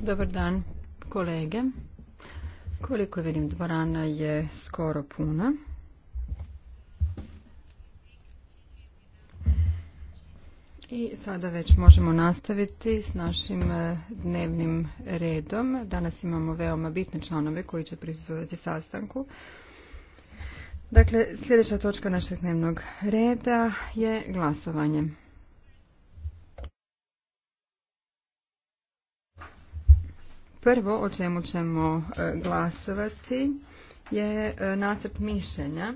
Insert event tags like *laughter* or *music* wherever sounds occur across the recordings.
Dobar dan, kolege. Koliko vidim, dvorana je skoro puna. I sada već možemo nastaviti s našim e, dnevnim redom. Danas imamo veoma bitne članove koji će prisutiti sastanku. Dakle, sljedeća točka našeg dnevnog reda je glasovanje. Prvo o čemu ćemo e, glasovati je e, nacrt mišljenja.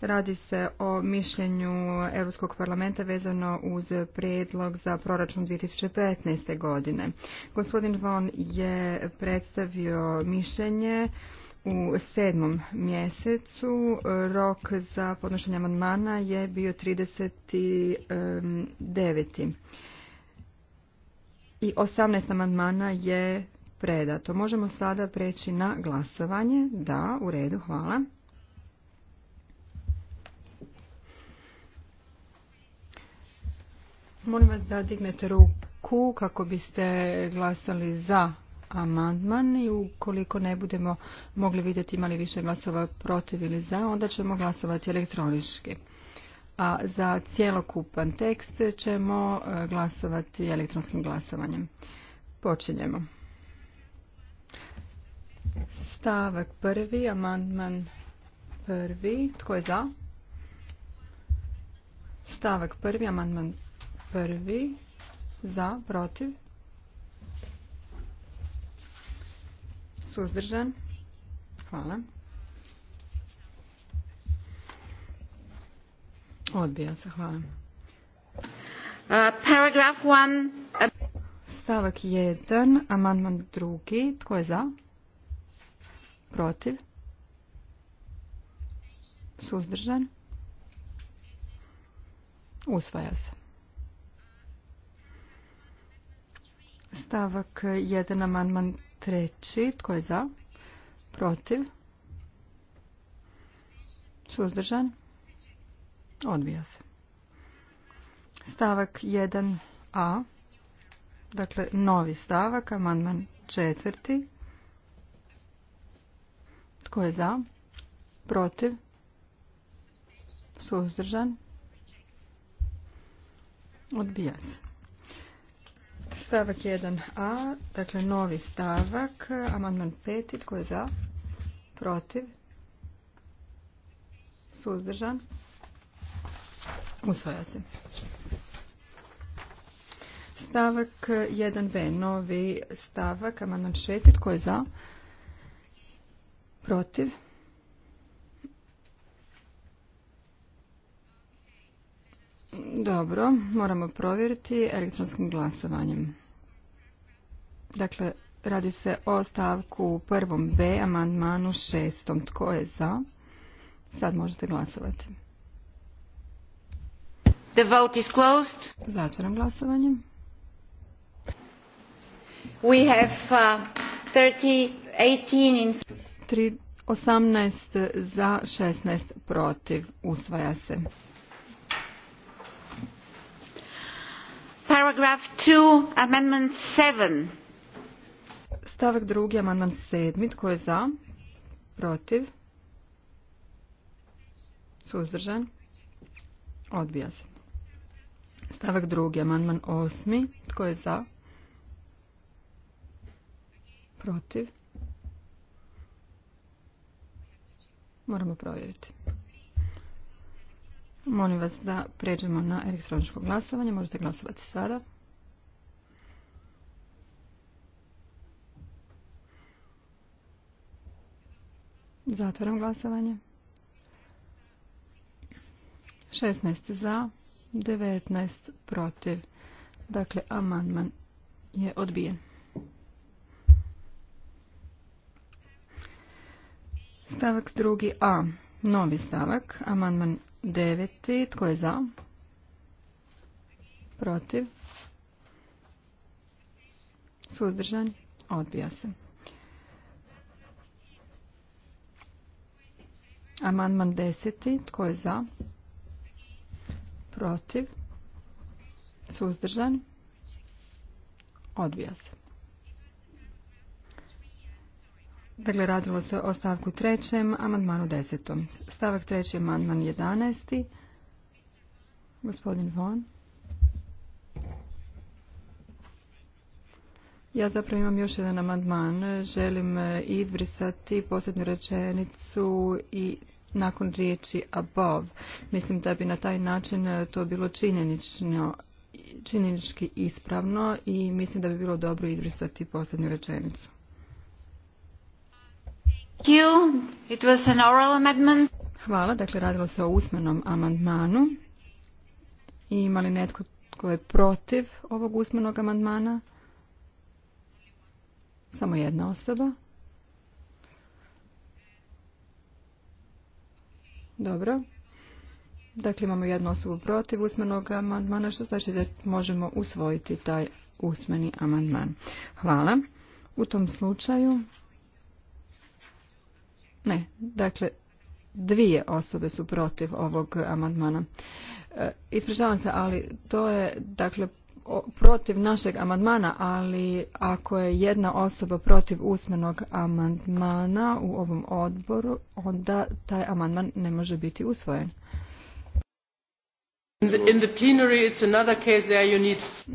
Radi se o mišljenju Europskog parlamenta vezano uz prijedlog za proračun 2015. godine. Gospodin Von je predstavio mišljenje u sedmom mjesecu. Rok za podnošenje amandmana je bio 39 i 18 amandmana je predato. Možemo sada preći na glasovanje. Da, u redu, hvala. Molim vas da dignete ruku kako biste glasali za amandman i ukoliko ne budemo mogli vidjeti imali više glasova protiv ili za, onda ćemo glasovati elektronički a za cjelokupan tekst ćemo e, glasovati elektronskim glasovanjem. Počinjemo. Stavak prvi, amandman prvi. Tko je za? Stavak prvi, amandman prvi. Za, protiv. Suzdržan. Hvala. Odbija se, hvala. Uh, paragraf 1. Stavak 1, amandman 2, Tko je za? Protiv? Suzdržan? Usvaja se. Stavak 1, amandman 3, Tko je za? Protiv? Suzdržan? Odbija se. Stavak 1a. Dakle, novi stavak, amandman četvrti. Tko je za? Protiv? Suzdržan? Odbija se. Stavak 1a, dakle novi stavak, amandman peti, tko je za? Protiv? Suzdržan? Usvaja se. Stavak 1b, novi stavak, amandman 6, tko je za? Protiv? Dobro, moramo provjeriti elektronskim glasovanjem. Dakle, radi se o stavku prvom B, amandmanu šestom. Tko je za? Sad možete glasovati. The vote is closed. Zatvaram glasovanje. We have uh, 30, 18 in... 3, 18 za, 16 protiv. Usvaja se. Paragraf 2, amendment 7. Stavak drugi, amandman 7. Tko je za? Protiv? Suzdržan? Odbija se. Stavak drugi, amandman osmi. Tko je za? Protiv? Moramo provjeriti. Molim vas da pređemo na elektroničko glasovanje. Možete glasovati sada. Zatvaram glasovanje. 16 za, 19 protiv. Dakle, amandman je odbijen. Stavak drugi A. Novi stavak. Amandman 9. Tko je za? Protiv. Suzdržan. Odbija se. Amandman 10. Tko je za? Protiv protiv, suzdržan, odbija se. Dakle, radilo se o stavku trećem, amandmanu desetom. Stavak treći, amandman jedanesti. Gospodin Von. Ja zapravo imam još jedan amandman. Želim e, izbrisati posljednju rečenicu i nakon riječi above. Mislim da bi na taj način e, to bilo činjenično činjenički ispravno i mislim da bi bilo dobro izbrisati posljednju rečenicu. Hvala, dakle radilo se o usmenom amandmanu. Ima li netko tko je protiv ovog usmenog amandmana? Samo jedna osoba. Dobro. Dakle, imamo jednu osobu protiv usmenog amandmana, što znači da možemo usvojiti taj usmeni amandman. Hvala. U tom slučaju... Ne, dakle, dvije osobe su protiv ovog amandmana. E, ispričavam se, ali to je, dakle, protiv našeg amandmana, ali ako je jedna osoba protiv usmenog amandmana u ovom odboru, onda taj amandman ne može biti usvojen.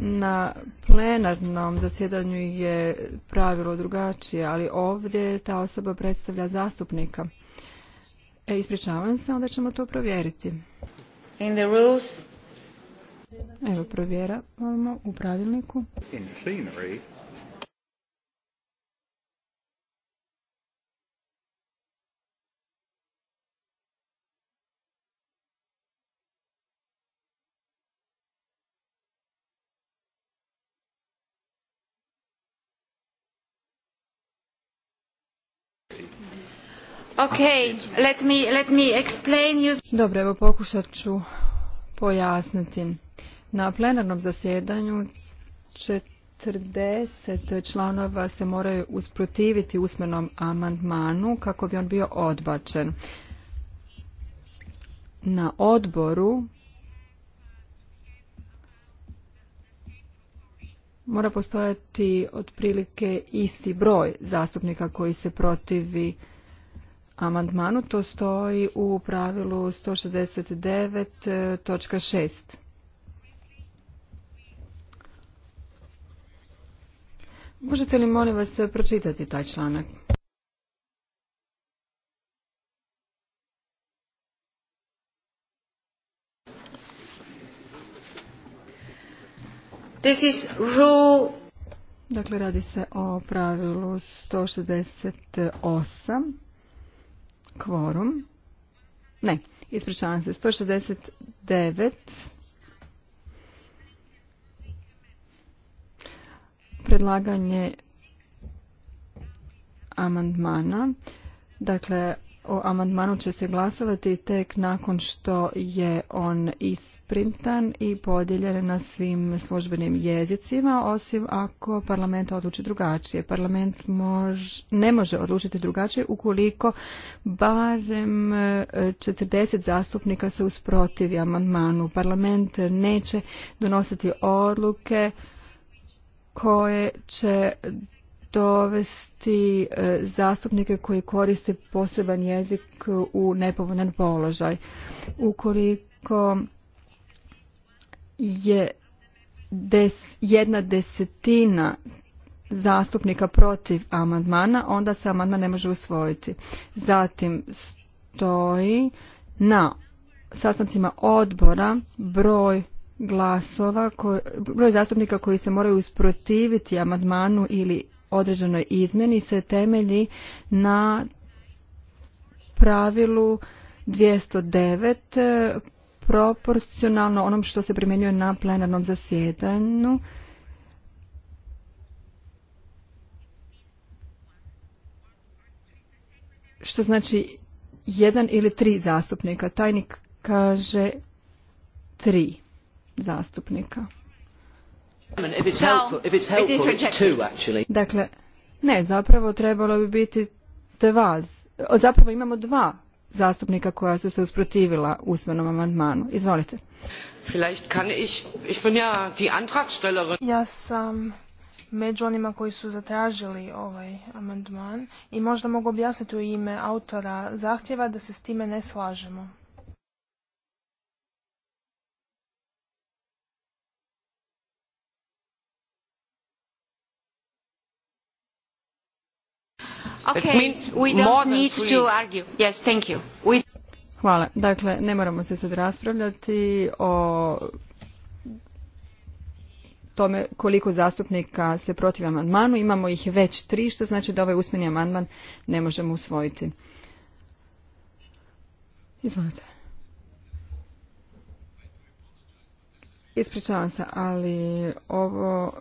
Na plenarnom zasjedanju je pravilo drugačije, ali ovdje ta osoba predstavlja zastupnika. E, ispričavam se, onda ćemo to provjeriti. In Evo provjeravamo u pravilniku. let me, let me explain Dobro, evo pokušat ću pojasniti. Na plenarnom zasjedanju 40 članova se moraju usprotiviti usmenom amandmanu kako bi on bio odbačen. Na odboru mora postojati otprilike isti broj zastupnika koji se protivi amandmanu, to stoji u pravilu 169.6. Možete li molim vas pročitati taj članak? This Dakle, radi se o pravilu 168 kvorum. Ne, ispričavam se, 169. Predlaganje amandmana. Dakle, o amandmanu će se glasovati tek nakon što je on isprintan i podijeljen na svim službenim jezicima, osim ako parlament odluči drugačije. Parlament ne može odlučiti drugačije ukoliko barem 40 e, zastupnika se usprotivi amandmanu. Parlament neće donositi odluke koje će dovesti e, zastupnike koji koriste poseban jezik u nepovoljan položaj. Ukoliko je jedna desetina zastupnika protiv amandmana, onda se amandman ne može usvojiti. Zatim stoji na sastancima odbora broj glasova, broj zastupnika koji se moraju usprotiviti amandmanu ili određenoj izmjeni se temelji na pravilu 209 proporcionalno onom što se primjenjuje na plenarnom zasjedanju. Što znači jedan ili tri zastupnika. Tajnik kaže tri zastupnika. Dakle, ne, zapravo trebalo bi biti dva. Zapravo imamo dva zastupnika koja su se usprotivila usmenom amandmanu. Izvolite. Ja sam među onima koji su zatražili ovaj amandman i možda mogu objasniti u ime autora zahtjeva da se s time ne slažemo. Dakle, ne moramo se sad raspravljati o tome koliko zastupnika se protiv amandmanu. Imamo ih već tri, što znači da ovaj usmeni amandman ne možemo usvojiti. Izvolite. Ispričavam se, ali ovo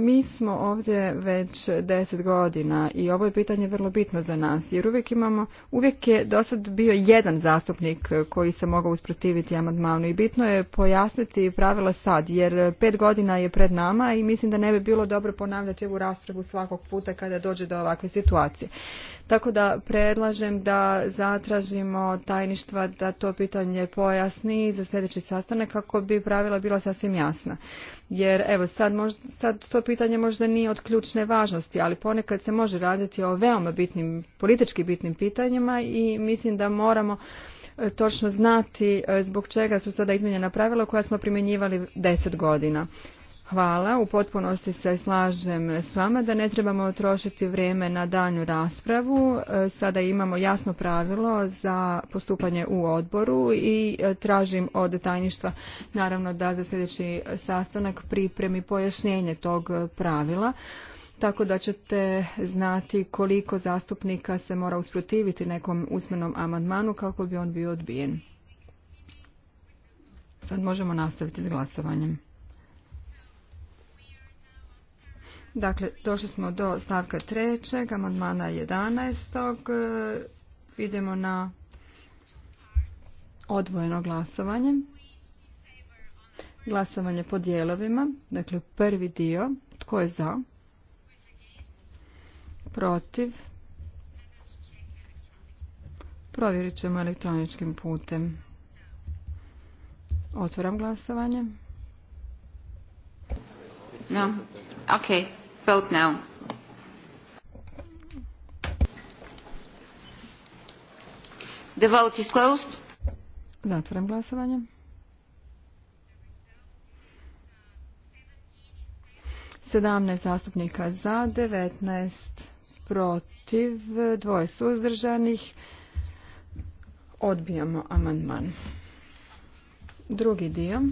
mi smo ovdje već deset godina i ovo je pitanje vrlo bitno za nas jer uvijek imamo, uvijek je do sad bio jedan zastupnik koji se mogao usprotiviti amandmanu i bitno je pojasniti pravila sad jer pet godina je pred nama i mislim da ne bi bilo dobro ponavljati ovu raspravu svakog puta kada dođe do ovakve situacije. Tako da predlažem da zatražimo tajništva da to pitanje pojasni za sljedeći sastanak kako bi pravila bila sasvim jasna. Jer evo sad, sad to pitanje možda nije od ključne važnosti, ali ponekad se može raditi o veoma bitnim, politički bitnim pitanjima i mislim da moramo e, točno znati e, zbog čega su sada izmijenjena pravila koja smo primjenjivali deset godina. Hvala, u potpunosti se slažem s vama da ne trebamo trošiti vrijeme na danju raspravu. E, sada imamo jasno pravilo za postupanje u odboru i e, tražim od tajništva naravno da za sljedeći sastanak pripremi pojašnjenje tog pravila. Tako da ćete znati koliko zastupnika se mora usprotiviti nekom usmenom amandmanu kako bi on bio odbijen. Sad možemo nastaviti s glasovanjem. Dakle, došli smo do stavka trećeg, amandmana 11. E, idemo na odvojeno glasovanje. Glasovanje po dijelovima. Dakle, prvi dio. Tko je za? Protiv? Provjerit ćemo elektroničkim putem. Otvaram glasovanje. No. Ok vote now. The vote is closed. Zatvaram glasovanje. 17 zastupnika za, 19 protiv, dvoje suzdržanih. Odbijamo amandman. Drugi dio.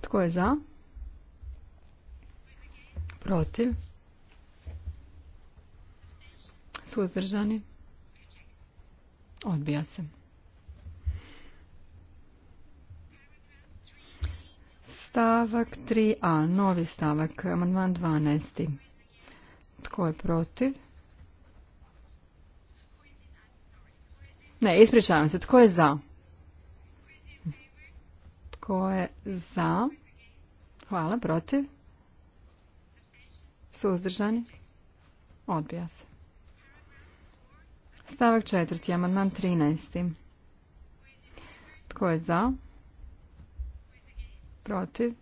Tko je za? Protiv. Suzdržani. Odbija se. Stavak 3a, novi stavak, amandman 12. Tko je protiv? Ne, ispričavam se, tko je za? Tko je za? Hvala, protiv? Suzdržani? Odbija se. Stavak četvrti, amandman 13. Tko je za? Protiv?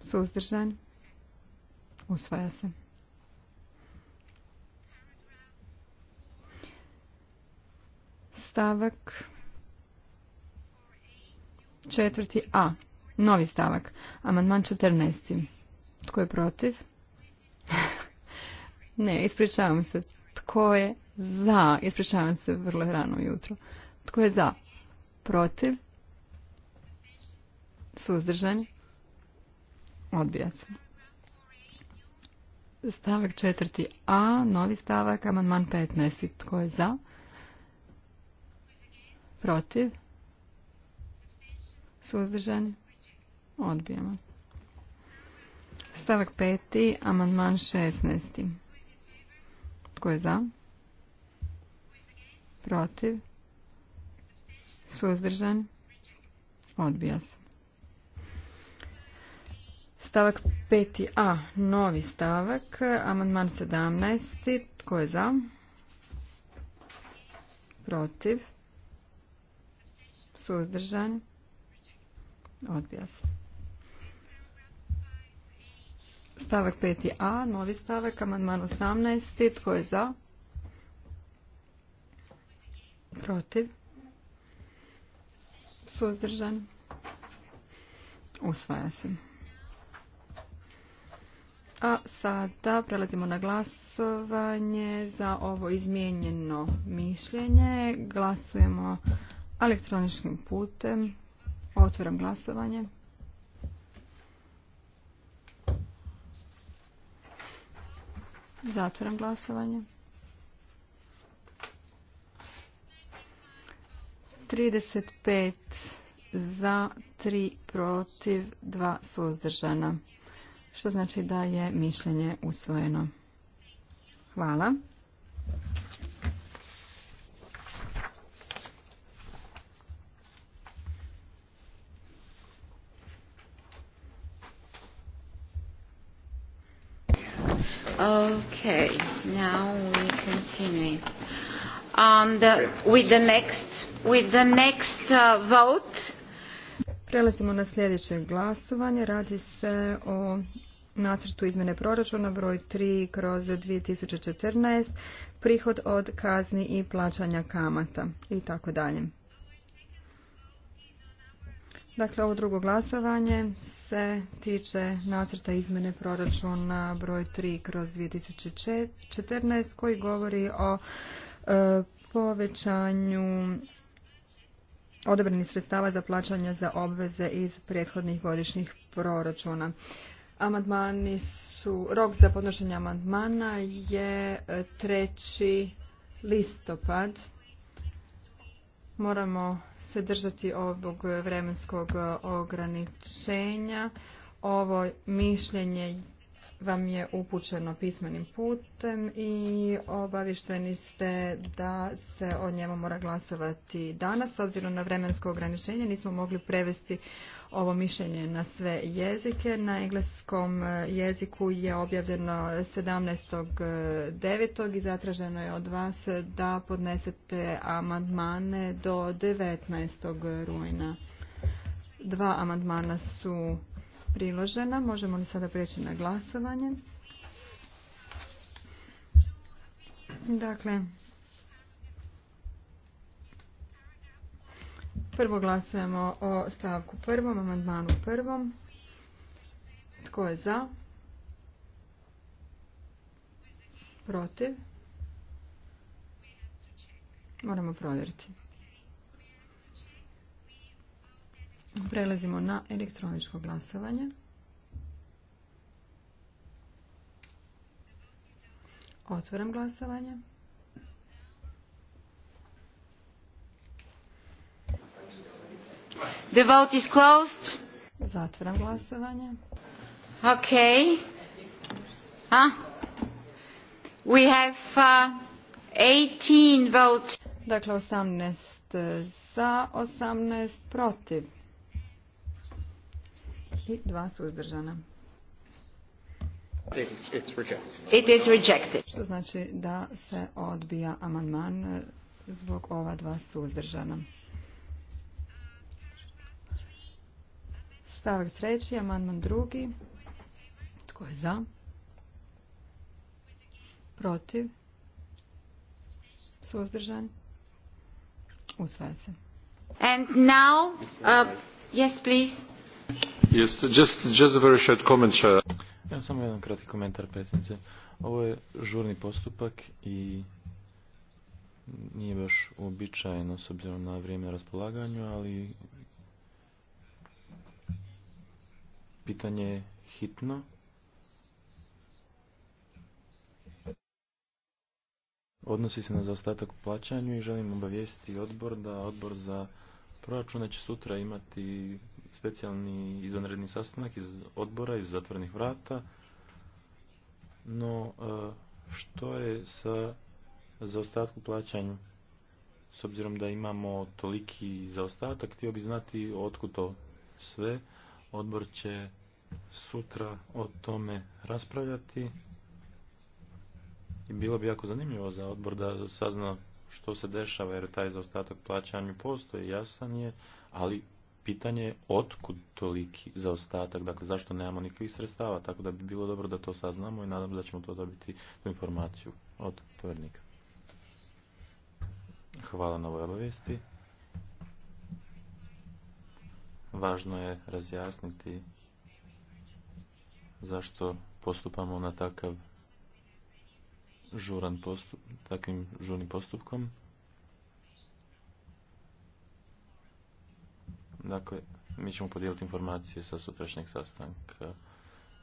Suzdržan? Usvaja se. Stavak četvrti A. Novi stavak. Amandman 14. Tko je protiv? *laughs* ne, ispričavam se. Tko je za? Ispričavam se vrlo rano jutro. Tko je za? Protiv? Suzdržani? Odbija se. Stavak četvrti A, novi stavak, amandman 15. Tko je za? Protiv? Suzdržani? Odbijamo. Stavak peti, amandman 16. Tko je za? Protiv? Suzdržan? Odbija se. Stavak peti a novi stavak, amandman 17. Tko je za? Protiv? Suzdržan? Odbija se. Stavak 5a, novi stavak, amandman 18. Tko je za? Protiv? Suzdržan? Usvaja se. A sada prelazimo na glasovanje za ovo izmijenjeno mišljenje. Glasujemo elektroničkim putem. Otvaram glasovanje. Zatvoram glasovanje. 35 za, 3 protiv, 2 suzdržana. Što znači da je mišljenje usvojeno. Hvala. next, uh, Prelazimo na sljedeće glasovanje. Radi se o nacrtu izmjene proračuna broj 3 kroz 2014, prihod od kazni i plaćanja kamata i tako dalje. Dakle, ovo drugo glasovanje se tiče nacrta izmjene proračuna broj 3 kroz 2014 koji govori o e, povećanju odobrenih sredstava za plaćanje za obveze iz prethodnih godišnjih proračuna. Amandmani su, rok za podnošenje amandmana je e, treći listopad. Moramo se držati ovog vremenskog e, ograničenja. Ovo mišljenje vam je upućeno pismenim putem i obavišteni ste da se o njemu mora glasovati danas. S obzirom na vremensko ograničenje nismo mogli prevesti ovo mišljenje na sve jezike. Na engleskom jeziku je objavljeno 17.9. i zatraženo je od vas da podnesete amandmane do 19. rujna. Dva amandmana su priložena. Možemo li sada preći na glasovanje? Dakle, prvo glasujemo o stavku prvom, amandmanu prvom. Tko je za? Protiv? Moramo provjeriti. Prelazimo na elektroničko glasovanje. Otvaram glasovanje. The vote is closed. Zatvaram glasovanje. Okay. Huh? We have uh, 18 votes. Dakle, 18 za, 18 protiv i dva suzdržana. It is rejected. Što znači da se odbija amandman zbog ova dva suzdržana. Stavak treći, amandman drugi. Tko je za? Protiv? Suzdržan? Usvaja se. And now, uh, yes please. Yes, samo jedan kratki komentar, predsjednice. Ovo je žurni postupak i nije baš uobičajeno s obzirom na vrijeme na raspolaganju, ali pitanje je hitno. Odnosi se na zaostatak u plaćanju i želim obavijestiti odbor da odbor za proračuna će sutra imati specijalni izvanredni sastanak iz odbora iz zatvornih vrata. No, e, što je sa zaostatku plaćanja? S obzirom da imamo toliki zaostatak, htio bi znati otkud to sve. Odbor će sutra o tome raspravljati. bilo bi jako zanimljivo za odbor da sazna što se dešava jer taj zaostatak plaćanju postoji, jasan je, ali pitanje je otkud toliki zaostatak, dakle zašto nemamo nikakvih sredstava, tako da bi bilo dobro da to saznamo i nadam se da ćemo to dobiti tu informaciju od povjerenika. Hvala na ovoj obavijesti. Važno je razjasniti zašto postupamo na takav žuran postup, takvim žurnim postupkom. Dakle, mi ćemo podijeliti informacije sa sutrašnjeg sastanka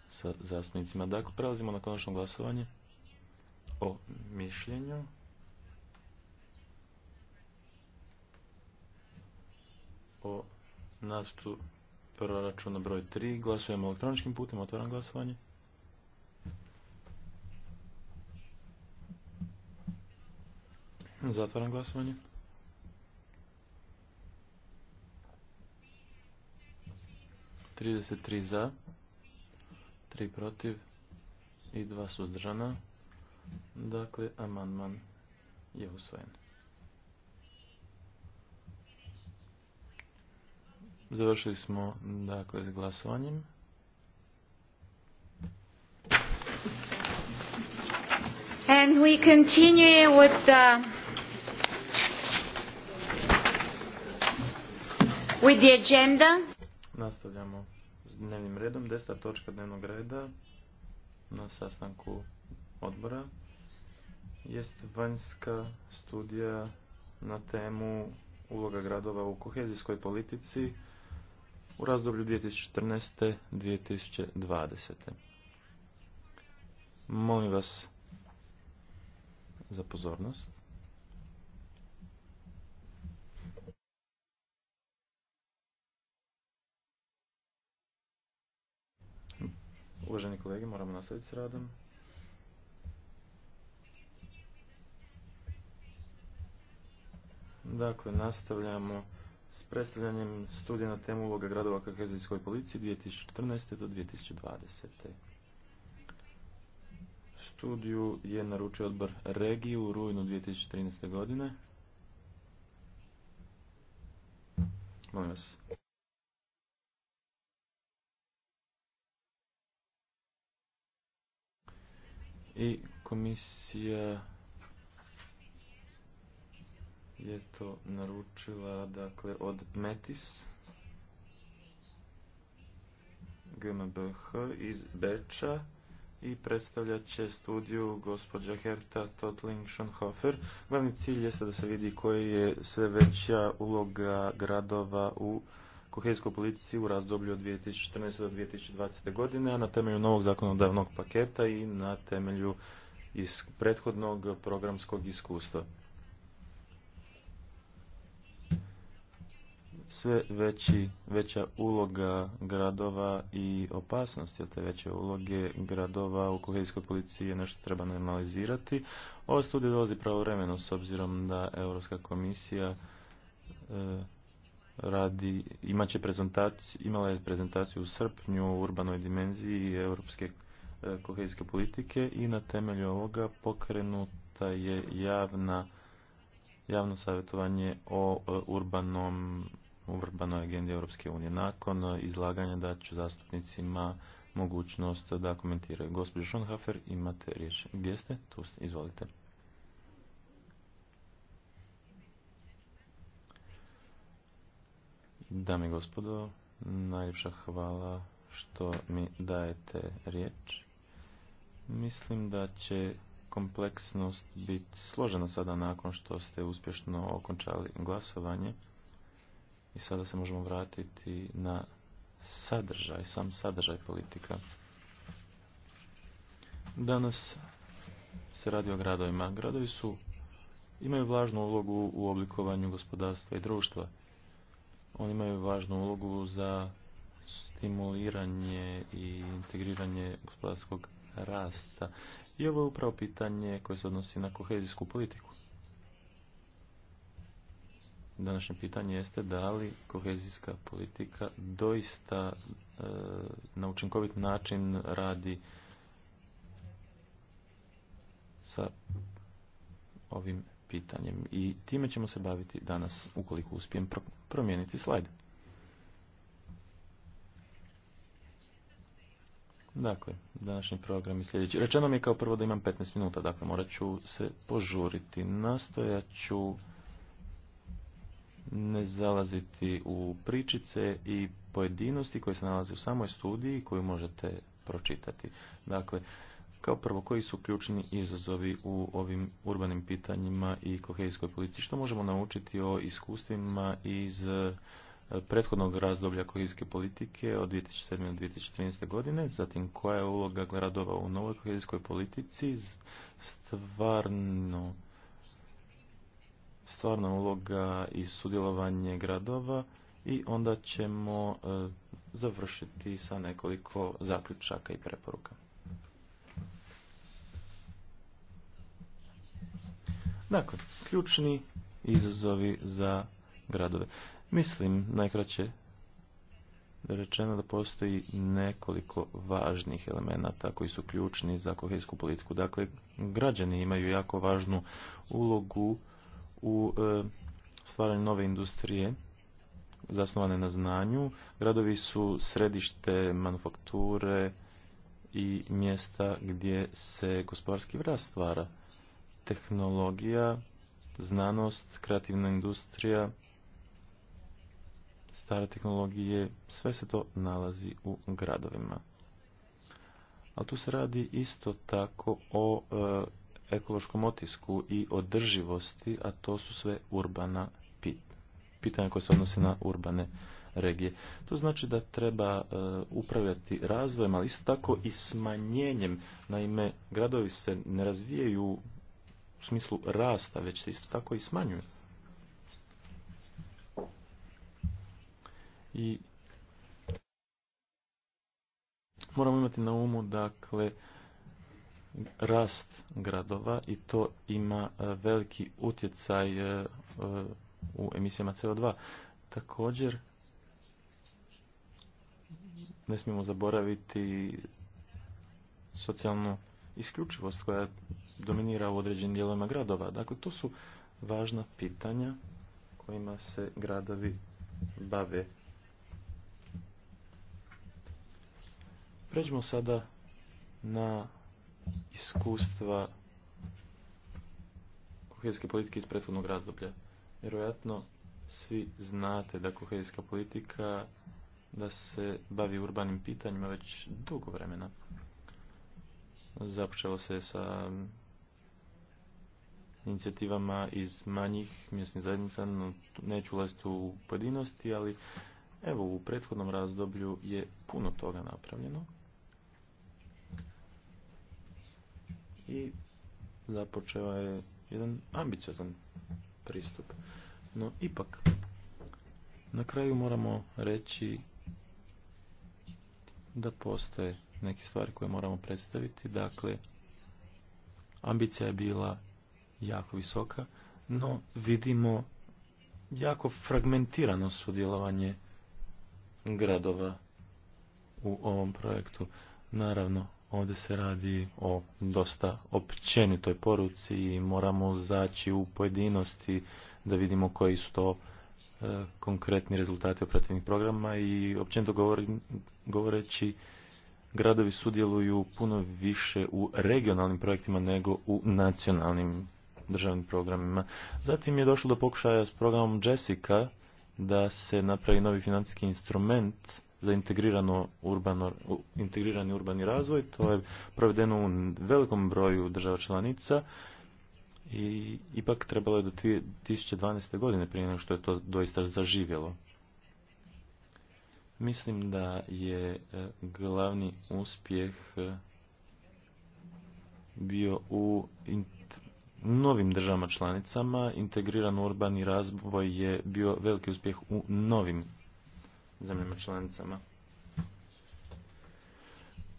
sa zastupnicima. Dakle, prelazimo na konačno glasovanje o mišljenju. O nastu proračuna broj 3. Glasujemo elektroničkim putem. Otvaram glasovanje. Zatvaram glasovanje. 33 za, 3 protiv i 2 suzdržana. Dakle, amandman je usvojen. Završili smo dakle s glasovanjem. And we continue with the with the agenda. Nastavljamo s dnevnim redom. desta točka dnevnog reda na sastanku odbora jest vanjska studija na temu uloga gradova u kohezijskoj politici u razdoblju 2014. 2020. Molim vas za pozornost. Uvaženi kolege, moramo nastaviti s radom. Dakle, nastavljamo s predstavljanjem studija na temu uloga gradova kohezijskoj policiji 2014. do 2020. Studiju je naručio odbor Regiju u rujnu 2013. godine. Molim vas. i komisija je to naručila dakle od Metis GmbH iz Beča i predstavljat će studiju gospođa Herta Totling Schoenhofer. Glavni cilj jeste da se vidi koja je sve veća uloga gradova u kohezijskoj politici u razdoblju od 2014. do 2020. godine, a na temelju novog zakonodavnog paketa i na temelju iz prethodnog programskog iskustva. Sve veći, veća uloga gradova i opasnosti od te veće uloge gradova u kohezijskoj policiji je nešto treba normalizirati. Ova studija dolazi pravovremeno s obzirom da Europska komisija e, radi, imat će prezentaciju, imala je prezentaciju u srpnju o urbanoj dimenziji europske e, kohezijske politike i na temelju ovoga pokrenuta je javna, javno savjetovanje o e, urbanom, urbanoj agendi Europske unije. Nakon izlaganja da ću zastupnicima mogućnost da komentiraju. Gospođo Šonhafer, imate riječ. Gdje ste? Tu ste. Izvolite. Dame i gospodo, najljepša hvala što mi dajete riječ. Mislim da će kompleksnost biti složena sada nakon što ste uspješno okončali glasovanje. I sada se možemo vratiti na sadržaj, sam sadržaj politika. Danas se radi o gradovima. Gradovi su imaju važnu ulogu u oblikovanju gospodarstva i društva. Oni imaju važnu ulogu za stimuliranje i integriranje gospodarskog rasta. I ovo je upravo pitanje koje se odnosi na kohezijsku politiku. Današnje pitanje jeste da li kohezijska politika doista e, na učinkovit način radi sa ovim pitanjem i time ćemo se baviti danas ukoliko uspijem promijeniti slajd. Dakle, današnji program je sljedeći. Rečeno mi je kao prvo da imam 15 minuta, dakle morat ću se požuriti. Nastojat ću ne zalaziti u pričice i pojedinosti koje se nalaze u samoj studiji koju možete pročitati. Dakle, kao prvo, koji su ključni izazovi u ovim urbanim pitanjima i kohezijskoj politici? Što možemo naučiti o iskustvima iz e, prethodnog razdoblja kohezijske politike od 2007. do 2013. godine, zatim koja je uloga gradova u novoj kohezijskoj politici, stvarno stvarna uloga i sudjelovanje gradova i onda ćemo e, završiti sa nekoliko zaključaka i preporuka. Dakle, ključni izazovi za gradove. Mislim, najkraće da rečeno da postoji nekoliko važnih elemenata koji su ključni za kohezijsku politiku. Dakle, građani imaju jako važnu ulogu u e, stvaranju nove industrije zasnovane na znanju. Gradovi su središte manufakture i mjesta gdje se gospodarski vrast stvara tehnologija, znanost, kreativna industrija, stare tehnologije, sve se to nalazi u gradovima. A tu se radi isto tako o e, ekološkom otisku i održivosti, a to su sve urbana pitanja koja se odnose na urbane regije. To znači da treba e, upravljati razvojem, ali isto tako i smanjenjem. Naime, gradovi se ne razvijaju u smislu rasta, već se isto tako i smanjuje. I moramo imati na umu, dakle, rast gradova i to ima e, veliki utjecaj e, e, u emisijama CO2. Također, ne smijemo zaboraviti socijalno isključivost koja dominira u određenim dijelovima gradova. Dakle, to su važna pitanja kojima se gradovi bave. Pređemo sada na iskustva kohezijske politike iz prethodnog razdoblja. Vjerojatno svi znate da kohezijska politika da se bavi urbanim pitanjima već dugo vremena započelo se sa inicijativama iz manjih mjesnih zajednica, neću ulaziti u pojedinosti, ali evo u prethodnom razdoblju je puno toga napravljeno. I započeo je jedan ambiciozan pristup. No ipak, na kraju moramo reći da postoje neke stvari koje moramo predstaviti. Dakle, ambicija je bila jako visoka, no vidimo jako fragmentirano sudjelovanje gradova u ovom projektu. Naravno, ovdje se radi o dosta općenitoj poruci i moramo zaći u pojedinosti da vidimo koji su to e, konkretni rezultati operativnih programa i općenito govoreći gradovi sudjeluju puno više u regionalnim projektima nego u nacionalnim državnim programima. Zatim je došlo do pokušaja s programom Jessica da se napravi novi financijski instrument za integrirano urbano, integrirani urbani razvoj. To je provedeno u velikom broju država članica i ipak trebalo je do 2012. godine prije nego što je to doista zaživjelo. Mislim da je e, glavni uspjeh e, bio u novim državama članicama. Integriran urbani razvoj je bio veliki uspjeh u novim zemljama članicama.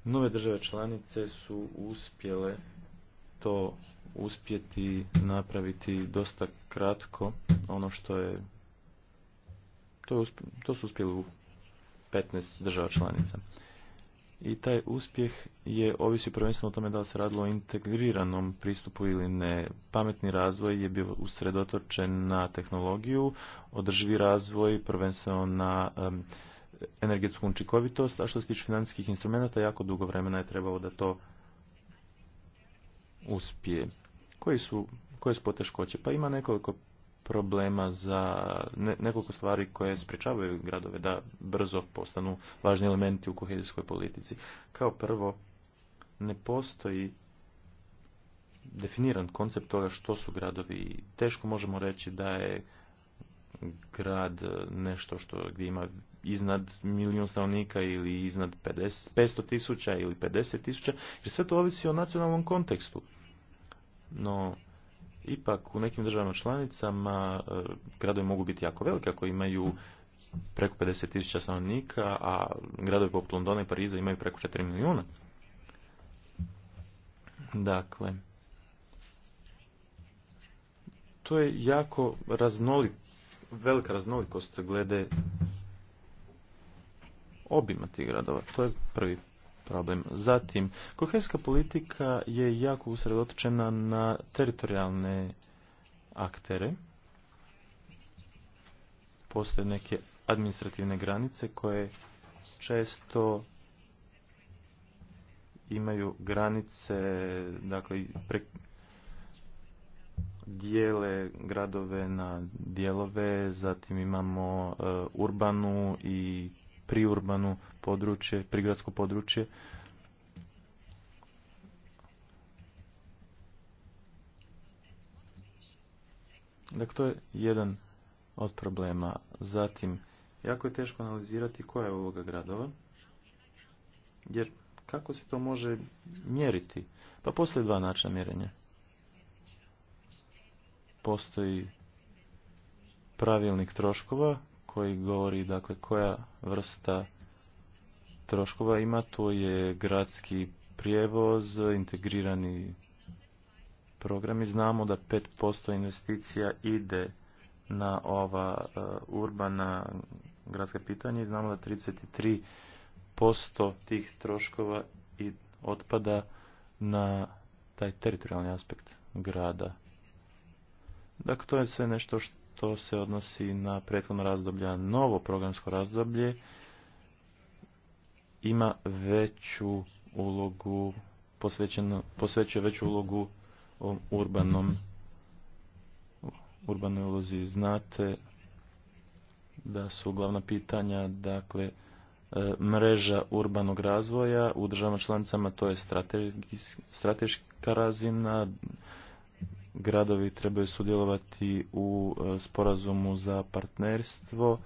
Nove države članice su uspjele to uspjeti napraviti dosta kratko ono što je to, to su uspjeli u 15 država članica. I taj uspjeh je ovisi prvenstveno o tome da li se radilo o integriranom pristupu ili ne. Pametni razvoj je bio usredotočen na tehnologiju, održivi razvoj prvenstveno na energetsku učinkovitost, a što se tiče financijskih instrumenata, jako dugo vremena je trebalo da to uspije. Koji su, koje su poteškoće? Pa ima nekoliko problema za nekoliko stvari koje sprečavaju gradove da brzo postanu važni elementi u kohezijskoj politici. Kao prvo, ne postoji definiran koncept toga što su gradovi i teško možemo reći da je grad nešto što gdje ima iznad milijun stanovnika ili iznad 50, 500 tisuća ili 50 tisuća, jer sve to ovisi o nacionalnom kontekstu. No, ipak u nekim državama članicama e, gradovi mogu biti jako veliki ako imaju preko 50.000 stanovnika, a gradovi poput Londona i Pariza imaju preko 4 milijuna. Dakle, to je jako raznolik, velika raznolikost glede obima tih gradova. To je prvi problem. Zatim, kohezijska politika je jako usredotočena na teritorijalne aktere. Postoje neke administrativne granice koje često imaju granice, dakle, dijele gradove na dijelove, zatim imamo e, urbanu i priurbanu područje, prigradsko područje. Dakle, to je jedan od problema. Zatim, jako je teško analizirati koja je ovoga gradova, jer kako se to može mjeriti? Pa postoje dva načina mjerenja. Postoji pravilnik troškova koji govori dakle koja vrsta troškova ima, to je gradski prijevoz, integrirani programi. Znamo da 5% investicija ide na ova uh, urbana gradska pitanja i znamo da 33% tih troškova i otpada na taj teritorijalni aspekt grada. Dakle, to je sve nešto što to se odnosi na prethodno razdoblje, novo programsko razdoblje ima veću ulogu, posvećuje veću ulogu o urbanom urbanoj ulozi. Znate da su glavna pitanja, dakle, e, mreža urbanog razvoja u državama članicama, to je strateška razina, gradovi trebaju sudjelovati u e, sporazumu za partnerstvo,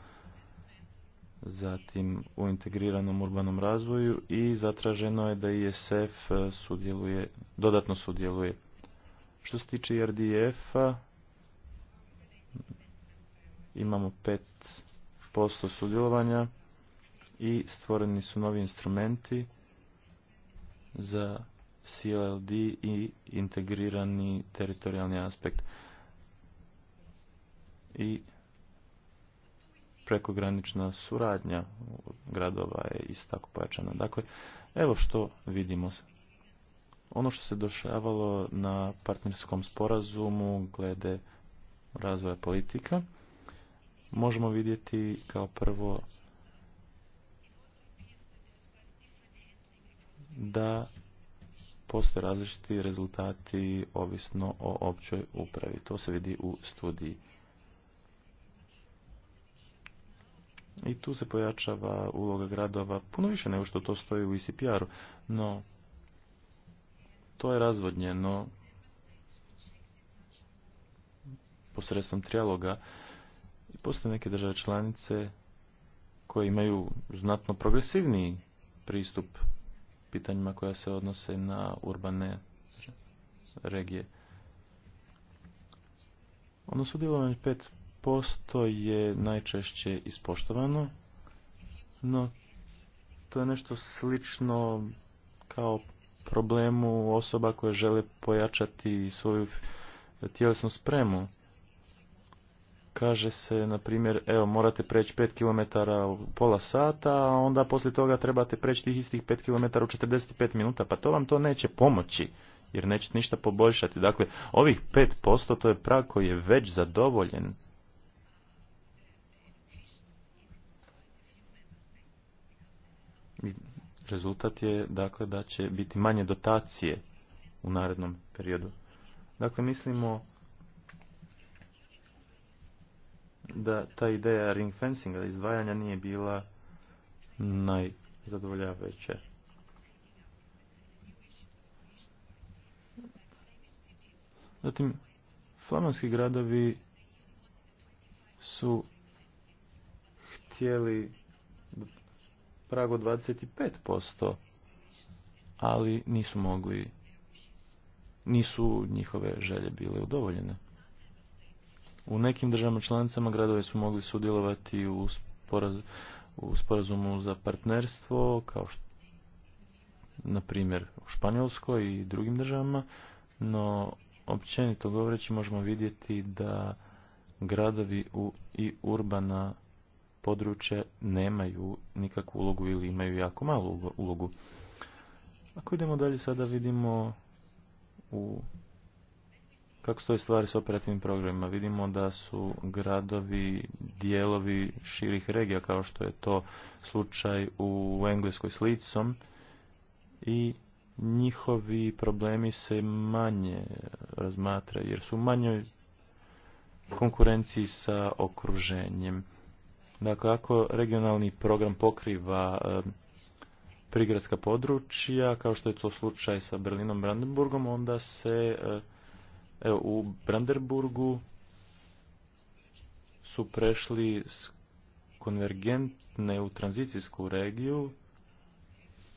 zatim u integriranom urbanom razvoju i zatraženo je da ISF e, sudjeluje, dodatno sudjeluje. Što se tiče RDF-a, imamo 5% sudjelovanja i stvoreni su novi instrumenti za CLD i integrirani teritorijalni aspekt i prekogranična suradnja gradova je isto tako pojačana. Dakle, evo što vidimo. Ono što se došavalo na partnerskom sporazumu glede razvoja politika, možemo vidjeti kao prvo da postoje različiti rezultati ovisno o općoj upravi. To se vidi u studiji. I tu se pojačava uloga gradova puno više nego što to stoji u ICPR-u, no to je razvodnjeno posredstvom trijaloga. Postoje neke države članice koje imaju znatno progresivniji pristup pitanjima koja se odnose na urbane regije. Ono sudjelovanje 5% je najčešće ispoštovano, no to je nešto slično kao problemu osoba koje žele pojačati svoju tjelesnu spremu kaže se, na primjer, evo, morate preći 5 km u pola sata, a onda poslije toga trebate preći tih istih 5 km u 45 minuta, pa to vam to neće pomoći, jer neće ništa poboljšati. Dakle, ovih 5% to je prag koji je već zadovoljen. Rezultat je, dakle, da će biti manje dotacije u narednom periodu. Dakle, mislimo da ta ideja ring fencinga, izdvajanja nije bila najzadovoljavajuća. Zatim, flamanski gradovi su htjeli prag od 25%, ali nisu mogli, nisu njihove želje bile udovoljene. U nekim državama članicama gradovi su mogli sudjelovati u, sporazumu za partnerstvo, kao što na primjer u Španjolskoj i drugim državama, no općenito govoreći možemo vidjeti da gradovi u, i urbana područja nemaju nikakvu ulogu ili imaju jako malu ulogu. Ako idemo dalje sada vidimo u kako stoje stvari s operativnim programima? Vidimo da su gradovi dijelovi širih regija, kao što je to slučaj u Engleskoj s Licom, i njihovi problemi se manje razmatra jer su u manjoj konkurenciji sa okruženjem. Dakle, ako regionalni program pokriva eh, prigradska područja, kao što je to slučaj sa Berlinom Brandenburgom, onda se eh, Evo, u Branderburgu su prešli s konvergentne u tranzicijsku regiju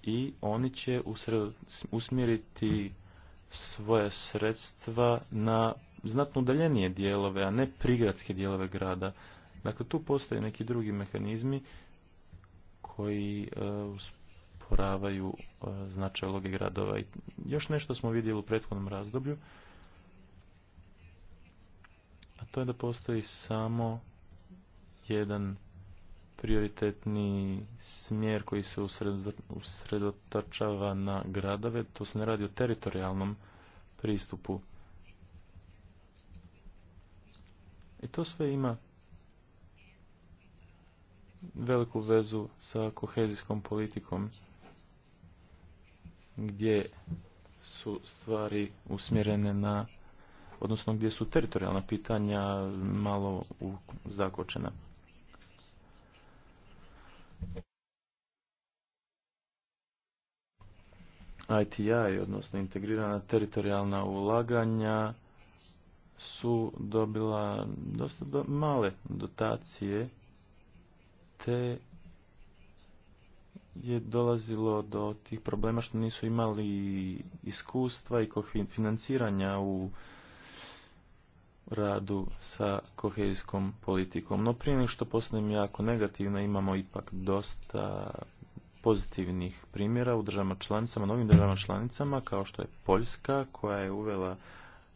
i oni će usmjeriti svoje sredstva na znatno udaljenije dijelove, a ne prigradske dijelove grada. Dakle, tu postoje neki drugi mehanizmi koji e, usporavaju e, gradova. I još nešto smo vidjeli u prethodnom razdoblju, to je da postoji samo jedan prioritetni smjer koji se usredotačava na gradove, to se ne radi o teritorijalnom pristupu. I to sve ima veliku vezu sa kohezijskom politikom gdje su stvari usmjerene na odnosno gdje su teritorijalna pitanja malo zakočena. ITI, odnosno integrirana teritorijalna ulaganja, su dobila dosta male dotacije, te je dolazilo do tih problema što nisu imali iskustva i financiranja u radu sa kohezijskom politikom. No prije nego što postanem jako negativna, imamo ipak dosta pozitivnih primjera u državama članicama, novim državama članicama, kao što je Poljska, koja je uvela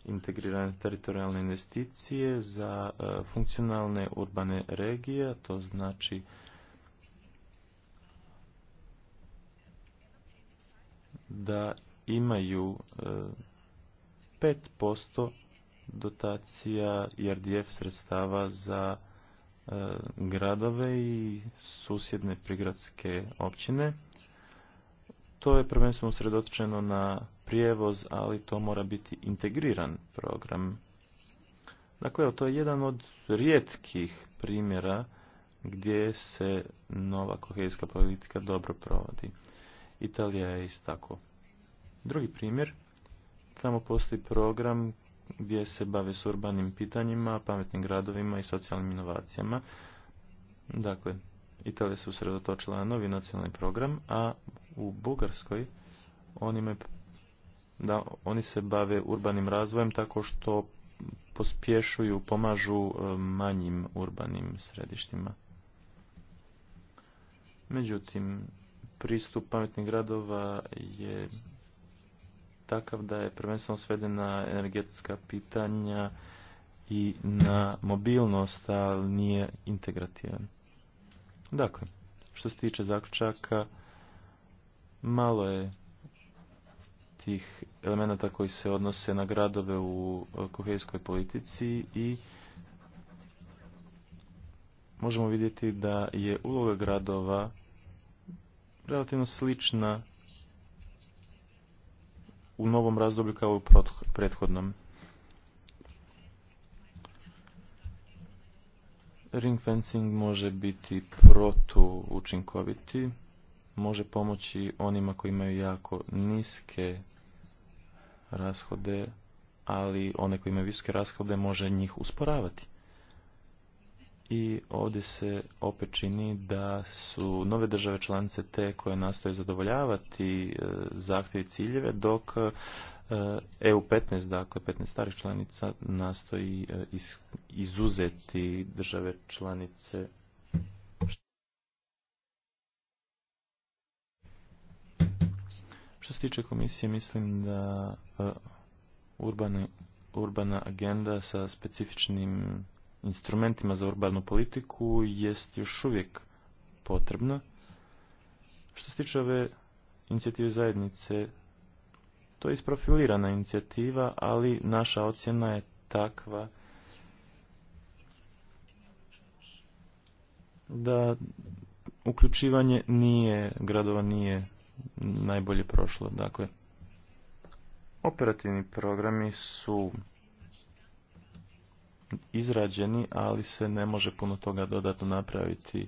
integrirane teritorijalne investicije za e, funkcionalne urbane regije, to znači da imaju 5% e, dotacija i RDF sredstava za e, gradove i susjedne prigradske općine. To je prvenstveno usredotočeno na prijevoz, ali to mora biti integriran program. Dakle, to je jedan od rijetkih primjera gdje se nova kohezijska politika dobro provodi. Italija je isto tako. Drugi primjer, tamo postoji program gdje se bave s urbanim pitanjima, pametnim gradovima i socijalnim inovacijama. Dakle, Italija se usredotočila na novi nacionalni program, a u Bugarskoj oni, da, oni se bave urbanim razvojem tako što pospješuju, pomažu e, manjim urbanim središtima. Međutim, pristup pametnih gradova je takav da je prvenstveno sveden na energetska pitanja i na mobilnost, ali nije integrativan. Dakle, što se tiče zaključaka, malo je tih elemenata koji se odnose na gradove u kohejskoj politici i možemo vidjeti da je uloga gradova relativno slična u novom razdoblju kao u prethodnom. Ring fencing može biti protu učinkoviti, može pomoći onima koji imaju jako niske rashode, ali one koji imaju visoke rashode može njih usporavati i ovdje se opet čini da su nove države članice te koje nastoje zadovoljavati e, zahtjeve i ciljeve, dok EU15, e dakle 15 starih članica, nastoji e, izuzeti države članice Što se tiče komisije, mislim da urbana agenda sa specifičnim instrumentima za urbanu politiku jest još uvijek potrebna. Što se tiče ove inicijative zajednice, to je isprofilirana inicijativa, ali naša ocjena je takva da uključivanje nije, gradova nije najbolje prošlo. Dakle, operativni programi su izrađeni, ali se ne može puno toga dodatno napraviti.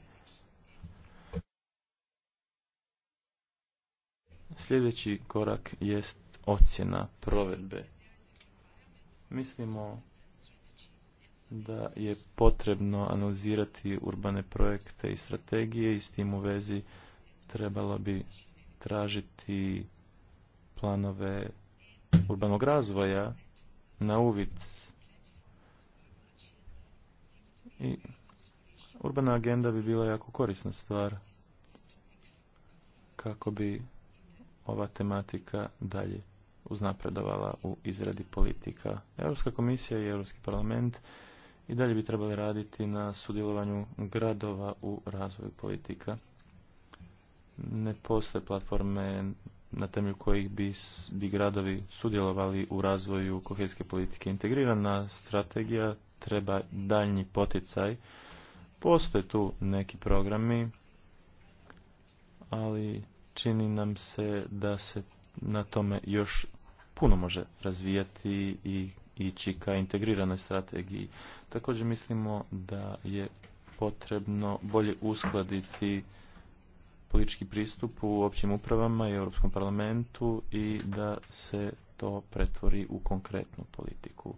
Sljedeći korak jest ocjena provedbe. Mislimo da je potrebno analizirati urbane projekte i strategije i s tim u vezi trebalo bi tražiti planove urbanog razvoja na uvid i urbana agenda bi bila jako korisna stvar kako bi ova tematika dalje uznapredovala u izradi politika. Europska komisija i Europski parlament i dalje bi trebali raditi na sudjelovanju gradova u razvoju politika. Ne postoje platforme na temelju kojih bi, bi gradovi sudjelovali u razvoju kohezijske politike. Integrirana strategija treba daljnji poticaj. Postoje tu neki programi, ali čini nam se da se na tome još puno može razvijati i ići ka integriranoj strategiji. Također mislimo da je potrebno bolje uskladiti politički pristup u općim upravama i Europskom parlamentu i da se to pretvori u konkretnu politiku.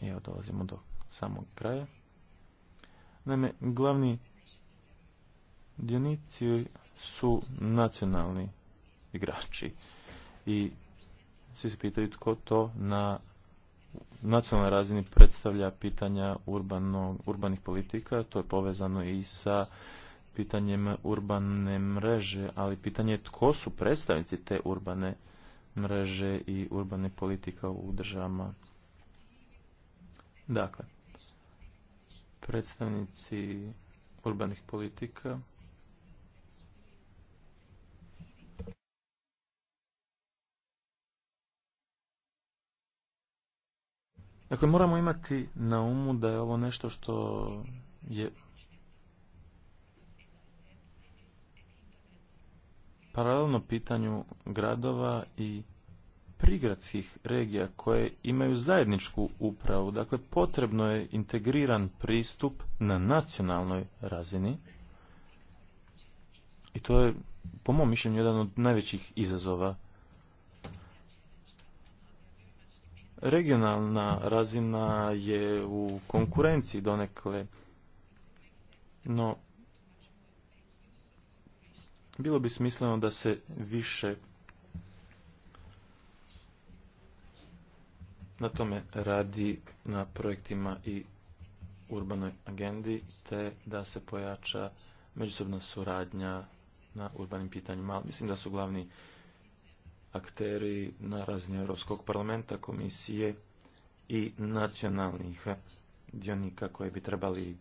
Evo, dolazimo do samog kraja. Naime, glavni dionici su nacionalni igrači i svi se pitaju tko to na nacionalnoj razini predstavlja pitanja urbano, urbanih politika, to je povezano i sa pitanjem urbane mreže, ali pitanje je tko su predstavnici te urbane mreže i urbane politika u državama Dakle, predstavnici urbanih politika Dakle, moramo imati na umu da je ovo nešto što je paralelno pitanju gradova i prigradskih regija koje imaju zajedničku upravu. Dakle, potrebno je integriran pristup na nacionalnoj razini i to je, po mom mišljenju, jedan od najvećih izazova. Regionalna razina je u konkurenciji donekle, no bilo bi smisleno da se više na tome radi na projektima i urbanoj agendi, te da se pojača međusobna suradnja na urbanim pitanjima. Mislim da su glavni akteri na razini Europskog parlamenta, komisije i nacionalnih dionika koji bi trebali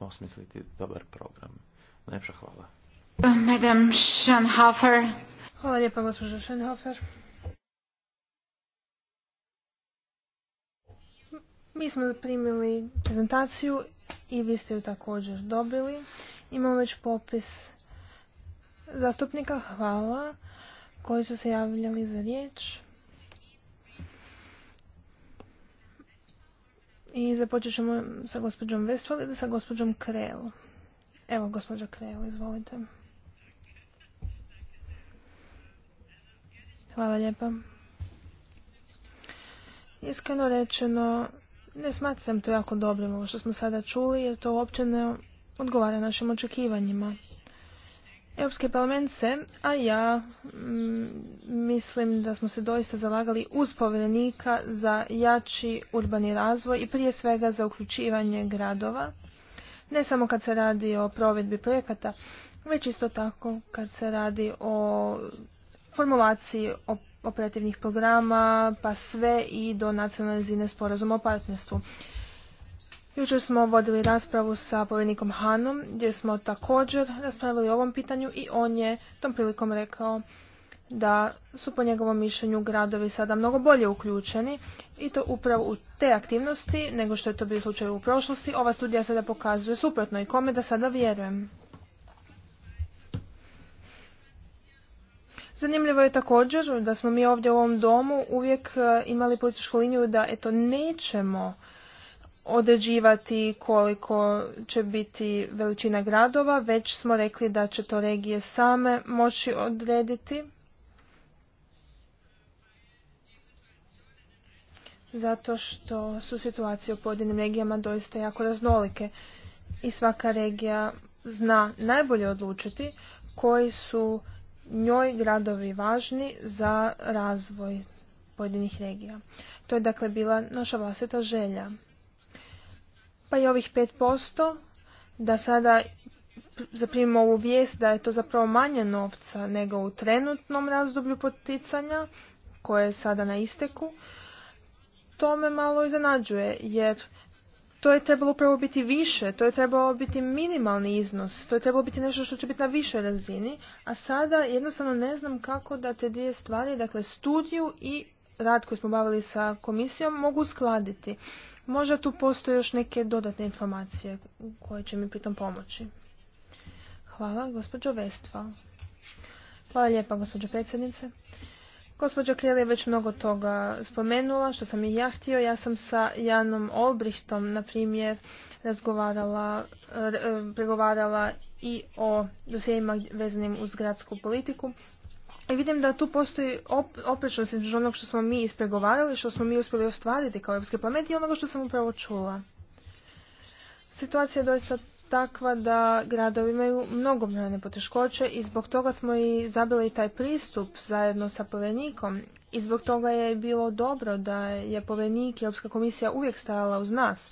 osmisliti dobar program. Najpša hvala. Madam Hvala lijepa, gospođo Schoenhofer. Mi smo primili prezentaciju i vi ste ju također dobili. Imamo već popis zastupnika. Hvala koji su se javljali za riječ. I započet ćemo sa gospođom Vestvali ili sa gospođom Krell. Evo, gospođo Krell, izvolite. Hvala lijepa. Iskreno rečeno, ne smatram to jako dobrim ovo što smo sada čuli jer to uopće ne odgovara našim očekivanjima. Europski parlament se, a ja mm, mislim da smo se doista zalagali uz povjerenika za jači urbani razvoj i prije svega za uključivanje gradova, ne samo kad se radi o provedbi projekata, već isto tako kad se radi o formulaciji o operativnih programa, pa sve i do nacionalne sporazuma o partnerstvu. Jučer smo vodili raspravu sa povjednikom Hanom, gdje smo također raspravili o ovom pitanju i on je tom prilikom rekao da su po njegovom mišljenju gradovi sada mnogo bolje uključeni i to upravo u te aktivnosti nego što je to bio slučaj u prošlosti. Ova studija sada pokazuje suprotno i kome da sada vjerujem. Zanimljivo je također da smo mi ovdje u ovom domu uvijek e, imali političku liniju da eto nećemo određivati koliko će biti veličina gradova, već smo rekli da će to regije same moći odrediti. Zato što su situacije u pojedinim regijama doista jako raznolike i svaka regija zna najbolje odlučiti koji su njoj gradovi važni za razvoj pojedinih regija. To je dakle bila naša vlastita želja. Pa i ovih 5% da sada zaprimimo ovu vijest da je to zapravo manje novca nego u trenutnom razdoblju poticanja koje je sada na isteku, to me malo iznenađuje jer to je trebalo upravo biti više, to je trebalo biti minimalni iznos, to je trebalo biti nešto što će biti na višoj razini, a sada jednostavno ne znam kako da te dvije stvari, dakle studiju i rad koji smo bavili sa komisijom, mogu skladiti. Možda tu postoje još neke dodatne informacije koje će mi pritom pomoći. Hvala, gospođo Vestva. Hvala lijepa, gospođo predsjednice. Gospođa Krijel je već mnogo toga spomenula, što sam i ja htio. Ja sam sa Janom Olbrichtom, na primjer, razgovarala, e, pregovarala i o dosjejima vezanim uz gradsku politiku. I vidim da tu postoji oprečnost između onog što smo mi ispregovarali, što smo mi uspjeli ostvariti kao Europski parlament i onoga što sam upravo čula. Situacija je doista takva da gradovi imaju mnogobrojne poteškoće i zbog toga smo i zabili taj pristup zajedno sa povjerenikom i zbog toga je bilo dobro da je povjerenik i Europska komisija uvijek stajala uz nas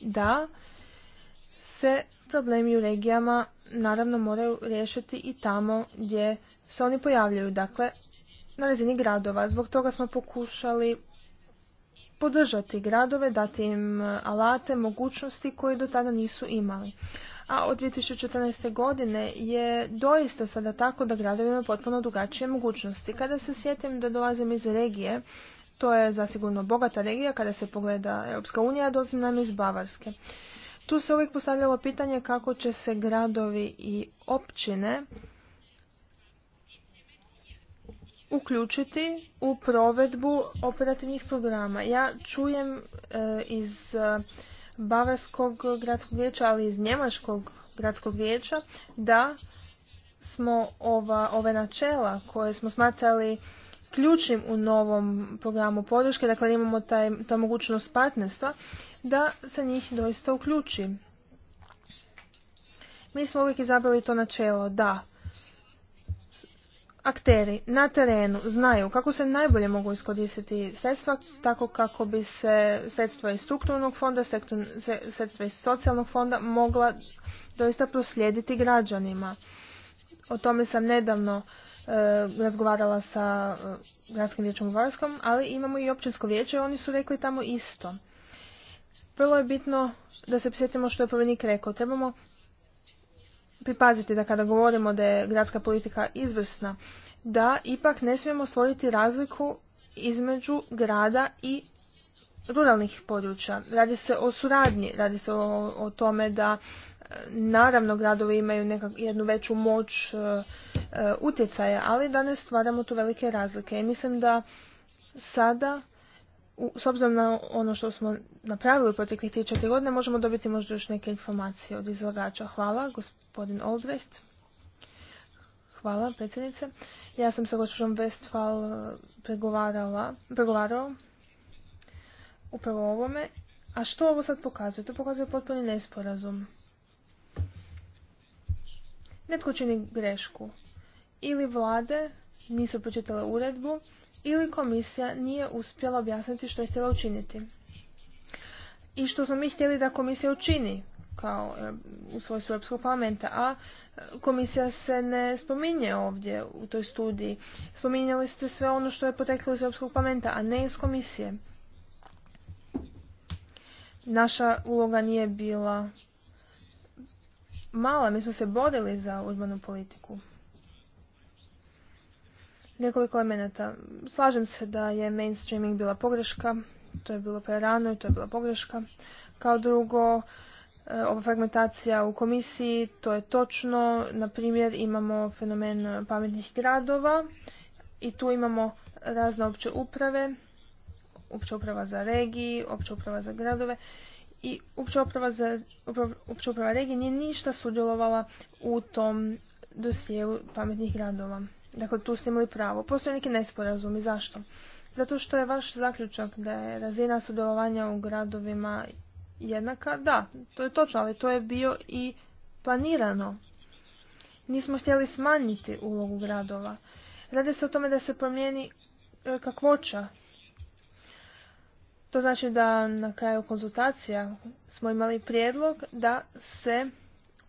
da se problemi u regijama naravno moraju riješiti i tamo gdje se oni pojavljaju, dakle na razini gradova. Zbog toga smo pokušali podržati gradove, dati im e, alate, mogućnosti koje do tada nisu imali. A od 2014. godine je doista sada tako da gradovi imaju potpuno drugačije mogućnosti. Kada se sjetim da dolazim iz regije, to je zasigurno bogata regija, kada se pogleda Europska unija, dolazim nam iz Bavarske. Tu se uvijek postavljalo pitanje kako će se gradovi i općine uključiti u provedbu operativnih programa. Ja čujem e, iz e, Bavarskog gradskog vijeća, ali iz Njemačkog gradskog vijeća, da smo ova, ove načela koje smo smatrali ključnim u novom programu podrške, dakle imamo taj, ta mogućnost partnerstva, da se njih doista uključi. Mi smo uvijek izabrali to načelo da akteri na terenu znaju kako se najbolje mogu iskoristiti sredstva, tako kako bi se sredstva iz strukturnog fonda, sredstva iz socijalnog fonda mogla doista proslijediti građanima. O tome sam nedavno e, razgovarala sa e, gradskim gradskim u Varskom, ali imamo i općinsko vijeće i oni su rekli tamo isto. Vrlo je bitno da se prisjetimo što je povjerenik rekao. Trebamo pripaziti da kada govorimo da je gradska politika izvrsna, da ipak ne smijemo stvoriti razliku između grada i ruralnih područja. Radi se o suradnji, radi se o, tome da e, naravno gradovi imaju nekak, jednu veću moć e, e, utjecaja, ali da ne stvaramo tu velike razlike. I mislim da sada s obzirom na ono što smo napravili u proteklih 3-4 godine, možemo dobiti možda još neke informacije od izlagača. Hvala, gospodin Olbrecht. Hvala, predsjednice. Ja sam sa gospođom Westfall eh, pregovarala, pregovarao upravo o ovome. A što ovo sad pokazuje? To pokazuje potpuni nesporazum. Netko čini grešku. Ili vlade nisu pročitale uredbu ili komisija nije uspjela objasniti što je htjela učiniti. I što smo mi htjeli da komisija učini kao e, u svojstvu Europskog parlamenta, a e, komisija se ne spominje ovdje u toj studiji. Spominjali ste sve ono što je poteklo iz Europskog parlamenta, a ne iz komisije. Naša uloga nije bila mala, mi smo se borili za urbanu politiku. Nekoliko elemenata. Slažem se da je mainstreaming bila pogreška, to je bilo prerano i to je bila pogreška. Kao drugo, e, ova fragmentacija u komisiji, to je točno. Na primjer, imamo fenomen pametnih gradova i tu imamo razne opće uprave, opća uprava za regiji, opća uprava za gradove i opća uprava, za, opća regije nije ništa sudjelovala u tom dosijelu pametnih gradova. Dakle, tu ste imali pravo. Postoje neki nesporazumi. Zašto? Zato što je vaš zaključak da je razina sudjelovanja u gradovima jednaka. Da, to je točno, ali to je bio i planirano. Nismo htjeli smanjiti ulogu gradova. Radi se o tome da se promijeni e, kakvoća. To znači da na kraju konzultacija smo imali prijedlog da se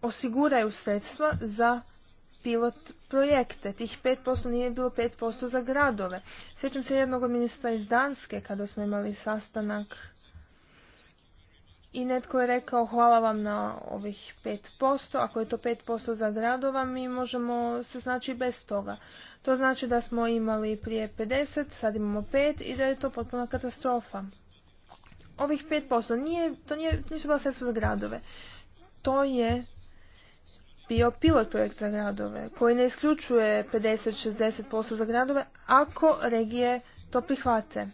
osiguraju sredstva za pilot projekte. Tih 5% nije bilo 5% za gradove. Sjećam se jednog ministra iz Danske kada smo imali sastanak i netko je rekao hvala vam na ovih 5%, ako je to 5% za gradova mi možemo se znači bez toga. To znači da smo imali prije 50, sad imamo 5 i da je to potpuna katastrofa. Ovih 5% nije, to nisu bila sredstva za gradove. To je bio pilot projekt za gradove koji ne isključuje 50-60% za gradove ako regije to prihvate.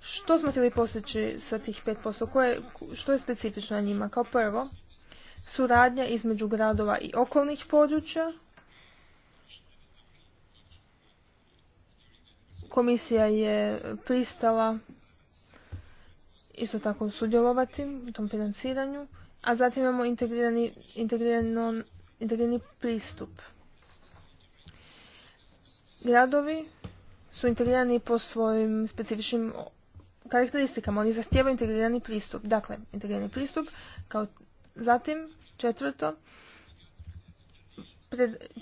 Što smo htjeli postići sa tih 5%? Koje, što je specifično na njima? Kao prvo, suradnja između gradova i okolnih područja. Komisija je pristala isto tako sudjelovati u tom financiranju, a zatim imamo integrirani, integrirani pristup. Gradovi su integrirani po svojim specifičnim karakteristikama. Oni zahtijevaju integrirani pristup. Dakle, integrirani pristup. Kao zatim, četvrto,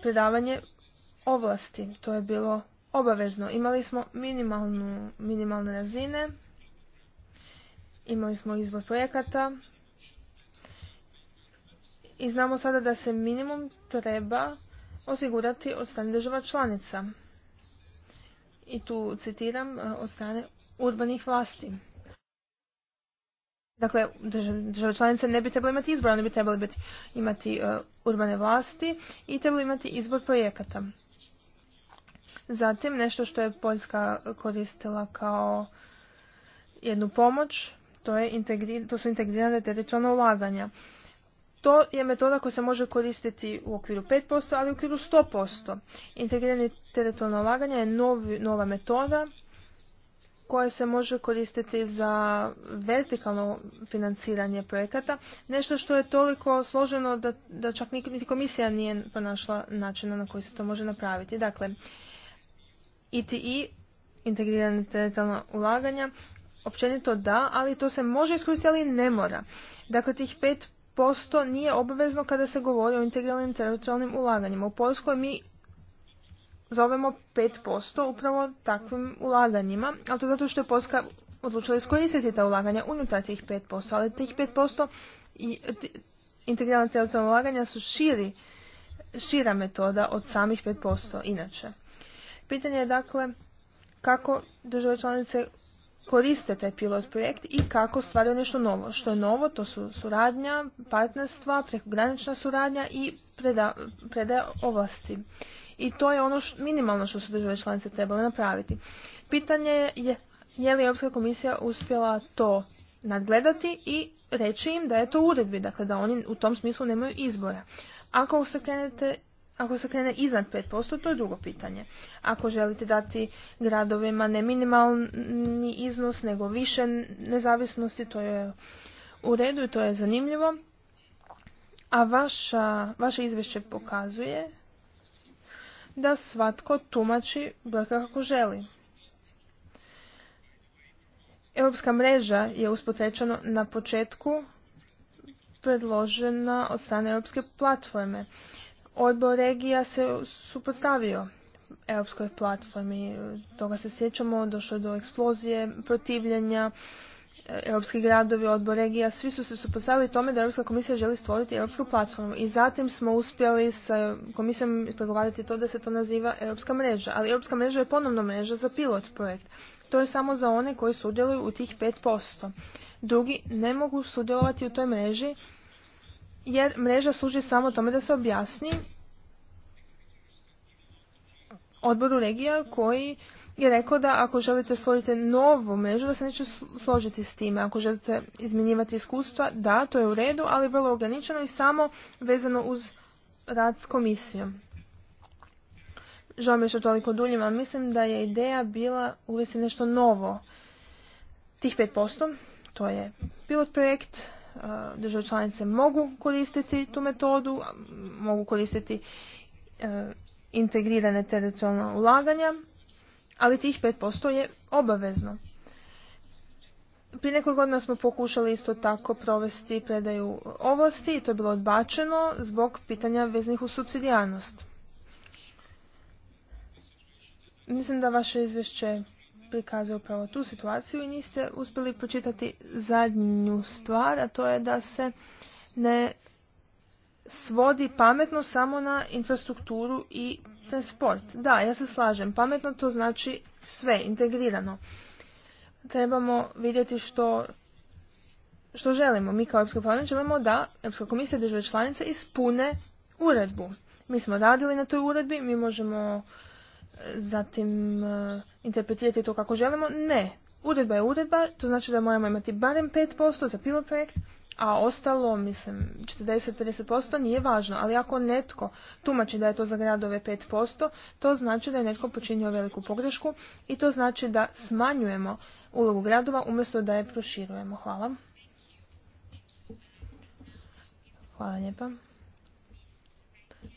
predavanje ovlasti. To je bilo obavezno. Imali smo minimalnu, minimalne razine, imali smo izbor projekata, i znamo sada da se minimum treba osigurati od strane država članica. I tu citiram e, od strane urbanih vlasti. Dakle, države članice ne bi trebali imati izbor, oni bi trebali biti, imati e, urbane vlasti i trebali imati izbor projekata. Zatim, nešto što je Poljska koristila kao jednu pomoć, to, je to su integrirane teritorijalna ulaganja. To je metoda koja se može koristiti u okviru 5%, ali u okviru 100%. Integrirani teritorijalno ulaganje je nova metoda koja se može koristiti za vertikalno financiranje projekata. Nešto što je toliko složeno da, da čak niti komisija nije pronašla načina na koji se to može napraviti. Dakle, ITI, integrirani teritorijalna ulaganja, općenito da, ali to se može iskoristiti, ali ne mora. Dakle, tih posto nije obavezno kada se govori o integralnim teritorijalnim ulaganjima. U Poljskoj mi zovemo 5% upravo takvim ulaganjima, ali to zato što je Polska odlučila iskoristiti ta ulaganja unutar tih 5%, ali tih 5% i integralna teritorijalna ulaganja su širi, šira metoda od samih 5% inače. Pitanje je dakle kako države članice koriste taj pilot projekt i kako stvaraju nešto novo. Što je novo, to su suradnja, partnerstva, prekogranična suradnja i predaje preda ovlasti. I to je ono minimalno što su države članice trebale napraviti. Pitanje je je li Europska komisija uspjela to nadgledati i reći im da je to uredbi, dakle da oni u tom smislu nemaju izbora. Ako se krenete ako se krene iznad 5%, to je drugo pitanje. Ako želite dati gradovima ne minimalni iznos, nego više nezavisnosti, to je u redu i to je zanimljivo. A vaša, vaše izvješće pokazuje da svatko tumači brojka kako želi. Europska mreža je uspotrečeno na početku predložena od strane Europske platforme odbor regija se suprotstavio europskoj platformi. Toga se sjećamo, došlo je do eksplozije, protivljenja, e, europski gradovi, odbor regija, svi su se supostavili tome da Europska komisija želi stvoriti europsku platformu i zatim smo uspjeli sa komisijom pregovarati to da se to naziva europska mreža, ali europska mreža je ponovno mreža za pilot projekt. To je samo za one koji sudjeluju u tih 5%. Drugi ne mogu sudjelovati u toj mreži jer mreža služi samo tome da se objasni odboru regija koji je rekao da ako želite stvoriti novu mrežu da se neće složiti s time. Ako želite izmjenjivati iskustva, da, to je u redu, ali vrlo ograničeno i samo vezano uz rad s komisijom. Žao mi je što toliko duljim, ali mislim da je ideja bila uvesti nešto novo. Tih 5%, to je pilot projekt, Eh, države članice mogu koristiti tu metodu, mogu koristiti eh, integrirane teritorijalna ulaganja, ali tih 5% je obavezno. Prije nekog godina smo pokušali isto tako provesti predaju ovlasti i to je bilo odbačeno zbog pitanja veznih u subsidijarnost. Mislim da vaše izvješće prikazuje upravo tu situaciju i niste uspjeli pročitati zadnju stvar, a to je da se ne svodi pametno samo na infrastrukturu i transport. Da, ja se slažem. Pametno to znači sve, integrirano. Trebamo vidjeti što što želimo. Mi kao Europska parlament želimo da Europska komisija države članice ispune uredbu. Mi smo radili na toj uredbi, mi možemo zatim e, interpretirati to kako želimo. Ne, uredba je uredba, to znači da moramo imati barem 5% za pilot projekt, a ostalo, mislim, 40-50% nije važno, ali ako netko tumači da je to za gradove 5%, to znači da je netko počinio veliku pogrešku i to znači da smanjujemo ulogu gradova umjesto da je proširujemo. Hvala. Hvala lijepa.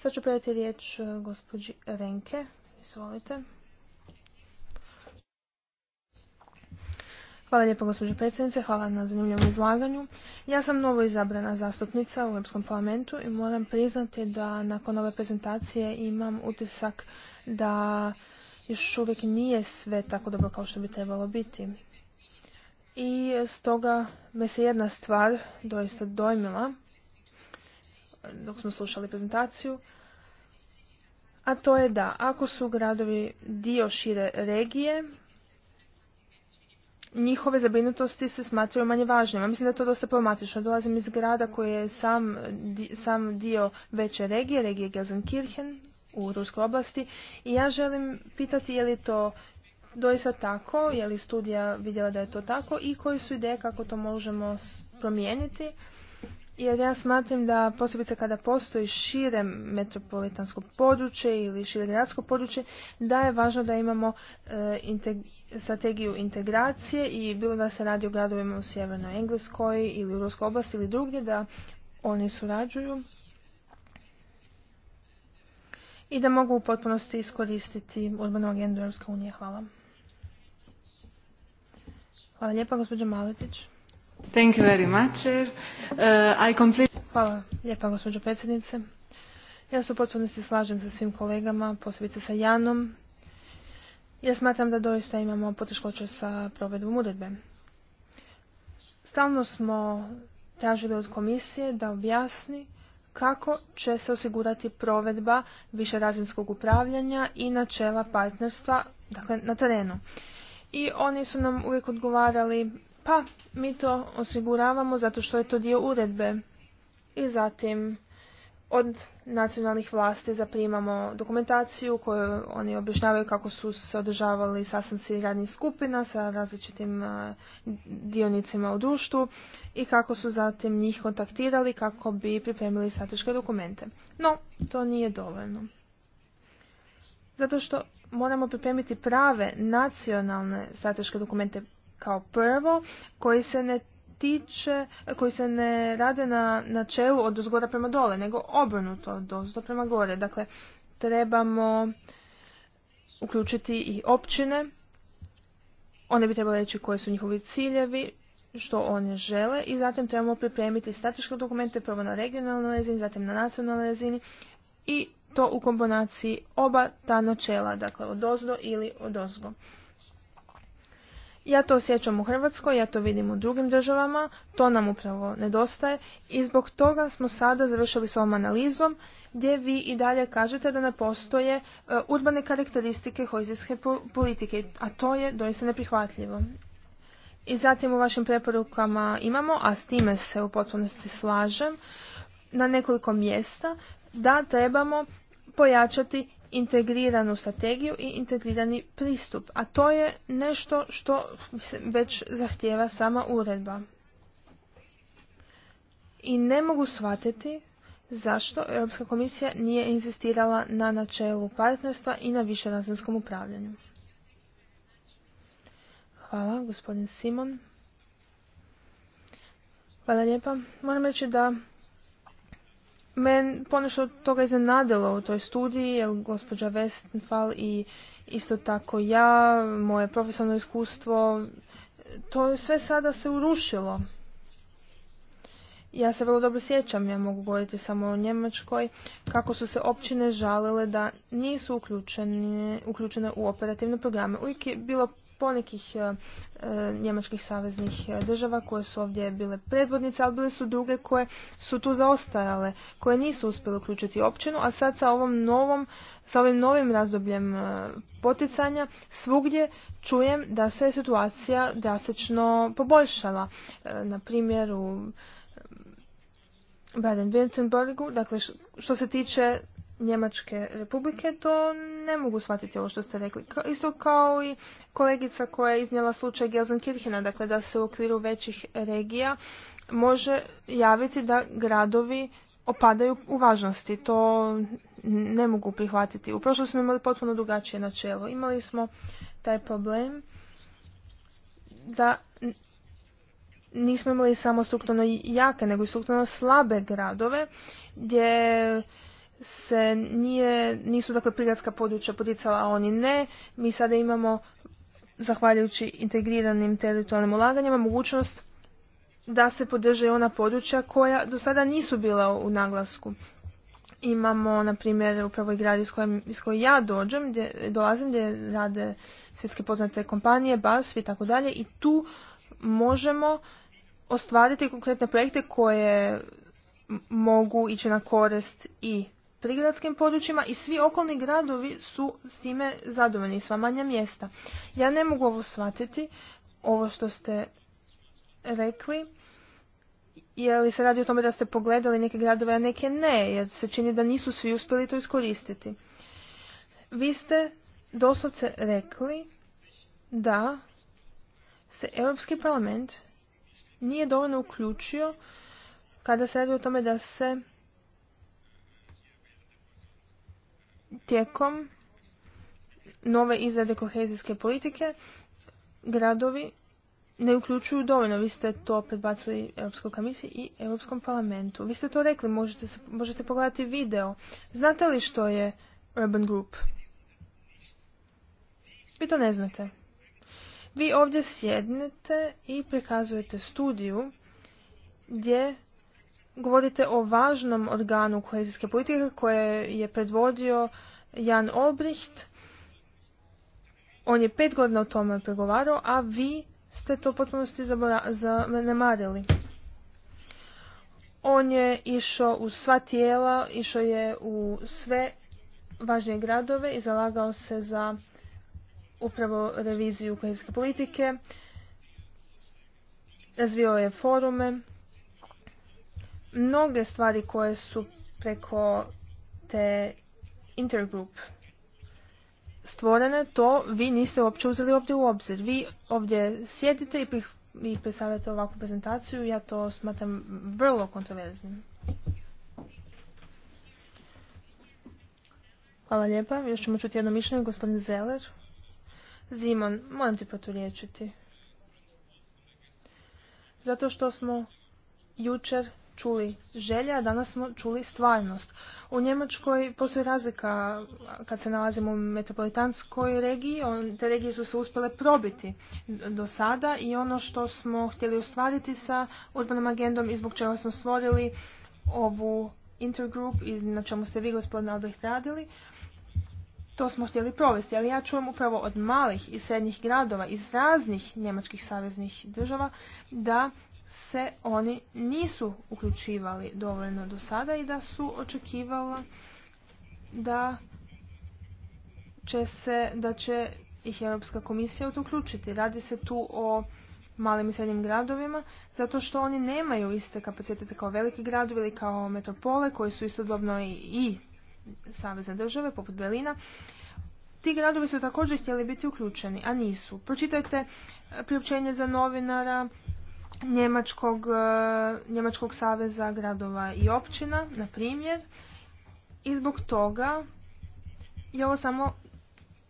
Sad ću predati riječ e, gospođi Renke. Izvolite. Hvala lijepo gospođo predsjednice, hvala na zanimljivom izlaganju. Ja sam novo izabrana zastupnica u Europskom parlamentu i moram priznati da nakon ove prezentacije imam utisak da još uvijek nije sve tako dobro kao što bi trebalo biti. I stoga me se jedna stvar doista dojmila dok smo slušali prezentaciju, a to je da ako su gradovi dio šire regije, njihove zabrinutosti se smatraju manje važnima. Mislim da je to dosta problematično. Dolazim iz grada koji je sam, sam dio veće regije, regije Gelsenkirchen u Ruskoj oblasti i ja želim pitati je li to doista tako, je li studija vidjela da je to tako i koji su ideje kako to možemo promijeniti jer ja smatram da posebice kada postoji šire metropolitansko područje ili šire gradsko područje, da je važno da imamo e, strategiju integracije i bilo da se radi o gradovima u Sjevernoj Engleskoj ili u Ruskoj oblasti ili drugdje, da oni surađuju i da mogu u potpunosti iskoristiti urbanu agendu Europske unije. Hvala. Hvala lijepa, gospođo Maletić. Uh, Hvala lijepa gospođo predsjednice. Ja se u potpunosti slažem sa svim kolegama, posebice sa Janom. jer smatram da doista imamo poteškoće sa provedbom uredbe. Stalno smo tražili od komisije da objasni kako će se osigurati provedba višerazinskog upravljanja i načela partnerstva dakle, na terenu. I oni su nam uvijek odgovarali pa, mi to osiguravamo zato što je to dio uredbe. I zatim od nacionalnih vlasti zaprimamo dokumentaciju koju oni objašnjavaju kako su se održavali sastanci radnih skupina sa različitim e, dionicima u društvu i kako su zatim njih kontaktirali kako bi pripremili strateške dokumente. No, to nije dovoljno. Zato što moramo pripremiti prave nacionalne strateške dokumente kao prvo koji se ne tiče, koji se ne rade na načelu od uzgora prema dole, nego obrnuto od uzgora prema gore. Dakle, trebamo uključiti i općine. One bi trebale reći koji su njihovi ciljevi, što one žele i zatim trebamo pripremiti strateške dokumente prvo na regionalnoj razini, zatim na nacionalnoj razini i to u kombinaciji oba ta načela, dakle od ozdo ili od ozgo. Ja to osjećam u Hrvatskoj, ja to vidim u drugim državama, to nam upravo nedostaje i zbog toga smo sada završili s ovom analizom gdje vi i dalje kažete da ne postoje e, urbane karakteristike hojzijske politike, a to je doista neprihvatljivo. I zatim u vašim preporukama imamo, a s time se u potpunosti slažem, na nekoliko mjesta da trebamo pojačati integriranu strategiju i integrirani pristup, a to je nešto što već zahtjeva sama uredba. I ne mogu shvatiti zašto Europska komisija nije insistirala na načelu partnerstva i na višerazinskom upravljanju. Hvala, gospodin Simon. Hvala lijepa. Moram reći da men ponešto od toga iznenadilo u toj studiji, jer gospođa Westenfall i isto tako ja, moje profesionalno iskustvo, to sve sada se urušilo. Ja se vrlo dobro sjećam, ja mogu govoriti samo o Njemačkoj, kako su se općine žalile da nisu uključene, uključene u operativne programe. Uvijek je bilo ponekih e, e, njemačkih saveznih e, država koje su ovdje bile predvodnice, ali bile su druge koje su tu zaostajale, koje nisu uspjele uključiti općinu, a sad sa ovom novom, sa ovim novim razdobljem poticanja svugdje čujem da se je situacija drastično poboljšala. na primjer u Baden-Württembergu, dakle što se tiče Njemačke republike, to ne mogu shvatiti ovo što ste rekli. Isto kao i kolegica koja je iznijela slučaj Gelsenkirchena, dakle da se u okviru većih regija može javiti da gradovi opadaju u važnosti. To ne mogu prihvatiti. U prošlosti smo imali potpuno drugačije načelo. Imali smo taj problem da nismo imali samo strukturno jake, nego i strukturno slabe gradove, gdje se nije, nisu dakle prigradska područja poticala, a oni ne. Mi sada imamo, zahvaljujući integriranim teritorijalnim ulaganjima, mogućnost da se podrže ona područja koja do sada nisu bila u naglasku. Imamo, na primjer, upravo i grad iz, koje, iz ja dođem, gdje, dolazim, gdje rade svjetske poznate kompanije, BASF i tako dalje i tu možemo ostvariti konkretne projekte koje mogu ići na korist i prigradskim područjima i svi okolni gradovi su s time zadovoljni, sva manja mjesta. Ja ne mogu ovo shvatiti, ovo što ste rekli, je li se radi o tome da ste pogledali neke gradove, a neke ne, jer se čini da nisu svi uspjeli to iskoristiti. Vi ste doslovce rekli da se Europski parlament nije dovoljno uključio kada se radi o tome da se tijekom nove izrade kohezijske politike gradovi ne uključuju dovoljno. Vi ste to prebacili Europskoj komisiji i Europskom parlamentu. Vi ste to rekli, možete, možete pogledati video. Znate li što je Urban Group? Vi to ne znate. Vi ovdje sjednete i prikazujete studiju gdje govorite o važnom organu kohezijske politike koje je predvodio Jan Olbricht. On je pet godina o tome pregovarao, a vi ste to potpunosti zanemarili. On je išao u sva tijela, išao je u sve važnije gradove i zalagao se za upravo reviziju kohezijske politike. Razvio je forume mnoge stvari koje su preko te intergroup stvorene, to vi niste uopće uzeli ovdje u obzir. Vi ovdje sjedite i, predstavljate ovakvu prezentaciju, ja to smatram vrlo kontroverznim. Hvala lijepa. Još ćemo čuti jedno mišljenje, gospodin Zeller. Zimon, moram ti proturiječiti. Zato što smo jučer čuli želja, a danas smo čuli stvarnost. U Njemačkoj postoji razlika kad se nalazimo u metropolitanskoj regiji, te regije su se uspjele probiti do sada i ono što smo htjeli ostvariti sa urbanom agendom i zbog čega smo stvorili ovu intergroup i na čemu ste vi gospodin Albrecht radili, to smo htjeli provesti, ali ja čujem upravo od malih i srednjih gradova iz raznih njemačkih saveznih država da se oni nisu uključivali dovoljno do sada i da su očekivala da će se, da će ih Europska komisija uključiti. Radi se tu o malim i srednjim gradovima, zato što oni nemaju iste kapacitete kao veliki gradovi ili kao metropole, koji su istodobno i, i savezne države, poput Berlina. Ti gradovi su također htjeli biti uključeni, a nisu. Pročitajte priopćenje za novinara Njemačkog, e, Njemačkog saveza gradova i općina, na primjer. I zbog toga je ovo samo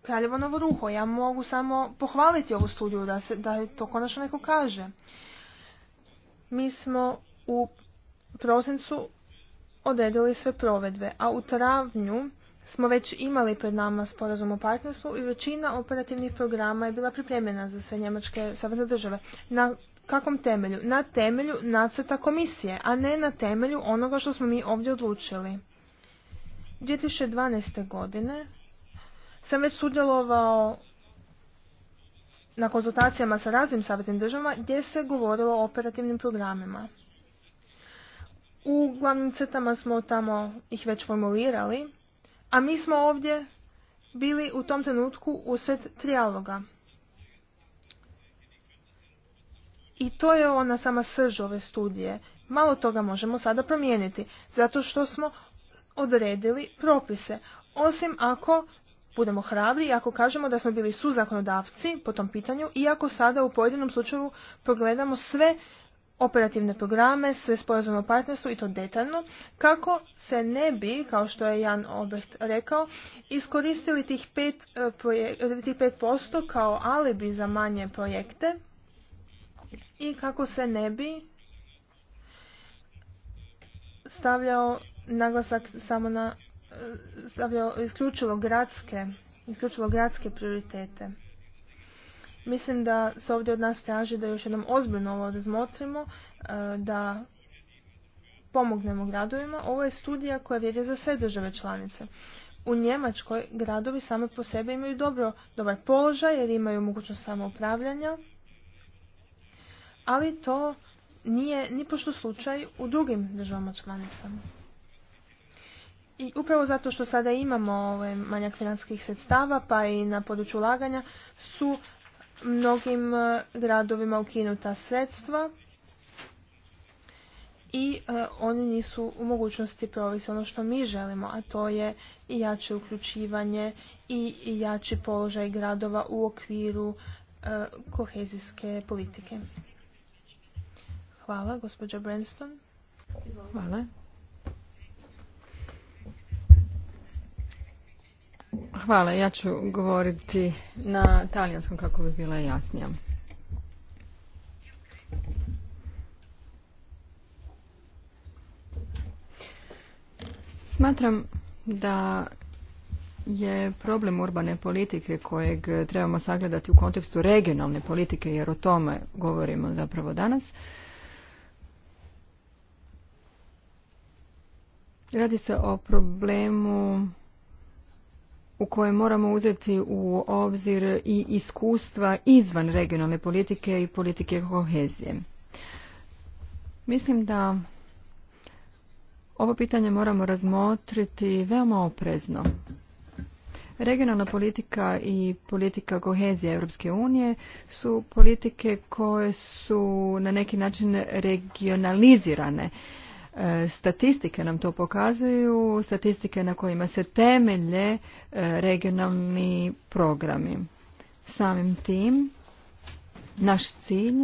kraljevo novo ruho. Ja mogu samo pohvaliti ovu studiju da, se, da to konačno neko kaže. Mi smo u prosincu odredili sve provedbe, a u travnju smo već imali pred nama sporazum o partnerstvu i većina operativnih programa je bila pripremljena za sve njemačke savezne države. Na kakvom temelju? Na temelju nacrta komisije, a ne na temelju onoga što smo mi ovdje odlučili. 2012. godine sam već sudjelovao na konzultacijama sa raznim saveznim državama gdje se govorilo o operativnim programima. U glavnim crtama smo tamo ih već formulirali, a mi smo ovdje bili u tom trenutku usred trijaloga. I to je ona sama srž ove studije. Malo toga možemo sada promijeniti, zato što smo odredili propise. Osim ako budemo hrabri i ako kažemo da smo bili suzakonodavci po tom pitanju i ako sada u pojedinom slučaju pogledamo sve operativne programe, sve sporazume partnerstvo, i to detaljno, kako se ne bi, kao što je Jan Obrecht rekao, iskoristili tih 5%, e, tih 5 kao alibi za manje projekte, i kako se ne bi stavljao naglasak samo na stavljao, isključilo gradske isključilo gradske prioritete. Mislim da se ovdje od nas traži da još jednom ozbiljno ovo razmotrimo, e, da pomognemo gradovima. Ovo je studija koja vjeruje za sve države članice. U Njemačkoj gradovi same po sebi imaju dobro, dobar položaj jer imaju mogućnost samoupravljanja, ali to nije ni pošto slučaj u drugim državama članicama. I upravo zato što sada imamo ove ovaj, manjak financijskih sredstava pa i na području ulaganja su mnogim eh, gradovima ukinuta sredstva i eh, oni nisu u mogućnosti provesti ono što mi želimo, a to je i jače uključivanje i jači položaj gradova u okviru eh, kohezijske politike. Hvala, gospođa Branston. Hvala. Hvala, ja ću govoriti na talijanskom kako bi bila jasnija. Smatram da je problem urbane politike kojeg trebamo sagledati u kontekstu regionalne politike jer o tome govorimo zapravo danas Radi se o problemu u kojem moramo uzeti u obzir i iskustva izvan regionalne politike i politike kohezije. Mislim da ovo pitanje moramo razmotriti veoma oprezno. Regionalna politika i politika kohezije Europske unije su politike koje su na neki način regionalizirane E, statistike nam to pokazuju, statistike na kojima se temelje e, regionalni programi. Samim tim, naš cilj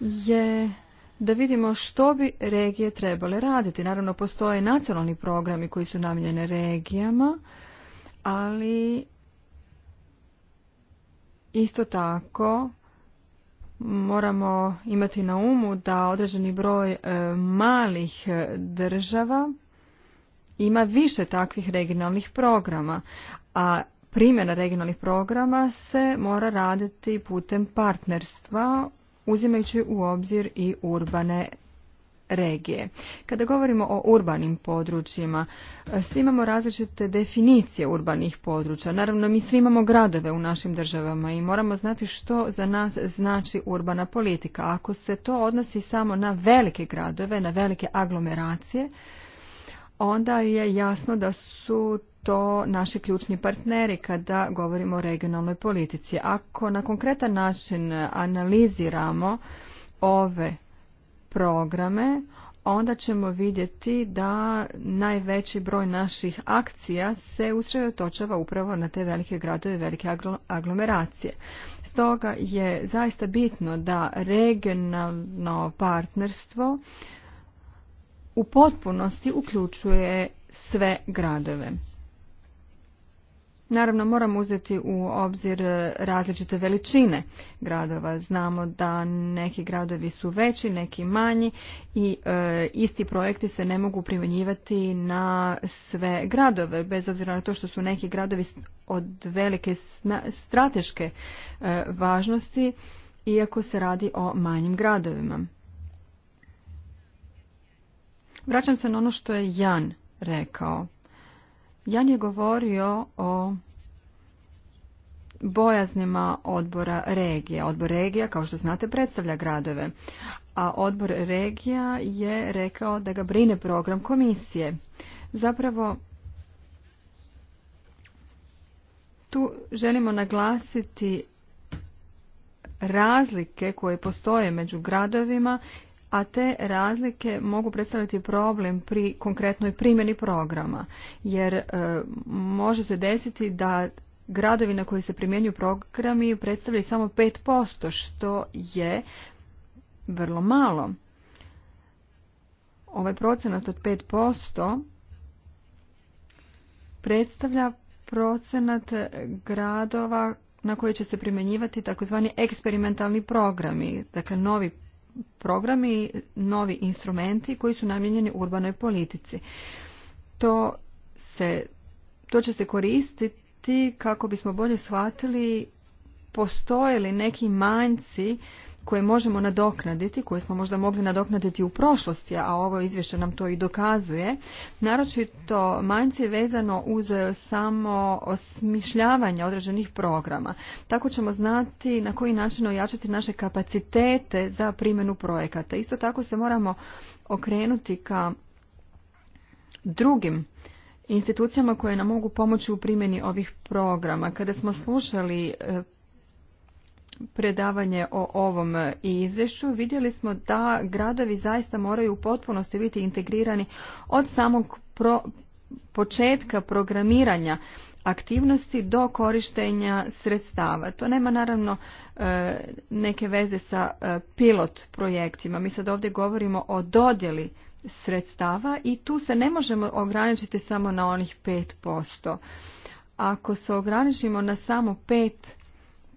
je da vidimo što bi regije trebale raditi. Naravno, postoje nacionalni programi koji su namijenjeni regijama, ali isto tako moramo imati na umu da određeni broj e, malih e, država ima više takvih regionalnih programa, a primjena regionalnih programa se mora raditi putem partnerstva uzimajući u obzir i urbane regije. Kada govorimo o urbanim područjima, svi imamo različite definicije urbanih područja. Naravno, mi svi imamo gradove u našim državama i moramo znati što za nas znači urbana politika. Ako se to odnosi samo na velike gradove, na velike aglomeracije, onda je jasno da su to naši ključni partneri kada govorimo o regionalnoj politici. Ako na konkretan način analiziramo ove programe, onda ćemo vidjeti da najveći broj naših akcija se usredotočava upravo na te velike gradove velike aglomeracije. Stoga je zaista bitno da regionalno partnerstvo u potpunosti uključuje sve gradove. Naravno moramo uzeti u obzir e, različite veličine gradova. Znamo da neki gradovi su veći, neki manji i e, isti projekti se ne mogu primjenjivati na sve gradove, bez obzira na to što su neki gradovi od velike strateške e, važnosti, iako se radi o manjim gradovima. Vraćam se na ono što je Jan rekao. Jan je govorio o bojaznima odbora regija. Odbor regija, kao što znate, predstavlja gradove, a odbor regija je rekao da ga brine program komisije. Zapravo, tu želimo naglasiti razlike koje postoje među gradovima a te razlike mogu predstavljati problem pri konkretnoj primjeni programa jer e, može se desiti da gradovi na koji se primjenju programi predstavljaju samo 5% što je vrlo malo. Ovaj procenat od 5% predstavlja procenat gradova na koji će se primjenjivati takozvani eksperimentalni programi, dakle novi programi, novi instrumenti koji su namijenjeni urbanoj politici. To, se, to će se koristiti kako bismo bolje shvatili postoje li neki manjci koje možemo nadoknaditi, koje smo možda mogli nadoknaditi u prošlosti, a ovo izvješće nam to i dokazuje, naročito manjci vezano uz samo osmišljavanje određenih programa. Tako ćemo znati na koji način ojačati naše kapacitete za primjenu projekata. Isto tako se moramo okrenuti ka drugim institucijama koje nam mogu pomoći u primjeni ovih programa. Kada smo slušali e, predavanje o ovom izvješću vidjeli smo da gradovi zaista moraju u potpunosti biti integrirani od samog početka programiranja aktivnosti do korištenja sredstava. To nema naravno e, neke veze sa e, pilot projektima. Mi sad ovdje govorimo o dodjeli sredstava i tu se ne možemo ograničiti samo na onih 5%. Ako se ograničimo na samo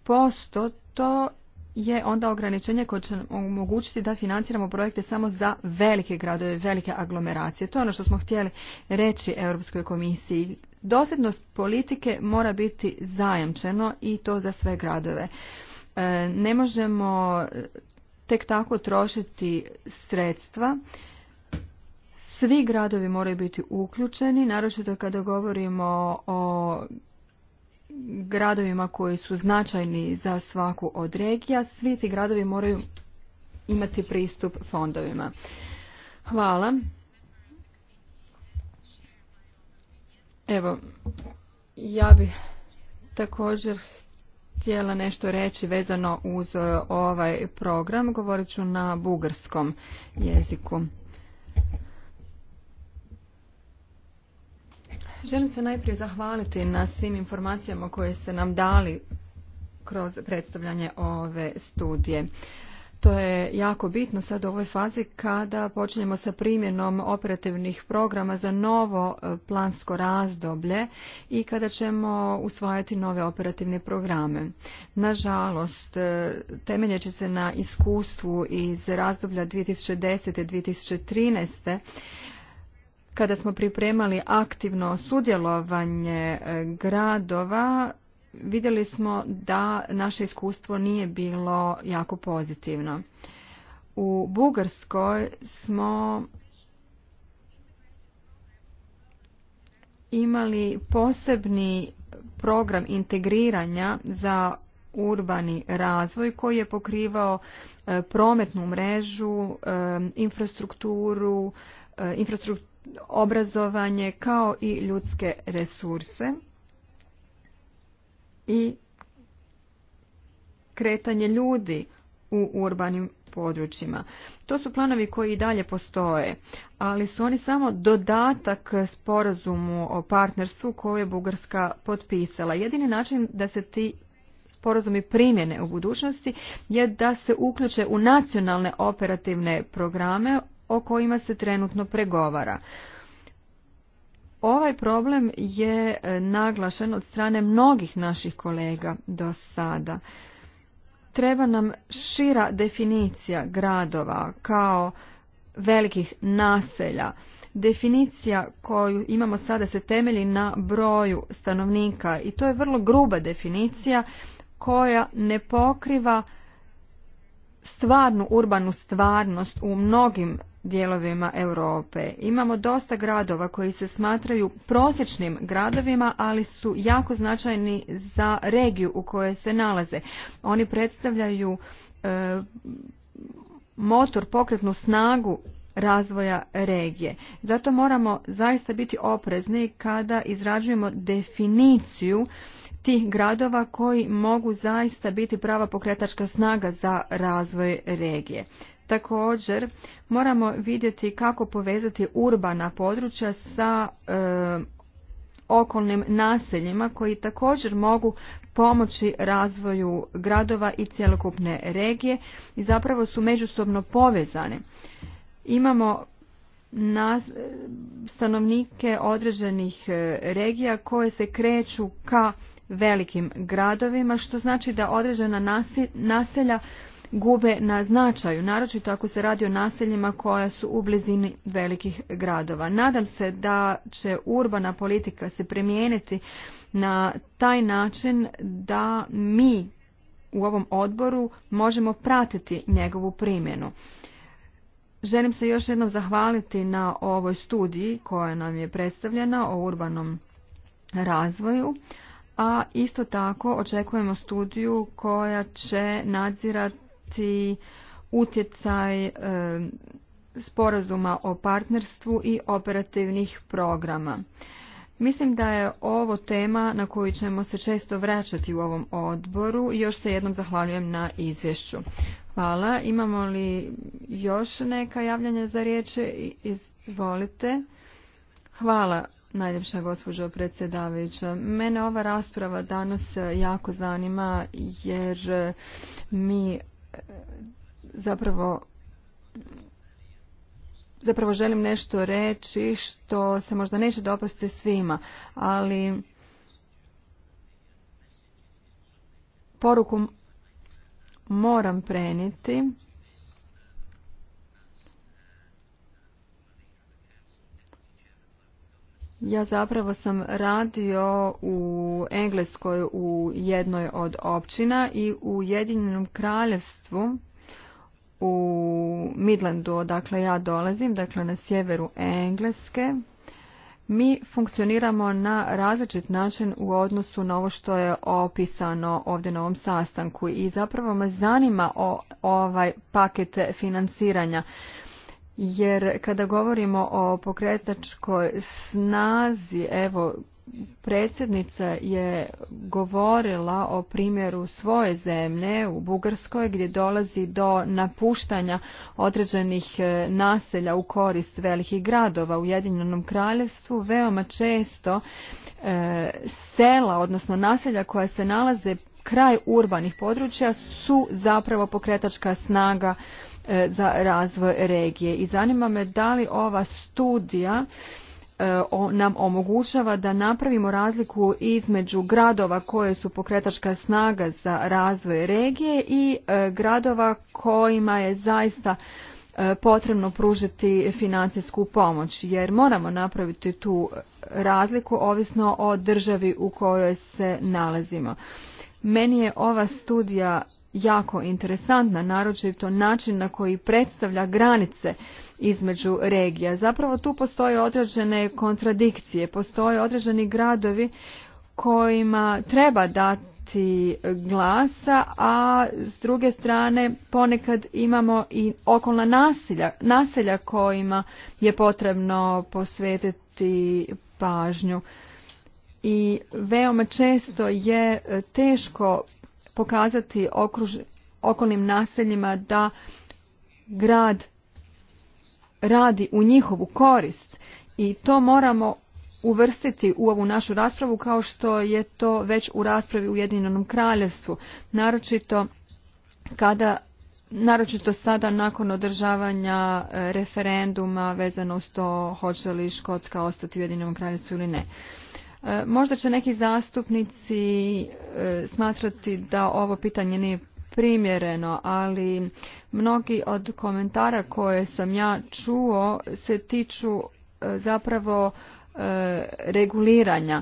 5%, to je onda ograničenje koje će omogućiti da financiramo projekte samo za velike gradove, velike aglomeracije. To je ono što smo htjeli reći Europskoj komisiji. Dosljednost politike mora biti zajamčeno i to za sve gradove. E, ne možemo tek tako trošiti sredstva. Svi gradovi moraju biti uključeni, naročito kada govorimo o gradovima koji su značajni za svaku od regija. Svi ti gradovi moraju imati pristup fondovima. Hvala. Evo, ja bih također htjela nešto reći vezano uz e, ovaj program. Govorit ću na bugarskom jeziku. Želim se najprije zahvaliti na svim informacijama koje ste nam dali kroz predstavljanje ove studije. To je jako bitno sad u ovoj fazi kada počinjemo sa primjenom operativnih programa za novo e, plansko razdoblje i kada ćemo usvajati nove operativne programe. Nažalost, e, temeljeći se na iskustvu iz razdoblja 2010. i 2013 kada smo pripremali aktivno sudjelovanje e, gradova, vidjeli smo da naše iskustvo nije bilo jako pozitivno. U Bugarskoj smo imali posebni program integriranja za urbani razvoj koji je pokrivao e, prometnu mrežu, e, infrastrukturu, infrastrukturu obrazovanje kao i ljudske resurse i kretanje ljudi u urbanim područjima. To su planovi koji i dalje postoje, ali su oni samo dodatak sporazumu o partnerstvu koju je Bugarska potpisala. Jedini način da se ti sporazumi primjene u budućnosti je da se uključe u nacionalne operativne programe o kojima se trenutno pregovara. Ovaj problem je e, naglašen od strane mnogih naših kolega do sada. Treba nam šira definicija gradova kao velikih naselja. Definicija koju imamo sada se temelji na broju stanovnika i to je vrlo gruba definicija koja ne pokriva stvarnu urbanu stvarnost u mnogim dijelovima Europe. Imamo dosta gradova koji se smatraju prosječnim gradovima, ali su jako značajni za regiju u kojoj se nalaze. Oni predstavljaju e, motor, pokretnu snagu razvoja regije. Zato moramo zaista biti oprezni kada izrađujemo definiciju tih gradova koji mogu zaista biti prava pokretačka snaga za razvoj regije. Također moramo vidjeti kako povezati urbana područja sa e, okolnim naseljima koji također mogu pomoći razvoju gradova i cjelokupne regije i zapravo su međusobno povezane. Imamo e, stanovnike određenih e, regija koje se kreću ka velikim gradovima, što znači da određena naselja gube na značaju, naročito ako se radi o naseljima koja su u blizini velikih gradova. Nadam se da će urbana politika se primijeniti na taj način da mi u ovom odboru možemo pratiti njegovu primjenu. Želim se još jednom zahvaliti na ovoj studiji koja nam je predstavljena o urbanom razvoju, a isto tako očekujemo studiju koja će nadzirati i utjecaj e, sporazuma o partnerstvu i operativnih programa. Mislim da je ovo tema na koju ćemo se često vraćati u ovom odboru i još se jednom zahvaljujem na izvješću. Hvala. Imamo li još neka javljanja za riječ? Izvolite. Hvala. Najljepša gospođo predsjedavajuća, mene ova rasprava danas jako zanima jer mi zapravo zapravo želim nešto reći što se možda neće dopasti svima, ali poruku moram preniti. Ja zapravo sam radio u Engleskoj u jednoj od općina i u Jedinjenom kraljevstvu u Midlandu, odakle ja dolazim, dakle na sjeveru Engleske, mi funkcioniramo na različit način u odnosu na ovo što je opisano ovdje na ovom sastanku i zapravo me zanima o ovaj paket financiranja. Jer kada govorimo o pokretačkoj snazi, evo predsjednica je govorila o primjeru svoje zemlje u Bugarskoj gdje dolazi do napuštanja određenih e, naselja u korist velikih gradova u Jedinjenom kraljevstvu veoma često e, sela odnosno naselja koja se nalaze kraj urbanih područja su zapravo pokretačka snaga e, za razvoj regije i zanima me da li ova studija E, nam omogućava da napravimo razliku između gradova koje su pokretačka snaga za razvoj regije i e, gradova kojima je zaista e, potrebno pružiti financijsku pomoć jer moramo napraviti tu razliku ovisno o državi u kojoj se nalazimo. Meni je ova studija jako interesantna, naročito način na koji predstavlja granice između regija. Zapravo tu postoje određene kontradikcije, postoje određeni gradovi kojima treba dati glasa, a s druge strane ponekad imamo i okolna nasilja, naselja kojima je potrebno posvetiti pažnju. I veoma često je teško pokazati okruž, okolnim naseljima da grad radi u njihovu korist i to moramo uvrstiti u ovu našu raspravu kao što je to već u raspravi u Ujedinjenom kraljevstvu, naročito kada naročito sada nakon održavanja e, referenduma vezano uz to hoće li Škotska ostati u Jedinom kraljevstvu ili ne. E, možda će neki zastupnici e, smatrati da ovo pitanje nije primjereno, ali mnogi od komentara koje sam ja čuo se tiču e, zapravo e, reguliranja.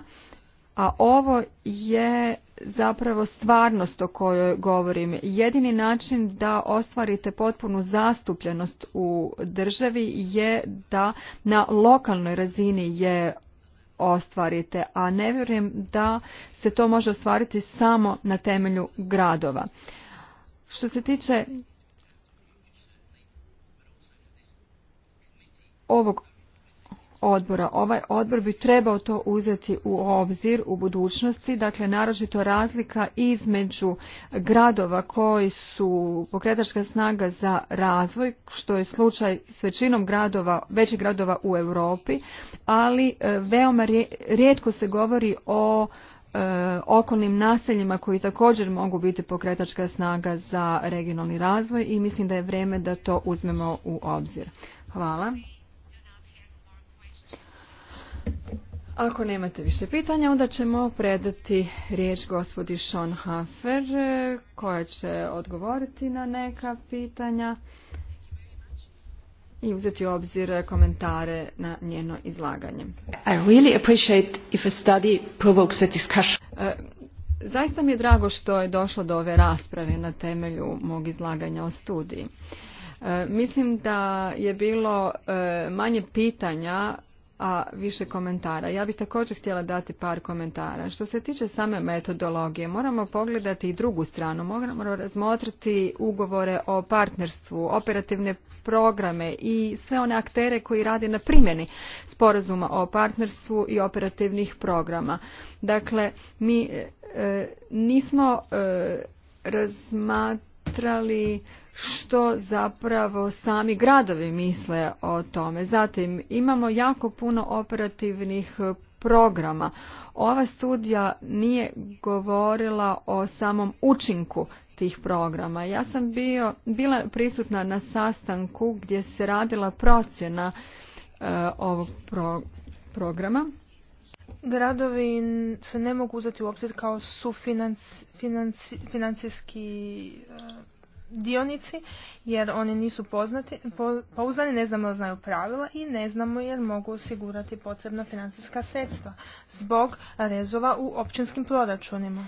A ovo je zapravo stvarnost o kojoj govorim. Jedini način da ostvarite potpunu zastupljenost u državi je da na lokalnoj razini je ostvarite, a ne vjerujem da se to može ostvariti samo na temelju gradova. Što se tiče ovog odbora. Ovaj odbor bi trebao to uzeti u obzir u budućnosti, dakle naročito razlika između gradova koji su pokretačka snaga za razvoj, što je slučaj s većinom gradova, većih gradova u Europi, ali e, veoma rijetko se govori o E, okolnim naseljima koji također mogu biti pokretačka snaga za regionalni razvoj i mislim da je vrijeme da to uzmemo u obzir. Hvala. Ako nemate više pitanja, onda ćemo predati riječ gospodi Sean Hafer, e, koja će odgovoriti na neka pitanja i uzeti u obzir komentare na njeno izlaganje. I really appreciate if a study provokes a discussion. E, zaista mi je drago što je došlo do ove rasprave na temelju mog izlaganja o studiji. E, mislim da je bilo e, manje pitanja a više komentara. Ja bih također htjela dati par komentara. Što se tiče same metodologije, moramo pogledati i drugu stranu. Moramo razmotriti ugovore o partnerstvu, operativne programe i sve one aktere koji rade na primjeni sporazuma o partnerstvu i operativnih programa. Dakle, mi e, nismo e, razmatrali što zapravo sami gradovi misle o tome. Zatim, imamo jako puno operativnih programa. Ova studija nije govorila o samom učinku tih programa. Ja sam bio, bila prisutna na sastanku gdje se radila procjena e, ovog pro, programa. Gradovi se ne mogu uzeti u obzir kao su financijski e, dionici jer oni nisu poznati, pouzdani, ne znamo da znaju pravila i ne znamo jer mogu osigurati potrebna financijska sredstva zbog rezova u općinskim proračunima.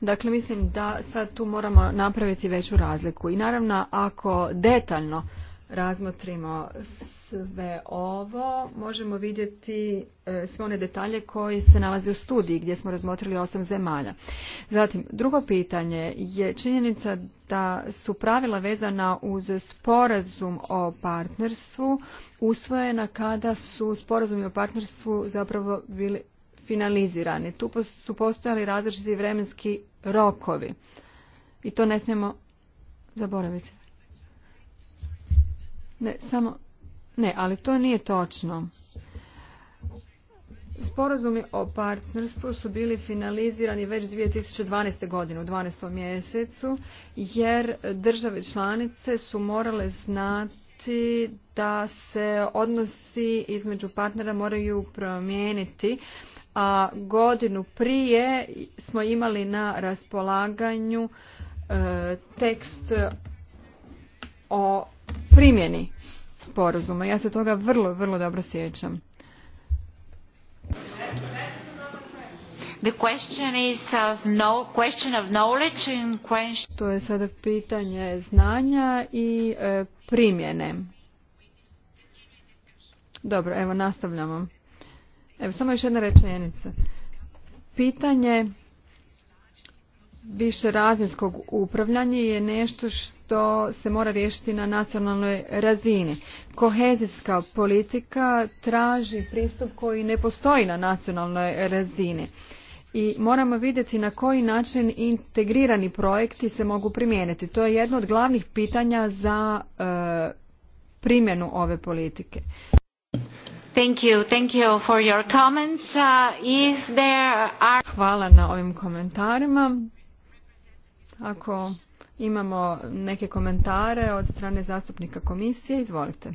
Dakle, mislim da sad tu moramo napraviti veću razliku. I naravno, ako detaljno razmotrimo sve ovo, možemo vidjeti e, sve one detalje koji se nalaze u studiji gdje smo razmotrili osam zemalja. Zatim, drugo pitanje je činjenica da su pravila vezana uz sporazum o partnerstvu usvojena kada su sporazumi o partnerstvu zapravo bili finalizirani. Tu su postojali različiti vremenski rokovi i to ne smijemo zaboraviti. Ne, samo, ne, ali to nije točno. Sporazumi o partnerstvu su bili finalizirani već 2012. godine u 12. mjesecu jer države članice su morale znati da se odnosi između partnera moraju promijeniti a godinu prije smo imali na raspolaganju e, tekst o primjeni sporazuma. Ja se toga vrlo, vrlo dobro sjećam. The question is of no, question of knowledge To je sada pitanje znanja i e, primjene. Dobro, evo nastavljamo. Evo, samo još jedna rečenica. Pitanje višerazinskog upravljanja je nešto što se mora riješiti na nacionalnoj razini. Kohezijska politika traži pristup koji ne postoji na nacionalnoj razini i moramo vidjeti na koji način integrirani projekti se mogu primijeniti. To je jedno od glavnih pitanja za e, primjenu ove politike for your uh, Hvala na ovim komentarima. Ako imamo neke komentare od strane zastupnika komisije, izvolite.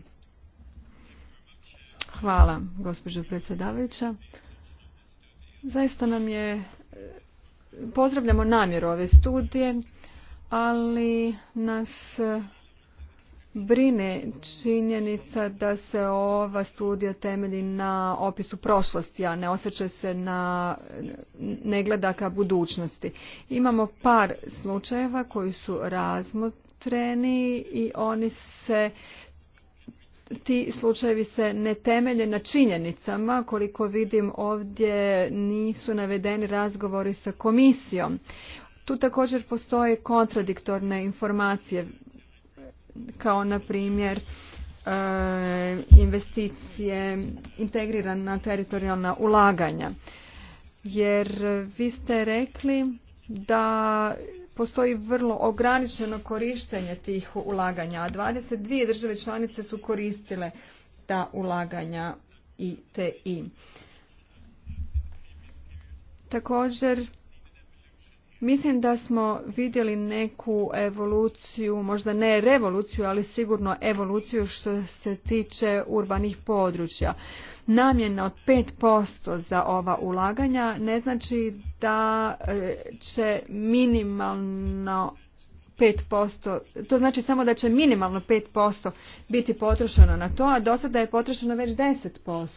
Hvala, gospođo predsjedavajuća. Zaista nam je, pozdravljamo namjeru ove studije, ali nas brine činjenica da se ova studija temelji na opisu prošlosti, a ne osjeća se na negledaka budućnosti. Imamo par slučajeva koji su razmotreni i oni se ti slučajevi se ne temelje na činjenicama, koliko vidim ovdje nisu navedeni razgovori sa komisijom. Tu također postoje kontradiktorne informacije kao na primjer e, investicije integrirana teritorijalna ulaganja. Jer vi ste rekli da postoji vrlo ograničeno korištenje tih ulaganja, a 22 države članice su koristile ta ulaganja i TI. Također Mislim da smo vidjeli neku evoluciju, možda ne revoluciju, ali sigurno evoluciju što se tiče urbanih područja. Namjena od 5% za ova ulaganja ne znači da e, će minimalno 5%, to znači samo da će minimalno 5% biti potrošeno na to, a do sada je potrošeno već 10%.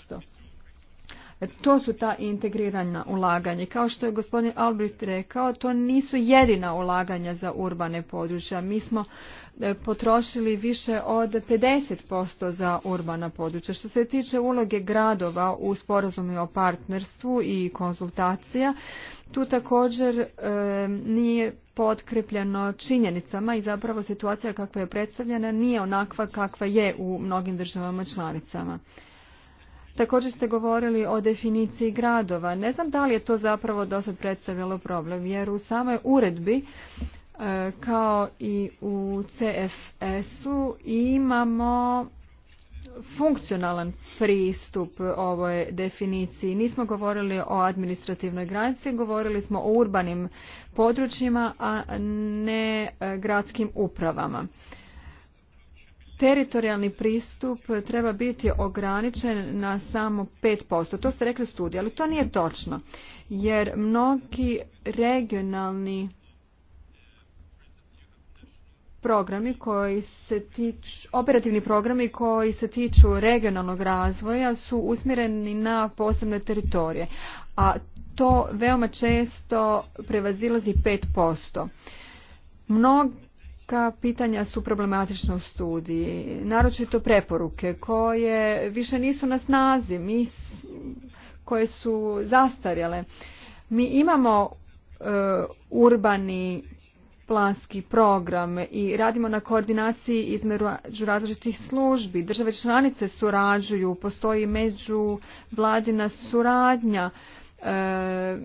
To su ta integrirana ulaganja. Kao što je gospodin Albrecht rekao, to nisu jedina ulaganja za urbane područja. Mi smo e, potrošili više od 50% za urbana područja. Što se tiče uloge gradova u sporazumima o partnerstvu i konzultacija, tu također e, nije potkrepljeno činjenicama i zapravo situacija kakva je predstavljena nije onakva kakva je u mnogim državama članicama. Također ste govorili o definiciji gradova. Ne znam da li je to zapravo dosad predstavljalo problem, jer u samoj uredbi e, kao i u CFS-u imamo funkcionalan pristup ovoj definiciji. Nismo govorili o administrativnoj granici, govorili smo o urbanim područjima, a ne e, gradskim upravama teritorijalni pristup treba biti ograničen na samo 5%. To ste rekli u studiju, ali to nije točno, jer mnogi regionalni programi koji se tiču, operativni programi koji se tiču regionalnog razvoja su usmjereni na posebne teritorije, a to veoma često prevazilazi 5%. Mnogi Ka pitanja su problematična u studiji, naročito preporuke koje više nisu na snazi, koje su zastarjele. Mi imamo e, urbani planski program i radimo na koordinaciji između različitih službi. Države članice surađuju, postoji međuvladina suradnja. E,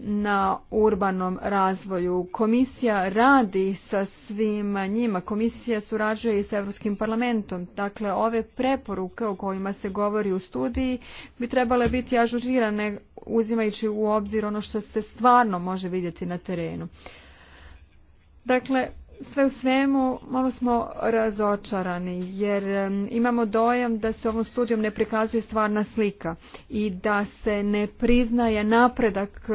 na urbanom razvoju. Komisija radi sa svima njima. Komisija surađuje i sa Europskim parlamentom. Dakle, ove preporuke o kojima se govori u studiji bi trebale biti ažurirane uzimajući u obzir ono što se stvarno može vidjeti na terenu. Dakle, sve u svemu malo smo razočarani jer imamo dojam da se ovom studijom ne prikazuje stvarna slika i da se ne priznaje napredak e,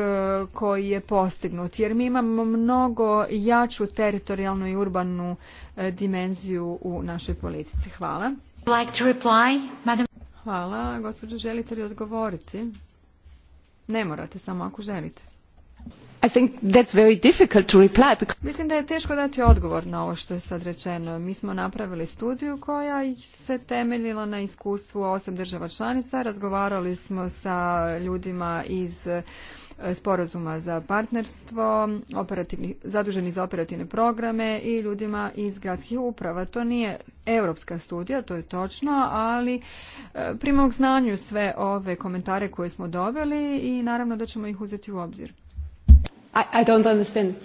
koji je postignut jer mi imamo mnogo jaču teritorijalnu i urbanu e, dimenziju u našoj politici. Hvala. Hvala. Gospođo, želite li odgovoriti? Ne morate, samo ako želite. Mislim da je teško dati odgovor na ovo što je sad rečeno. Mi smo napravili studiju koja se temeljila na iskustvu osam država članica. Razgovarali smo sa ljudima iz e, sporazuma za partnerstvo, zaduženi za operativne programe i ljudima iz gradskih uprava. To nije europska studija, to je točno, ali e, primog znanju sve ove komentare koje smo dobili i naravno da ćemo ih uzeti u obzir. I, don't understand.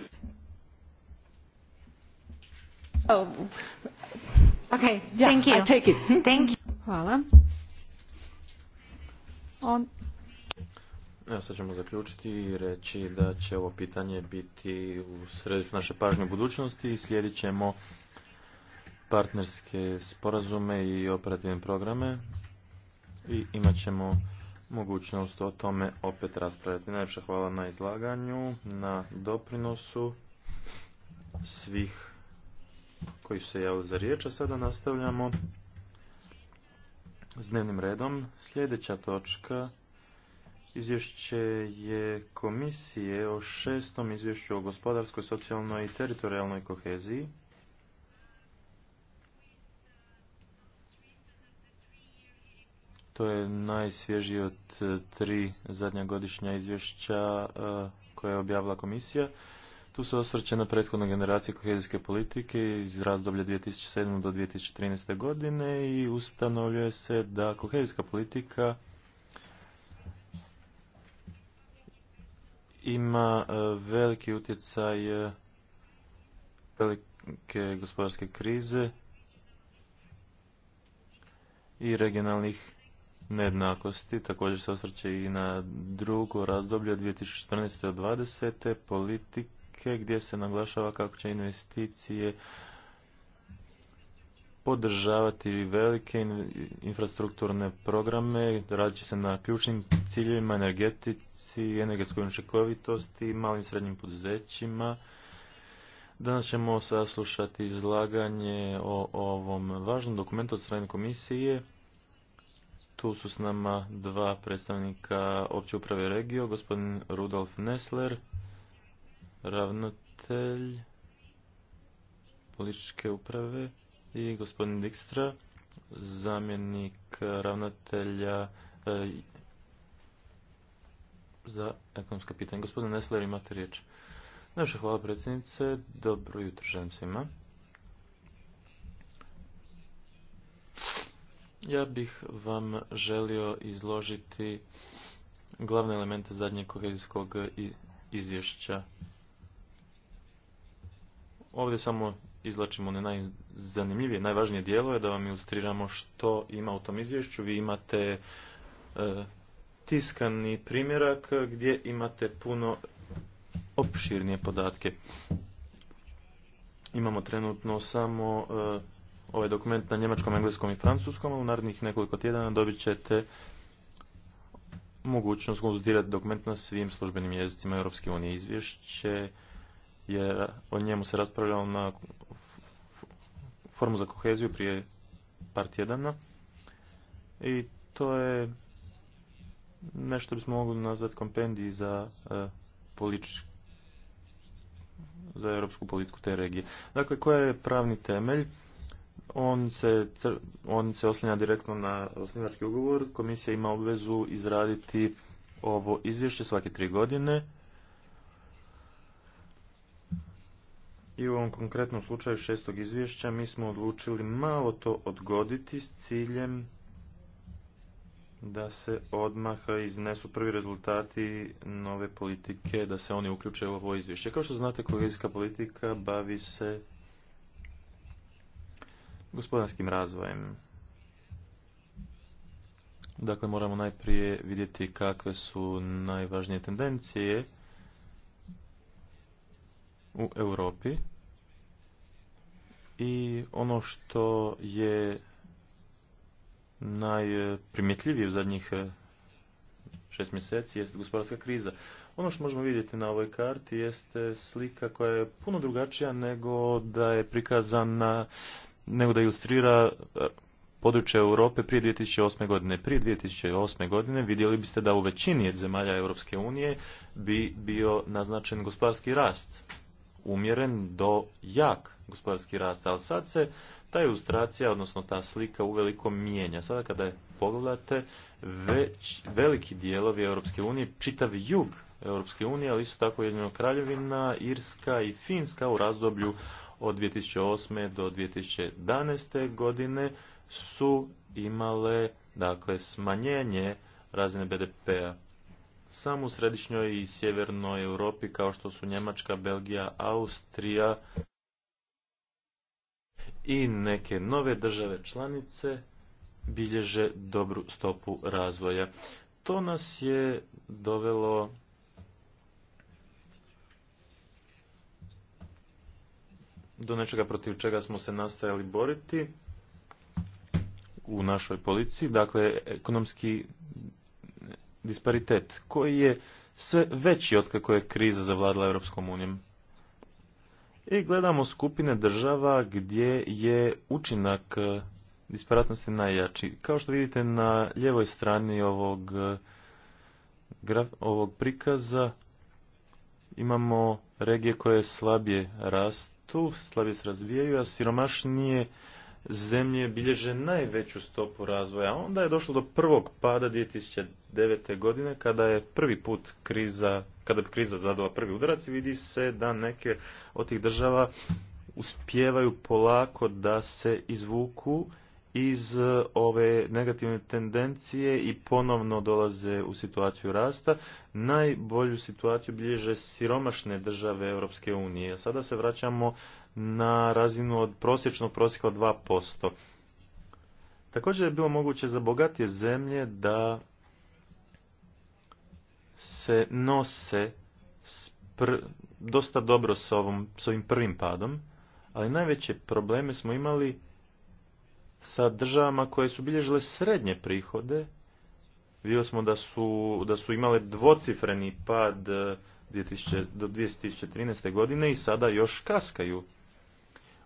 Oh. Okay, thank you. I take it. *laughs* Thank you. Hvala. On... Evo sad ćemo zaključiti i reći da će ovo pitanje biti u središtu naše pažnje u budućnosti i slijedit ćemo partnerske sporazume i operativne programe i imat ćemo mogućnost o tome opet raspravljati. najviše hvala na izlaganju, na doprinosu svih koji su se javili za riječ, a sada nastavljamo s dnevnim redom. Sljedeća točka izvješće je komisije o šestom izvješću o gospodarskoj, socijalnoj i teritorijalnoj koheziji. To je najsvježiji od e, tri zadnja godišnja izvješća e, koje je objavila komisija. Tu se osvrće na prethodnu generaciju kohezijske politike iz razdoblja 2007. do 2013. godine i ustanovljuje se da kohezijska politika ima e, veliki utjecaj velike gospodarske krize i regionalnih nejednakosti. Također se osvrće i na drugo razdoblje 2014. od 2020. politike gdje se naglašava kako će investicije podržavati velike infrastrukturne programe, radit će se na ključnim ciljevima energetici, energetskoj učinkovitosti, malim i srednjim poduzećima. Danas ćemo saslušati izlaganje o ovom važnom dokumentu od strane komisije tu su s nama dva predstavnika opće uprave regio, gospodin Rudolf Nesler, ravnatelj političke uprave i gospodin Dikstra, zamjenik ravnatelja e, za ekonomska pitanja. Gospodin Nesler, imate riječ. Naša hvala predsjednice, dobro jutro želim svima. Ja bih vam želio izložiti glavne elemente zadnjeg kohezijskog izvješća. Ovdje samo izlačimo one najzanimljivije, najvažnije dijelo je da vam ilustriramo što ima u tom izvješću. Vi imate e, tiskani primjerak gdje imate puno opširnije podatke. Imamo trenutno samo e, ovaj dokument na njemačkom, engleskom i francuskom, a u narednih nekoliko tjedana dobit ćete mogućnost konzultirati dokument na svim službenim jezicima Europske unije. Izvješće jer o njemu se raspravljalo na formu za koheziju prije par tjedana i to je nešto bismo mogli nazvati kompendiji za e, politički za europsku politiku te regije. Dakle, koja je pravni temelj? on se, on se oslanja direktno na osnivački ugovor. Komisija ima obvezu izraditi ovo izvješće svake tri godine. I u ovom konkretnom slučaju šestog izvješća mi smo odlučili malo to odgoditi s ciljem da se odmah iznesu prvi rezultati nove politike, da se oni uključe u ovo izvješće. Kao što znate, kohezijska politika bavi se gospodarskim razvojem. Dakle, moramo najprije vidjeti kakve su najvažnije tendencije u Europi i ono što je najprimjetljivije u zadnjih eh, šest mjeseci jest gospodarska kriza. Ono što možemo vidjeti na ovoj karti jeste eh, slika koja je puno drugačija nego da je prikazana nego da ilustrira e, područje Europe prije 2008. godine. Prije 2008. godine vidjeli biste da u većini zemalja Europske unije bi bio naznačen gospodarski rast, umjeren do jak gospodarski rast, ali sad se ta ilustracija, odnosno ta slika uveliko mijenja. Sada kada je pogledate, već veliki dijelovi Europske unije, čitav jug Europske unije, ali isto tako jedino Kraljevina, Irska i Finska u razdoblju od 2008. do 2011. godine su imale dakle smanjenje razine BDP-a. Samo u središnjoj i sjevernoj Europi kao što su Njemačka, Belgija, Austrija i neke nove države članice bilježe dobru stopu razvoja. To nas je dovelo do nečega protiv čega smo se nastojali boriti u našoj policiji, dakle ekonomski disparitet koji je sve veći kako je kriza zavladala Europskom unijom. I gledamo skupine država gdje je učinak disparatnosti najjači. Kao što vidite na ljevoj strani ovog, ovog prikaza imamo regije koje slabije rast tu slabije se razvijaju, a siromašnije zemlje bilježe najveću stopu razvoja. Onda je došlo do prvog pada 2009. godine kada je prvi put kriza, kada bi kriza zadala prvi udarac i vidi se da neke od tih država uspijevaju polako da se izvuku iz e, ove negativne tendencije i ponovno dolaze u situaciju rasta. Najbolju situaciju bliže siromašne države Europske unije. Sada se vraćamo na razinu od prosječnog prosjeka od 2%. Također je bilo moguće za bogatije zemlje da se nose dosta dobro s s ovim prvim padom, ali najveće probleme smo imali sa državama koje su bilježile srednje prihode. Vidio smo da su, da su imale dvocifreni pad 2000, e, do 2013. godine i sada još kaskaju.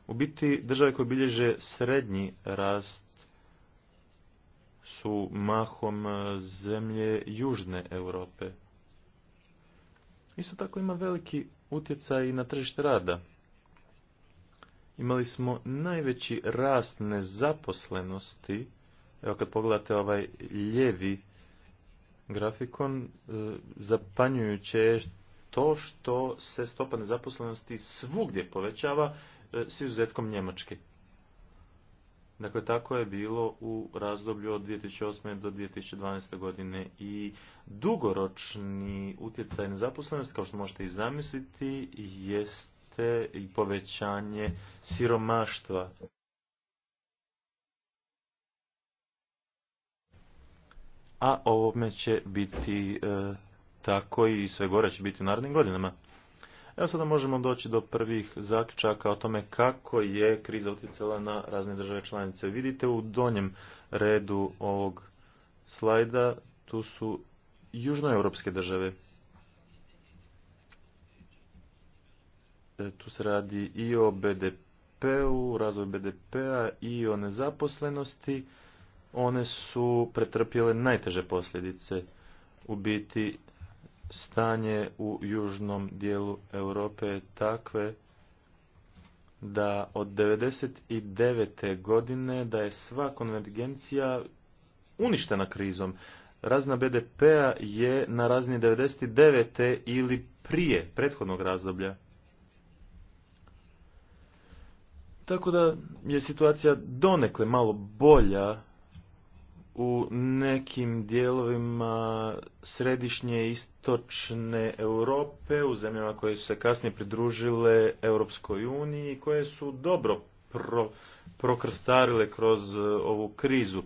U biti države koje bilježe srednji rast su mahom e, zemlje južne Europe. Isto tako ima veliki utjecaj i na tržište rada imali smo najveći rast nezaposlenosti. Evo kad pogledate ovaj ljevi grafikon, e, zapanjujuće je to što se stopa nezaposlenosti svugdje povećava e, s izuzetkom Njemačke. Dakle, tako je bilo u razdoblju od 2008. do 2012. godine i dugoročni utjecaj nezaposlenosti, kao što možete i zamisliti, jest i povećanje siromaštva. A ovome će biti e, tako i sve gore će biti u narednim godinama. Evo sada možemo doći do prvih zaključaka o tome kako je kriza utjecala na razne države članice. Vidite u donjem redu ovog slajda, tu su južnoeuropske države. E, tu se radi i o BDP-u, razvoju BDP-a i o nezaposlenosti. One su pretrpjele najteže posljedice. U biti stanje u južnom dijelu Europe je takve da od 99. godine da je sva konvergencija uništena krizom. Razna BDP-a je na razini 99. ili prije prethodnog razdoblja. Tako da je situacija donekle malo bolja u nekim dijelovima središnje i istočne Europe, u zemljama koje su se kasnije pridružile Europskoj uniji i koje su dobro pro, prokrstarile kroz e, ovu krizu.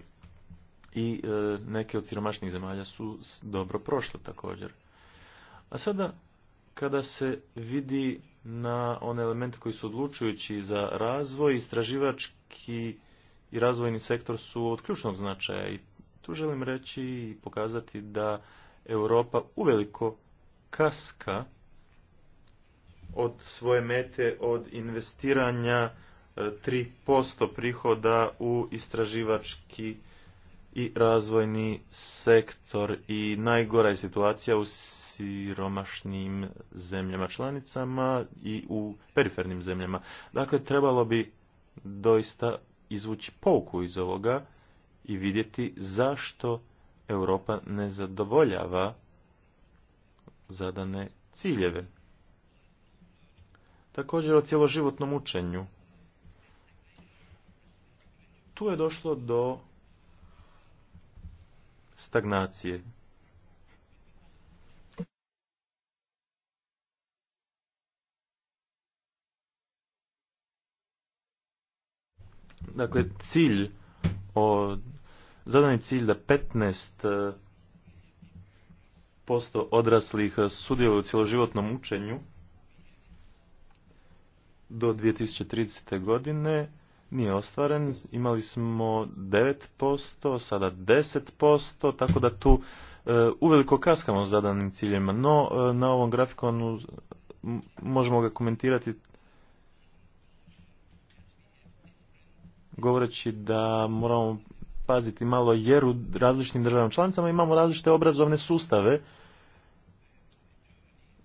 I e, neke od siromašnih zemalja su dobro prošle također. A sada kada se vidi na one elemente koji su odlučujući za razvoj, istraživački i razvojni sektor su od ključnog značaja i tu želim reći i pokazati da Europa uveliko kaska od svoje mete od investiranja 3% e, prihoda u istraživački i razvojni sektor i najgora je situacija u siromašnim zemljama članicama i u perifernim zemljama. Dakle, trebalo bi doista izvući pouku iz ovoga i vidjeti zašto Europa ne zadovoljava zadane ciljeve. Također o cjeloživotnom učenju. Tu je došlo do stagnacije. Dakle, cilj o zadani cilj da 15% e, odraslih sudjeluje u cjeloživotnom učenju do 2030. godine nije ostvaren. Imali smo 9%, sada 10%, tako da tu e, uveliko kaskamo zadanim ciljima. No, e, na ovom grafikonu možemo ga komentirati govoreći da moramo paziti malo jer u različitim državama članicama imamo različite obrazovne sustave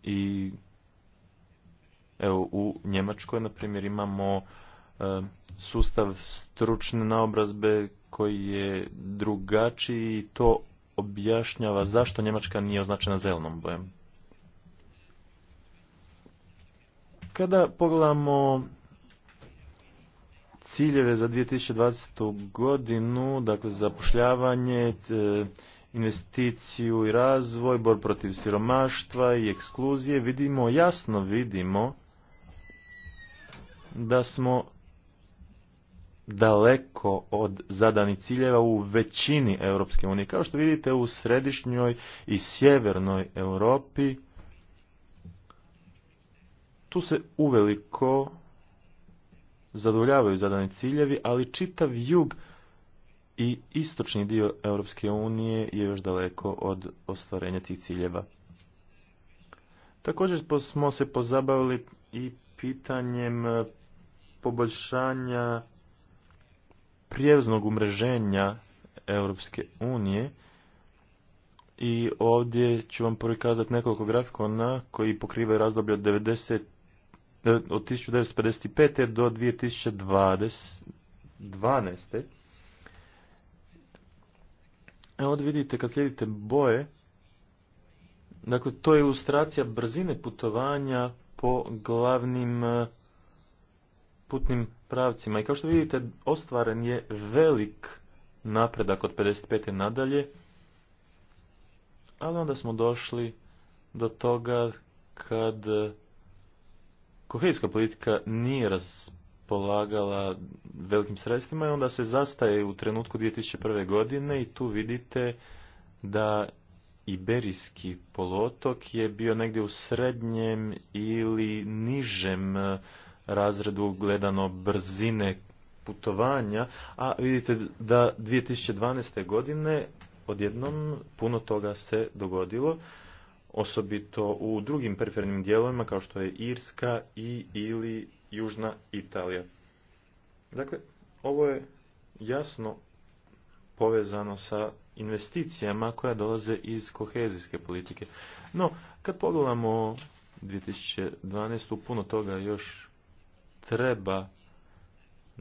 i evo u Njemačkoj na primjer imamo e, sustav stručne naobrazbe koji je drugačiji i to objašnjava zašto Njemačka nije označena zelenom bojem. Kada pogledamo ciljeve za 2020. godinu, dakle zapošljavanje, e, investiciju i razvoj, bor protiv siromaštva i ekskluzije, vidimo, jasno vidimo da smo daleko od zadanih ciljeva u većini Europske unije. Kao što vidite u središnjoj i sjevernoj Europi, tu se uveliko zadovoljavaju zadani ciljevi, ali čitav jug i istočni dio Europske unije je još daleko od ostvarenja tih ciljeva. Također smo se pozabavili i pitanjem e, poboljšanja prijevznog umreženja Europske unije i ovdje ću vam prikazati nekoliko grafikona koji pokrivaju razdoblje od 90 od 1955. do 2012. Evo ovdje vidite kad slijedite boje, dakle to je ilustracija brzine putovanja po glavnim e, putnim pravcima. I kao što vidite, ostvaren je velik napredak od 55. nadalje, ali onda smo došli do toga kad kohezijska politika nije raspolagala velikim sredstvima i onda se zastaje u trenutku 2001. godine i tu vidite da Iberijski polotok je bio negdje u srednjem ili nižem razredu gledano brzine putovanja, a vidite da 2012. godine odjednom puno toga se dogodilo osobito u drugim perifernim dijelovima kao što je Irska i ili Južna Italija. Dakle, ovo je jasno povezano sa investicijama koja dolaze iz kohezijske politike. No, kad pogledamo 2012. puno toga još treba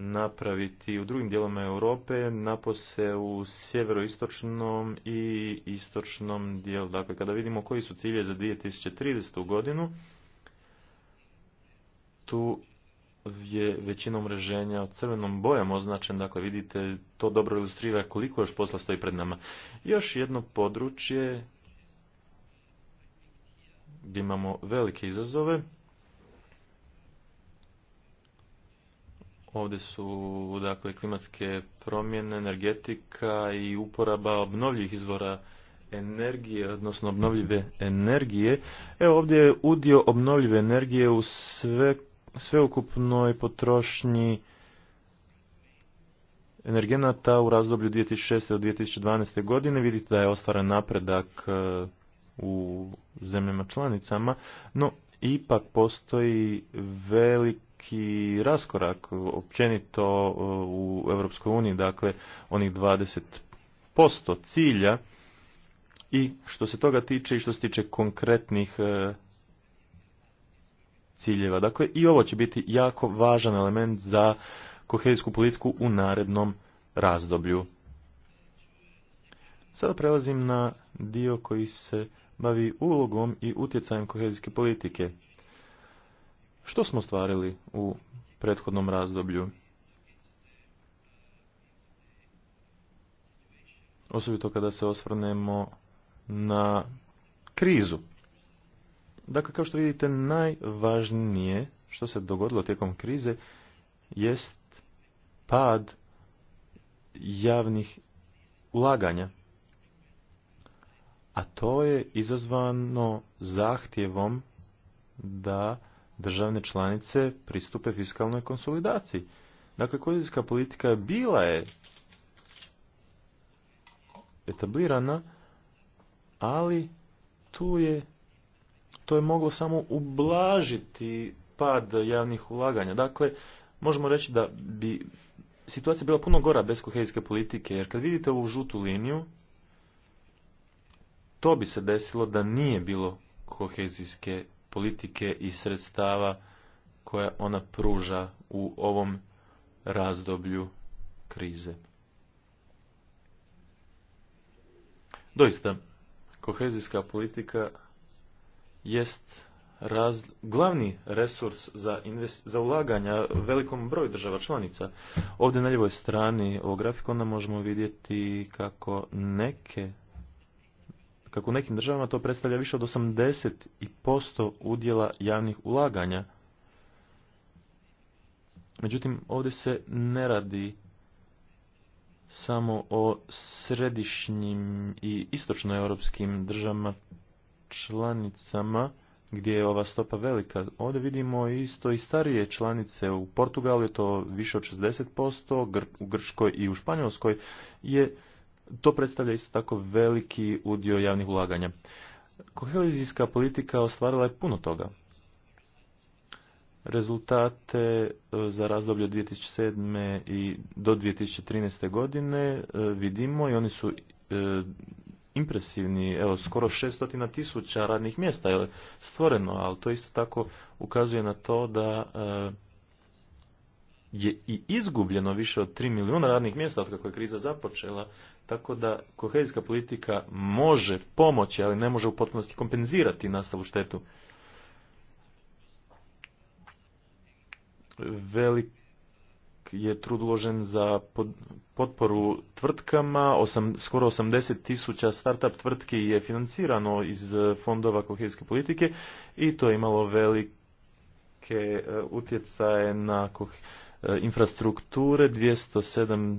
napraviti u drugim dijelama Europe, napose u sjeveroistočnom i istočnom dijelu. Dakle, kada vidimo koji su cilje za 2030. godinu, tu je većinom reženja crvenom bojom označen, dakle vidite, to dobro ilustrira koliko još posla stoji pred nama. Još jedno područje gdje imamo velike izazove, Ovdje su dakle klimatske promjene, energetika i uporaba obnovljivih izvora energije, odnosno obnovljive energije. Evo ovdje je udio obnovljive energije u sve, sveukupnoj potrošnji energenata u razdoblju 2006. do 2012. godine. Vidite da je ostvaren napredak e, u zemljama članicama, no ipak postoji velik veliki raskorak općenito uh, u Europskoj uniji, dakle onih 20% cilja i što se toga tiče i što se tiče konkretnih uh, ciljeva. Dakle, i ovo će biti jako važan element za kohezijsku politiku u narednom razdoblju. Sada prelazim na dio koji se bavi ulogom i utjecajem kohezijske politike. Što smo stvarili u prethodnom razdoblju? Osobito kada se osvrnemo na krizu. Dakle, kao što vidite, najvažnije što se dogodilo tijekom krize jest pad javnih ulaganja. A to je izazvano zahtjevom da državne članice pristupe fiskalnoj konsolidaciji. Dakle, kohezijska politika bila je etablirana, ali tu je, to je moglo samo ublažiti pad javnih ulaganja. Dakle, možemo reći da bi situacija bila puno gora bez kohezijske politike, jer kad vidite ovu žutu liniju, to bi se desilo da nije bilo kohezijske politike i sredstava koja ona pruža u ovom razdoblju krize. Doista, kohezijska politika jest glavni resurs za, za ulaganja velikom broju država članica. Ovdje na ljevoj strani ovog onda možemo vidjeti kako neke kako u nekim državama to predstavlja više od 80% udjela javnih ulaganja. Međutim, ovdje se ne radi samo o središnjim i istočnoeuropskim državama članicama gdje je ova stopa velika. Ovdje vidimo isto i starije članice. U Portugalu je to više od 60%, u Grčkoj i u Španjolskoj je to predstavlja isto tako veliki udio javnih ulaganja. Kohezijska politika ostvarila je puno toga. Rezultate e, za razdoblje od 2007. i do 2013. godine e, vidimo i oni su e, impresivni, evo skoro 600 tisuća radnih mjesta je stvoreno, ali to isto tako ukazuje na to da je i izgubljeno više od 3 milijuna radnih mjesta od kako je kriza započela tako da kohezijska politika može pomoći, ali ne može u potpunosti kompenzirati nastavu štetu. Velik je trud uložen za potporu tvrtkama, Osam, skoro 80 tisuća startup tvrtki je financirano iz eh, fondova kohezijske politike i to je imalo velike eh, utjecaje na eh, infrastrukture, 207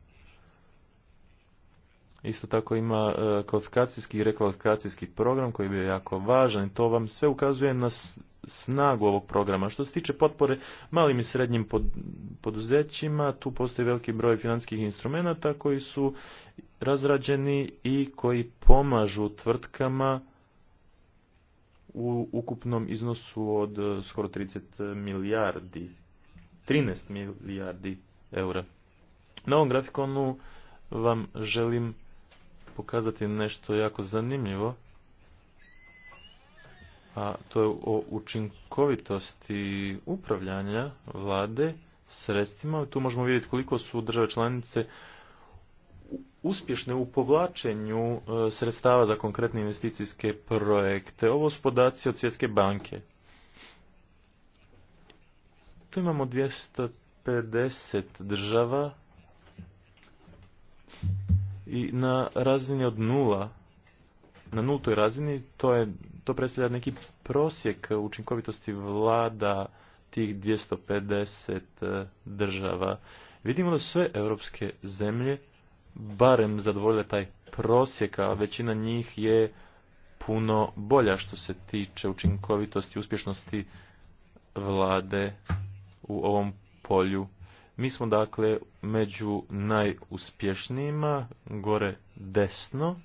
Isto tako ima e, kvalifikacijski i rekvalifikacijski program koji je jako važan i to vam sve ukazuje na snagu ovog programa. Što se tiče potpore malim i srednjim poduzećima, tu postoji veliki broj financijskih instrumenata koji su razrađeni i koji pomažu tvrtkama u ukupnom iznosu od e, skoro 30 milijardi, 13 milijardi eura. Na ovom grafikonu vam želim pokazati nešto jako zanimljivo, a to je o učinkovitosti upravljanja vlade sredstvima. Tu možemo vidjeti koliko su države članice uspješne u povlačenju e, sredstava za konkretne investicijske projekte. Ovo su podaci od Svjetske banke. Tu imamo 250 država i na razini od nula, na nultoj razini, to, je, to predstavlja neki prosjek učinkovitosti vlada tih 250 e, država. Vidimo da sve europske zemlje barem zadovoljile taj prosjek, a većina njih je puno bolja što se tiče učinkovitosti i uspješnosti vlade u ovom polju mi smo dakle među najuspješnijima, gore desno,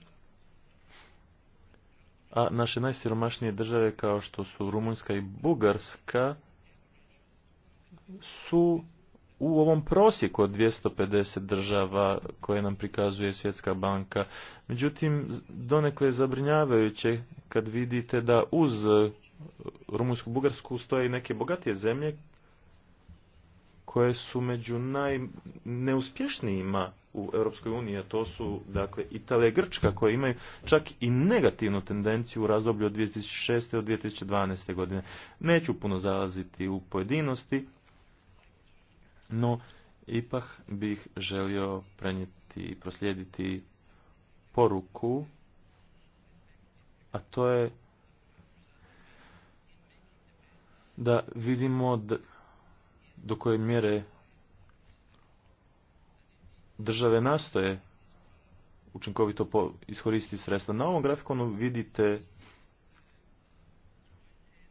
a naše najsiromašnije države kao što su Rumunjska i Bugarska su u ovom prosjeku od 250 država koje nam prikazuje Svjetska banka. Međutim, donekle je zabrinjavajuće kad vidite da uz Rumunjsku Bugarsku stoje i neke bogatije zemlje koje su među najneuspješnijima u Europskoj uniji, a to su dakle Italija i Grčka koje imaju čak i negativnu tendenciju u razdoblju od 2006. do 2012. godine. Neću puno zalaziti u pojedinosti, no ipak bih želio prenijeti i proslijediti poruku, a to je da vidimo da do koje mjere države nastoje učinkovito iskoristiti sredstva. Na ovom grafikonu vidite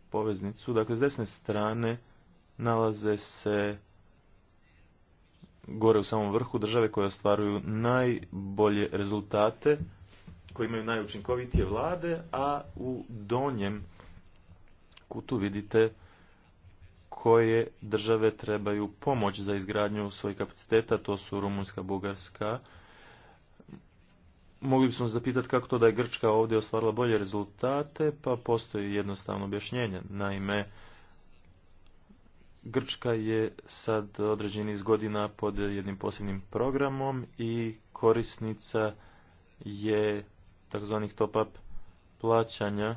poveznicu. Dakle, s desne strane nalaze se gore u samom vrhu države koje ostvaruju najbolje rezultate, koje imaju najučinkovitije vlade, a u donjem kutu vidite koje države trebaju pomoć za izgradnju svojih kapaciteta, to su Rumunjska, Bugarska. Mogli bismo se zapitati kako to da je Grčka ovdje ostvarila bolje rezultate, pa postoji jednostavno objašnjenje. Naime, Grčka je sad određen iz godina pod jednim posebnim programom i korisnica je takzvanih top-up plaćanja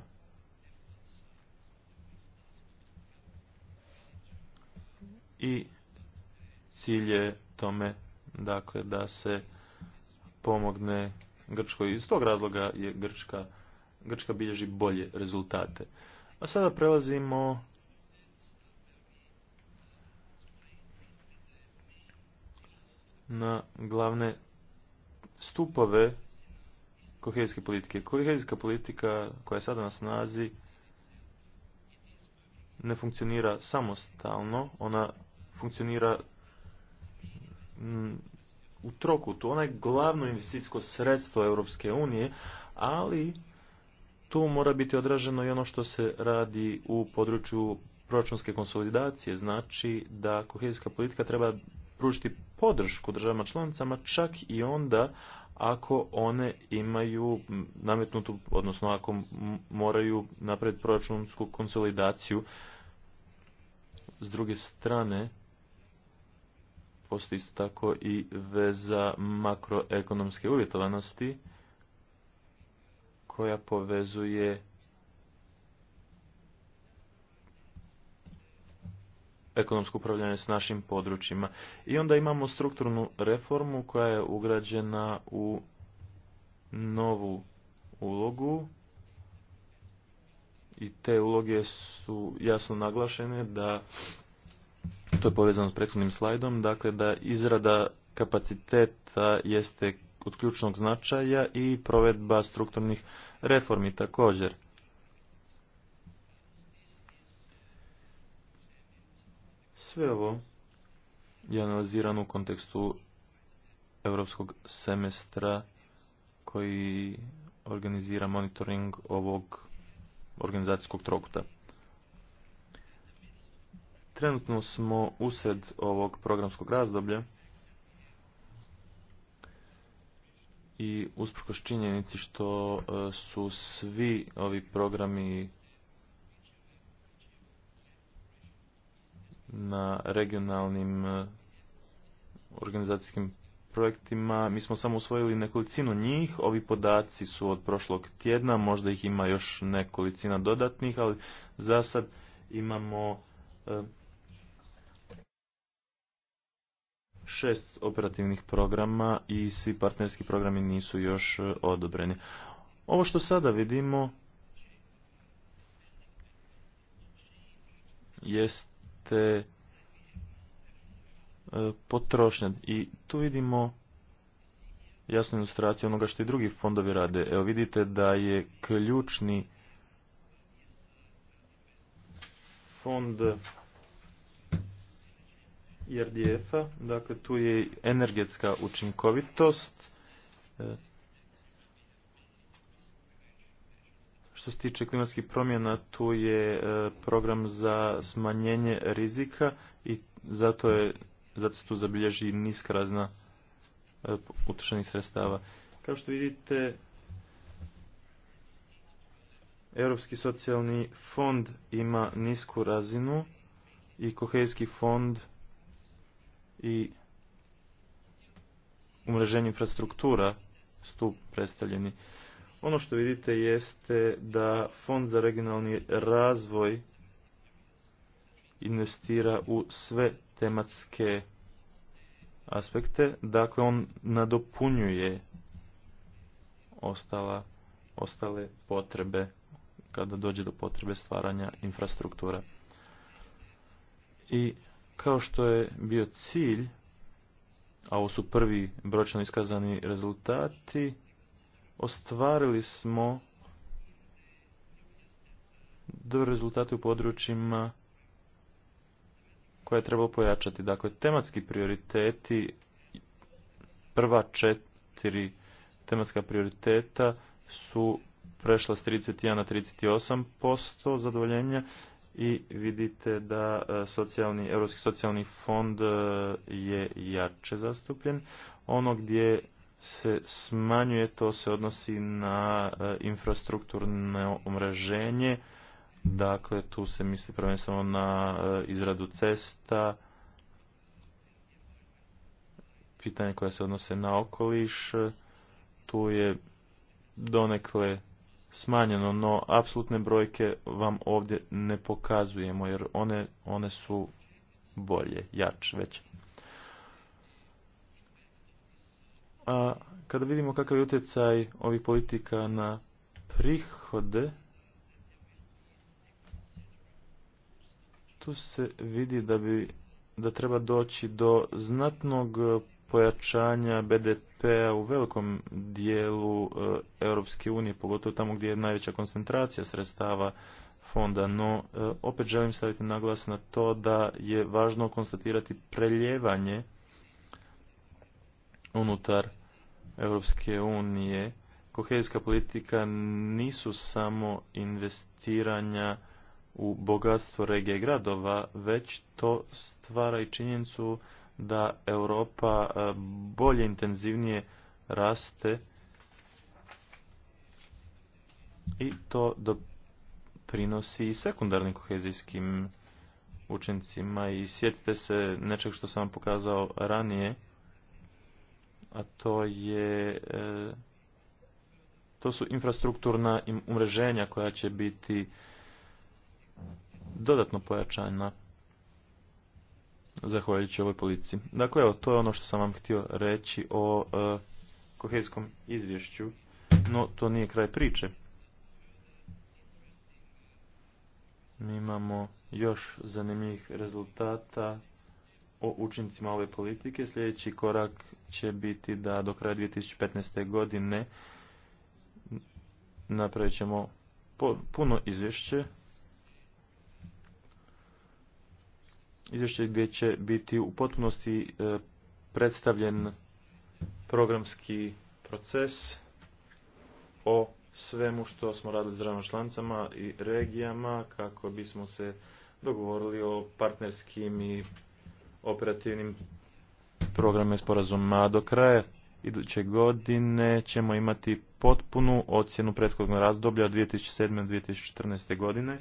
i cilj je tome dakle da se pomogne Grčkoj. Iz tog razloga je Grčka, Grčka bilježi bolje rezultate. A sada prelazimo na glavne stupove kohezijske politike. Kohezijska politika koja je sada na snazi ne funkcionira samostalno, ona funkcionira mm, u trokutu. Ona je glavno investicijsko sredstvo Europske unije, ali tu mora biti odraženo i ono što se radi u području proračunske konsolidacije. Znači da kohezijska politika treba pružiti podršku državama članicama čak i onda ako one imaju nametnutu, odnosno ako moraju napraviti proračunsku konsolidaciju. S druge strane, postoji isto tako i veza makroekonomske uvjetovanosti koja povezuje ekonomsko upravljanje s našim područjima. I onda imamo strukturnu reformu koja je ugrađena u novu ulogu i te uloge su jasno naglašene da to je povezano s prethodnim slajdom, dakle da izrada kapaciteta jeste od ključnog značaja i provedba strukturnih reformi također. Sve ovo je analizirano u kontekstu europskog semestra koji organizira monitoring ovog organizacijskog trokuta. Trenutno smo usred ovog programskog razdoblja i usprkos činjenici što e, su svi ovi programi na regionalnim e, organizacijskim projektima, mi smo samo usvojili nekolicinu njih, ovi podaci su od prošlog tjedna, možda ih ima još nekolicina dodatnih, ali za sad imamo e, šest operativnih programa i svi partnerski programi nisu još e, odobreni. Ovo što sada vidimo jeste e, potrošnja i tu vidimo jasnu ilustraciju onoga što i drugi fondovi rade. Evo vidite da je ključni fond rdFA dakle tu je energetska učinkovitost. E, što se tiče klimatskih promjena, tu je e, program za smanjenje rizika i zato je zato se tu zabilježi niska razna e, utrošenih sredstava. Kao što vidite, Europski socijalni fond ima nisku razinu i kohezijski fond i umreženje infrastruktura stup predstavljeni. Ono što vidite jeste da Fond za regionalni razvoj investira u sve tematske aspekte, dakle on nadopunjuje ostala, ostale potrebe kada dođe do potrebe stvaranja infrastruktura. I kao što je bio cilj, a ovo su prvi bročno iskazani rezultati, ostvarili smo do rezultate u područjima koje je trebalo pojačati. Dakle, tematski prioriteti, prva četiri tematska prioriteta su prešla s 31 na 38% zadovoljenja i vidite da e, socijalni, Europski socijalni fond e, je jače zastupljen. Ono gdje se smanjuje, to se odnosi na e, infrastrukturno umreženje dakle tu se misli prvenstveno na izradu cesta, pitanje koje se odnose na okoliš, tu je donekle smanjeno, no apsolutne brojke vam ovdje ne pokazujemo jer one, one su bolje, jače, veće. A kada vidimo kakav je utjecaj ovih politika na prihode, tu se vidi da bi da treba doći do znatnog pojačanja BDP u velikom dijelu e, Europske unije, pogotovo tamo gdje je najveća koncentracija sredstava fonda, no e, opet želim staviti naglas na to da je važno konstatirati preljevanje unutar Europske unije. Kohezijska politika nisu samo investiranja u bogatstvo regije gradova, već to stvara i činjenicu da Europa e, bolje, intenzivnije raste i to doprinosi i sekundarnim kohezijskim učincima i sjetite se nečeg što sam vam pokazao ranije, a to je e, to su infrastrukturna umreženja koja će biti dodatno pojačana zahvaljujući ovoj politici. Dakle, evo, to je ono što sam vam htio reći o e, kohezijskom izvješću, no to nije kraj priče. Mi imamo još zanimljivih rezultata o učincima ove politike. Sljedeći korak će biti da do kraja 2015. godine napravit ćemo puno izvješće izvješće gdje će biti u potpunosti e, predstavljen programski proces o svemu što smo radili s državama članicama i regijama kako bismo se dogovorili o partnerskim i operativnim programima i sporazumima. Do kraja iduće godine ćemo imati potpunu ocjenu prethodnog razdoblja od 2007. do 2014. godine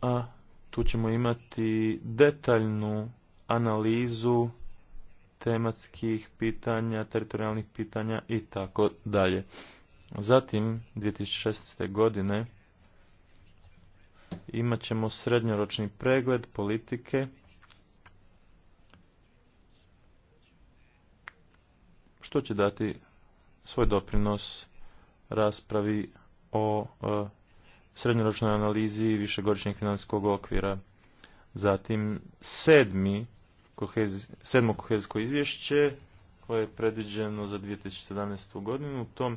a tu ćemo imati detaljnu analizu tematskih pitanja, teritorijalnih pitanja i tako dalje. Zatim, 2016. godine, imat ćemo srednjoročni pregled politike, što će dati svoj doprinos raspravi o e, srednjoročnoj analizi višegodišnjeg financijskog okvira. Zatim sedmi, kohezi, sedmo kohezijsko izvješće koje je predviđeno za 2017. godinu. U tom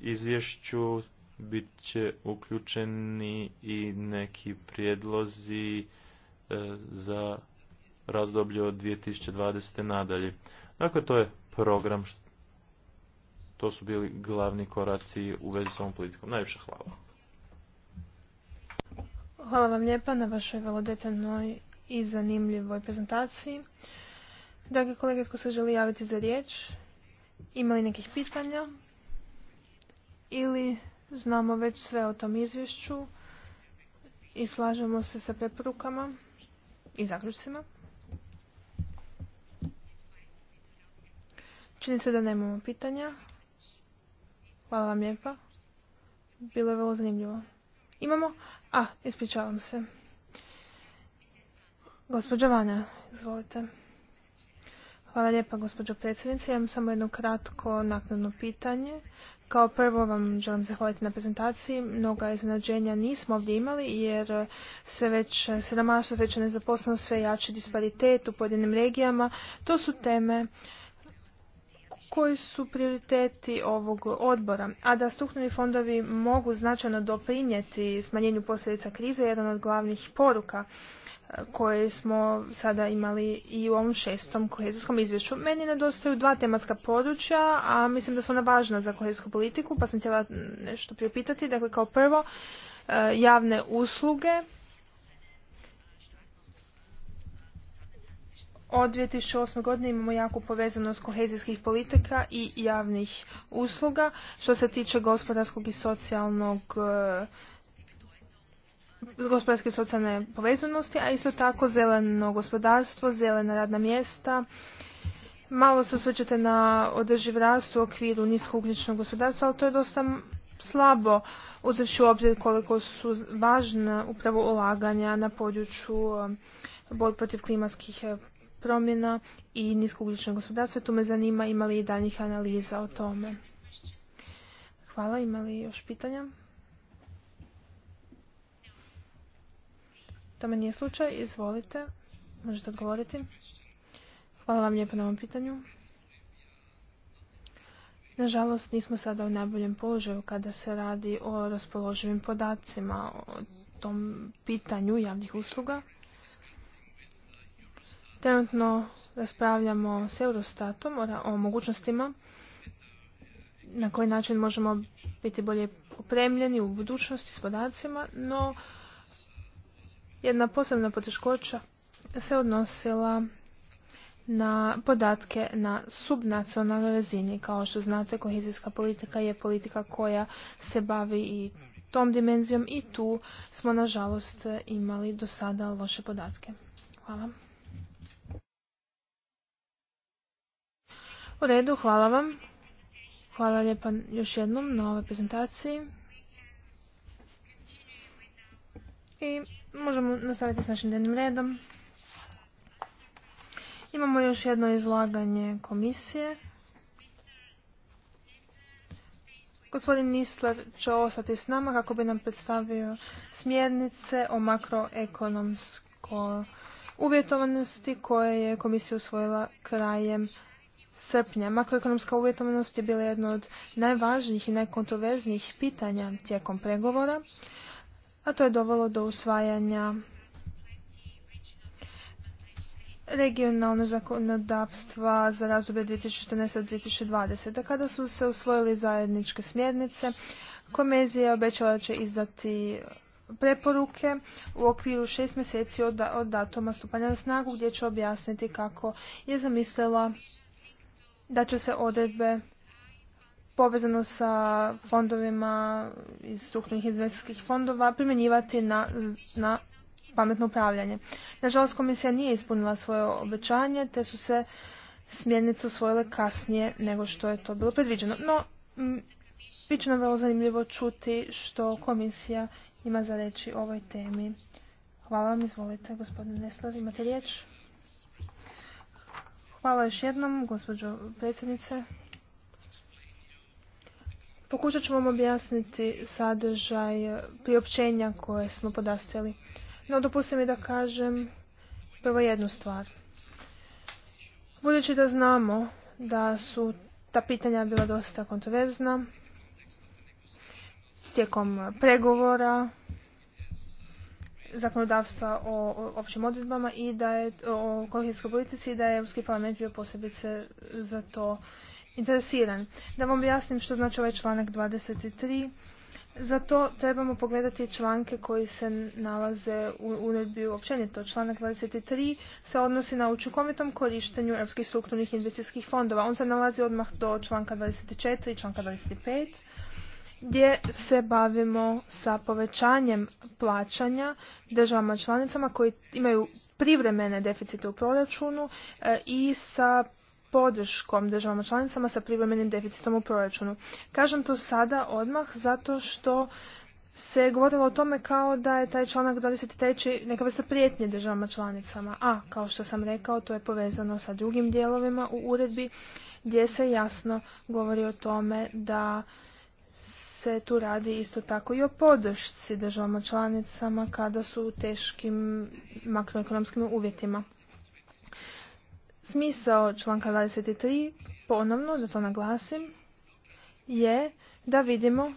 izvješću bit će uključeni i neki prijedlozi e, za razdoblje od 2020. nadalje. Dakle, to je program. To su bili glavni koraci u vezi s ovom politikom. Najviše hvala. Hvala vam lijepa na vašoj vrlo detaljnoj i zanimljivoj prezentaciji. Dragi kolege, tko se želi javiti za riječ? Ima li nekih pitanja? Ili znamo već sve o tom izvješću i slažemo se sa preporukama i zaključcima? Čini se da nemamo pitanja. Hvala vam lijepa. Bilo je vrlo zanimljivo. Imamo? A, ispričavam se. Gospođa Vana, izvolite. Hvala lijepa, gospođo predsjednice. Ja imam samo jedno kratko naknadno pitanje. Kao prvo vam želim zahvaliti na prezentaciji. Mnoga iznenađenja nismo ovdje imali jer sve već siromaštvo, već nezaposlenost, sve jači disparitet u pojedinim regijama. To su teme koji su prioriteti ovog odbora, a da strukturni fondovi mogu značajno doprinijeti smanjenju posljedica krize, jedan od glavnih poruka e, koje smo sada imali i u ovom šestom kohezijskom izvješću. Meni nedostaju dva tematska područja, a mislim da su ona važna za kohezijsku politiku, pa sam htjela nešto priopitati. Dakle, kao prvo, e, javne usluge Od 2008. godine imamo jako povezanost kohezijskih politika i javnih usluga. Što se tiče gospodarskog i socijalnog e, gospodarske i socijalne povezanosti, a isto tako zeleno gospodarstvo, zelena radna mjesta. Malo se osvrćete na održiv rast u okviru ugljičnog gospodarstva, ali to je dosta slabo uzevši u obzir koliko su važna upravo ulaganja na području e, borbe protiv klimatskih e, promjena i niskougljičnog gospodarstva. Tu me zanima ima li i daljih analiza o tome. Hvala, imali li još pitanja? Tome nije slučaj, izvolite, možete odgovoriti. Hvala vam lijepo na ovom pitanju. Nažalost, nismo sada u najboljem položaju kada se radi o raspoloživim podacima o tom pitanju javnih usluga. Trenutno raspravljamo s Eurostatom o mogućnostima na koji način možemo biti bolje opremljeni u budućnosti s podacima, no jedna posebna poteškoća se odnosila na podatke na subnacionalnoj razini. Kao što znate, kohezijska politika je politika koja se bavi i tom dimenzijom i tu smo nažalost imali do sada loše podatke. Hvala. U redu, hvala vam. Hvala lijepa još jednom na ovoj prezentaciji. I možemo nastaviti s našim dnevnim redom. Imamo još jedno izlaganje komisije. Gospodin Nisler će ostati s nama kako bi nam predstavio smjernice o makroekonomskoj uvjetovanosti koje je komisija usvojila krajem srpnja makroekonomska uvjetovanost je bila jedna od najvažnijih i najkontroverznijih pitanja tijekom pregovora, a to je dovelo do usvajanja regionalne zakonodavstva za razdoblje 2014-2020. Kada su se usvojili zajedničke smjernice, komezija obećala će izdati preporuke u okviru šest mjeseci od datuma stupanja na snagu gdje će objasniti kako je zamislila da će se odredbe povezano sa fondovima iz strukturnih investicijskih fondova primjenjivati na, na pametno upravljanje. Nažalost, komisija nije ispunila svoje obećanje, te su se smjernice usvojile kasnije nego što je to bilo predviđeno. No, bit će nam vrlo zanimljivo čuti što komisija ima za reći o ovoj temi. Hvala vam, izvolite, gospodine Neslav, imate riječ. Hvala još jednom, gospođo predsjednice. Pokušat ću vam objasniti sadržaj priopćenja koje smo podastrijeli. No, dopustite mi da kažem prvo jednu stvar. Budući da znamo da su ta pitanja bila dosta kontroverzna, tijekom pregovora zakonodavstva o općim odredbama i da je o kohezijskoj politici i da je Europski parlament bio posebice za to interesiran. Da vam objasnim što znači ovaj članak 23. Za to trebamo pogledati članke koji se nalaze u uredbi općenito. Članak 23 se odnosi na učinkovitom korištenju europskih strukturnih investicijskih fondova. On se nalazi odmah do članka 24 i članka 25 gdje se bavimo sa povećanjem plaćanja državama članicama koji imaju privremene deficite u proračunu e, i sa podrškom državama članicama sa privremenim deficitom u proračunu. Kažem to sada odmah zato što se govorilo o tome kao da je taj članak 23. neka vrsta prijetnje državama članicama, a kao što sam rekao to je povezano sa drugim dijelovima u uredbi gdje se jasno govori o tome da se tu radi isto tako i o podršci državama članicama kada su u teškim makroekonomskim uvjetima. Smisao članka 23, ponovno da to naglasim, je da vidimo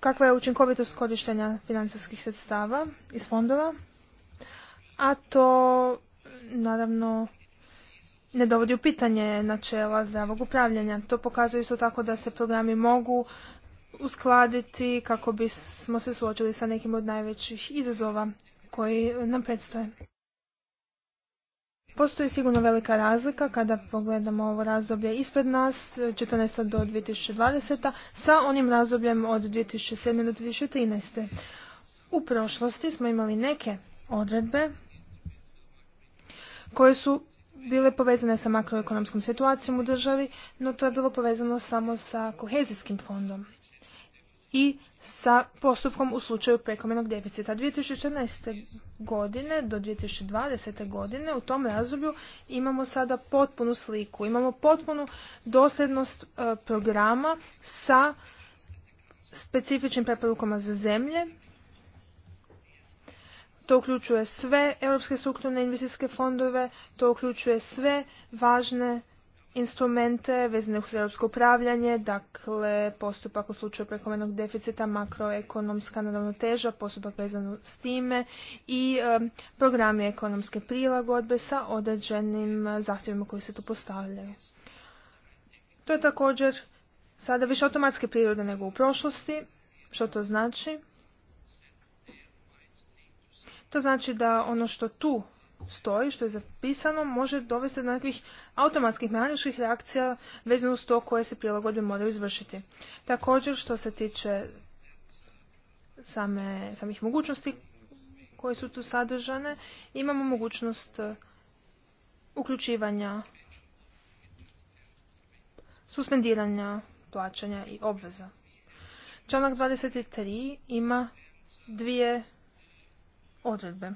kakva je učinkovitost korištenja financijskih sredstava iz fondova, a to naravno ne dovodi u pitanje načela zdravog upravljanja. To pokazuje isto tako da se programi mogu uskladiti kako bismo se suočili sa nekim od najvećih izazova koji nam predstoje. Postoji sigurno velika razlika kada pogledamo ovo razdoblje ispred nas, 14. do 2020. sa onim razdobljem od 2007. do 2013. U prošlosti smo imali neke odredbe koje su bile povezane sa makroekonomskom situacijom u državi, no to je bilo povezano samo sa kohezijskim fondom i sa postupkom u slučaju prekomjernog deficita. 2014. godine do 2020. godine u tom razdoblju imamo sada potpunu sliku. Imamo potpunu dosljednost e, programa sa specifičnim preporukama za zemlje to uključuje sve europske strukturne investicijske fondove, to uključuje sve važne instrumente vezane uz europsko upravljanje, dakle postupak u slučaju prekomenog deficita, makroekonomska teža, postupak vezano s time i programi ekonomske prilagodbe sa određenim zahtjevima koji se tu postavljaju. To je također sada više automatske prirode nego u prošlosti. Što to znači? To znači da ono što tu stoji, što je zapisano, može dovesti do nekih automatskih mehaničkih reakcija vezano uz to koje se prilagodbe moraju izvršiti. Također, što se tiče same, samih mogućnosti koje su tu sadržane, imamo mogućnost e, uključivanja, suspendiranja plaćanja i obveza. Članak 23 ima dvije odredbe.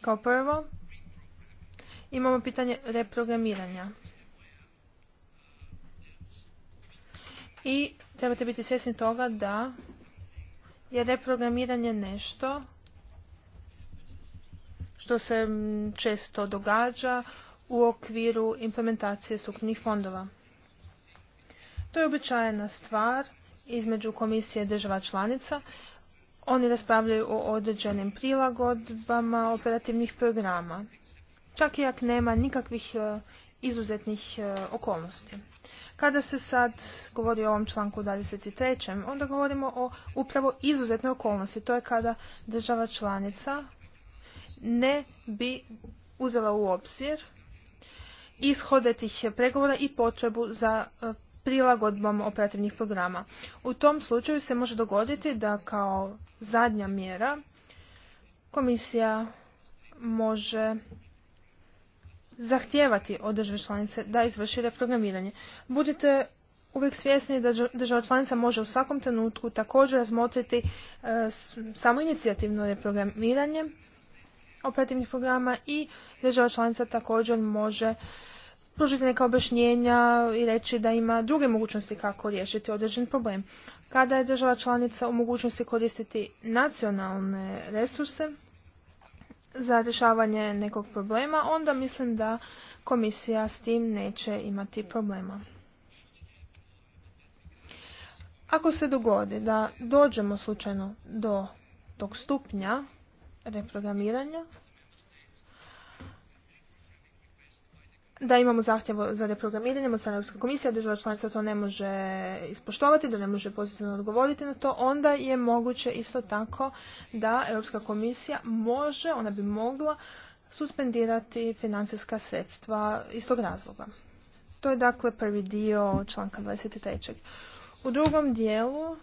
Kao prvo, imamo pitanje reprogramiranja. I trebate biti svjesni toga da je reprogramiranje nešto što se često događa u okviru implementacije strukturnih fondova. To je običajena stvar između komisije država članica oni raspravljaju o određenim prilagodbama operativnih programa, čak i ako nema nikakvih e, izuzetnih e, okolnosti. Kada se sad govori o ovom članku 23. onda govorimo o upravo izuzetnoj okolnosti. To je kada država članica ne bi uzela u obzir ishode tih pregovora i potrebu za e, prilagodbom operativnih programa. U tom slučaju se može dogoditi da kao zadnja mjera, komisija može zahtijevati od članice da izvrši reprogramiranje. Budite uvijek svjesni da država članica može u svakom trenutku također razmotriti e, samo inicijativno reprogramiranje operativnih programa i država članica također može pružiti neka objašnjenja i reći da ima druge mogućnosti kako riješiti određen problem kada je država članica u mogućnosti koristiti nacionalne resurse za rješavanje nekog problema, onda mislim da komisija s tim neće imati problema. Ako se dogodi da dođemo slučajno do tog stupnja reprogramiranja, da imamo zahtjev za reprogramiranje od strane Europske komisije, država članica to ne može ispoštovati, da ne može pozitivno odgovoriti na to, onda je moguće isto tako da Europska komisija može, ona bi mogla suspendirati financijska sredstva iz tog razloga. To je dakle prvi dio članka 23. U drugom dijelu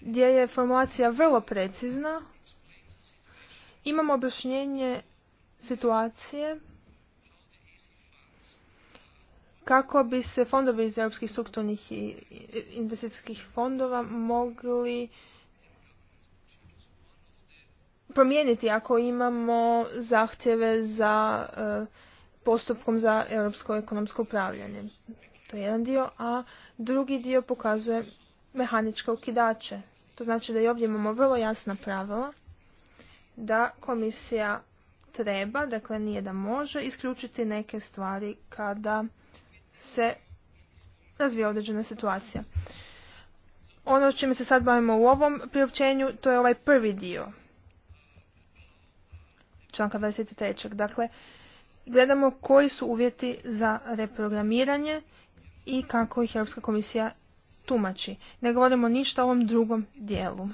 gdje je formulacija vrlo precizna, imamo objašnjenje situacije kako bi se fondovi iz europskih strukturnih i investicijskih fondova mogli promijeniti ako imamo zahtjeve za e, postupkom za europsko ekonomsko upravljanje. To je jedan dio, a drugi dio pokazuje mehaničke ukidače. To znači da i ovdje imamo vrlo jasna pravila da komisija treba, dakle nije da može, isključiti neke stvari kada se razvija određena situacija. Ono čime se sad bavimo u ovom priopćenju, to je ovaj prvi dio članka 23. Dakle, gledamo koji su uvjeti za reprogramiranje i kako ih Europska komisija tumači. Ne govorimo ništa o ovom drugom dijelu.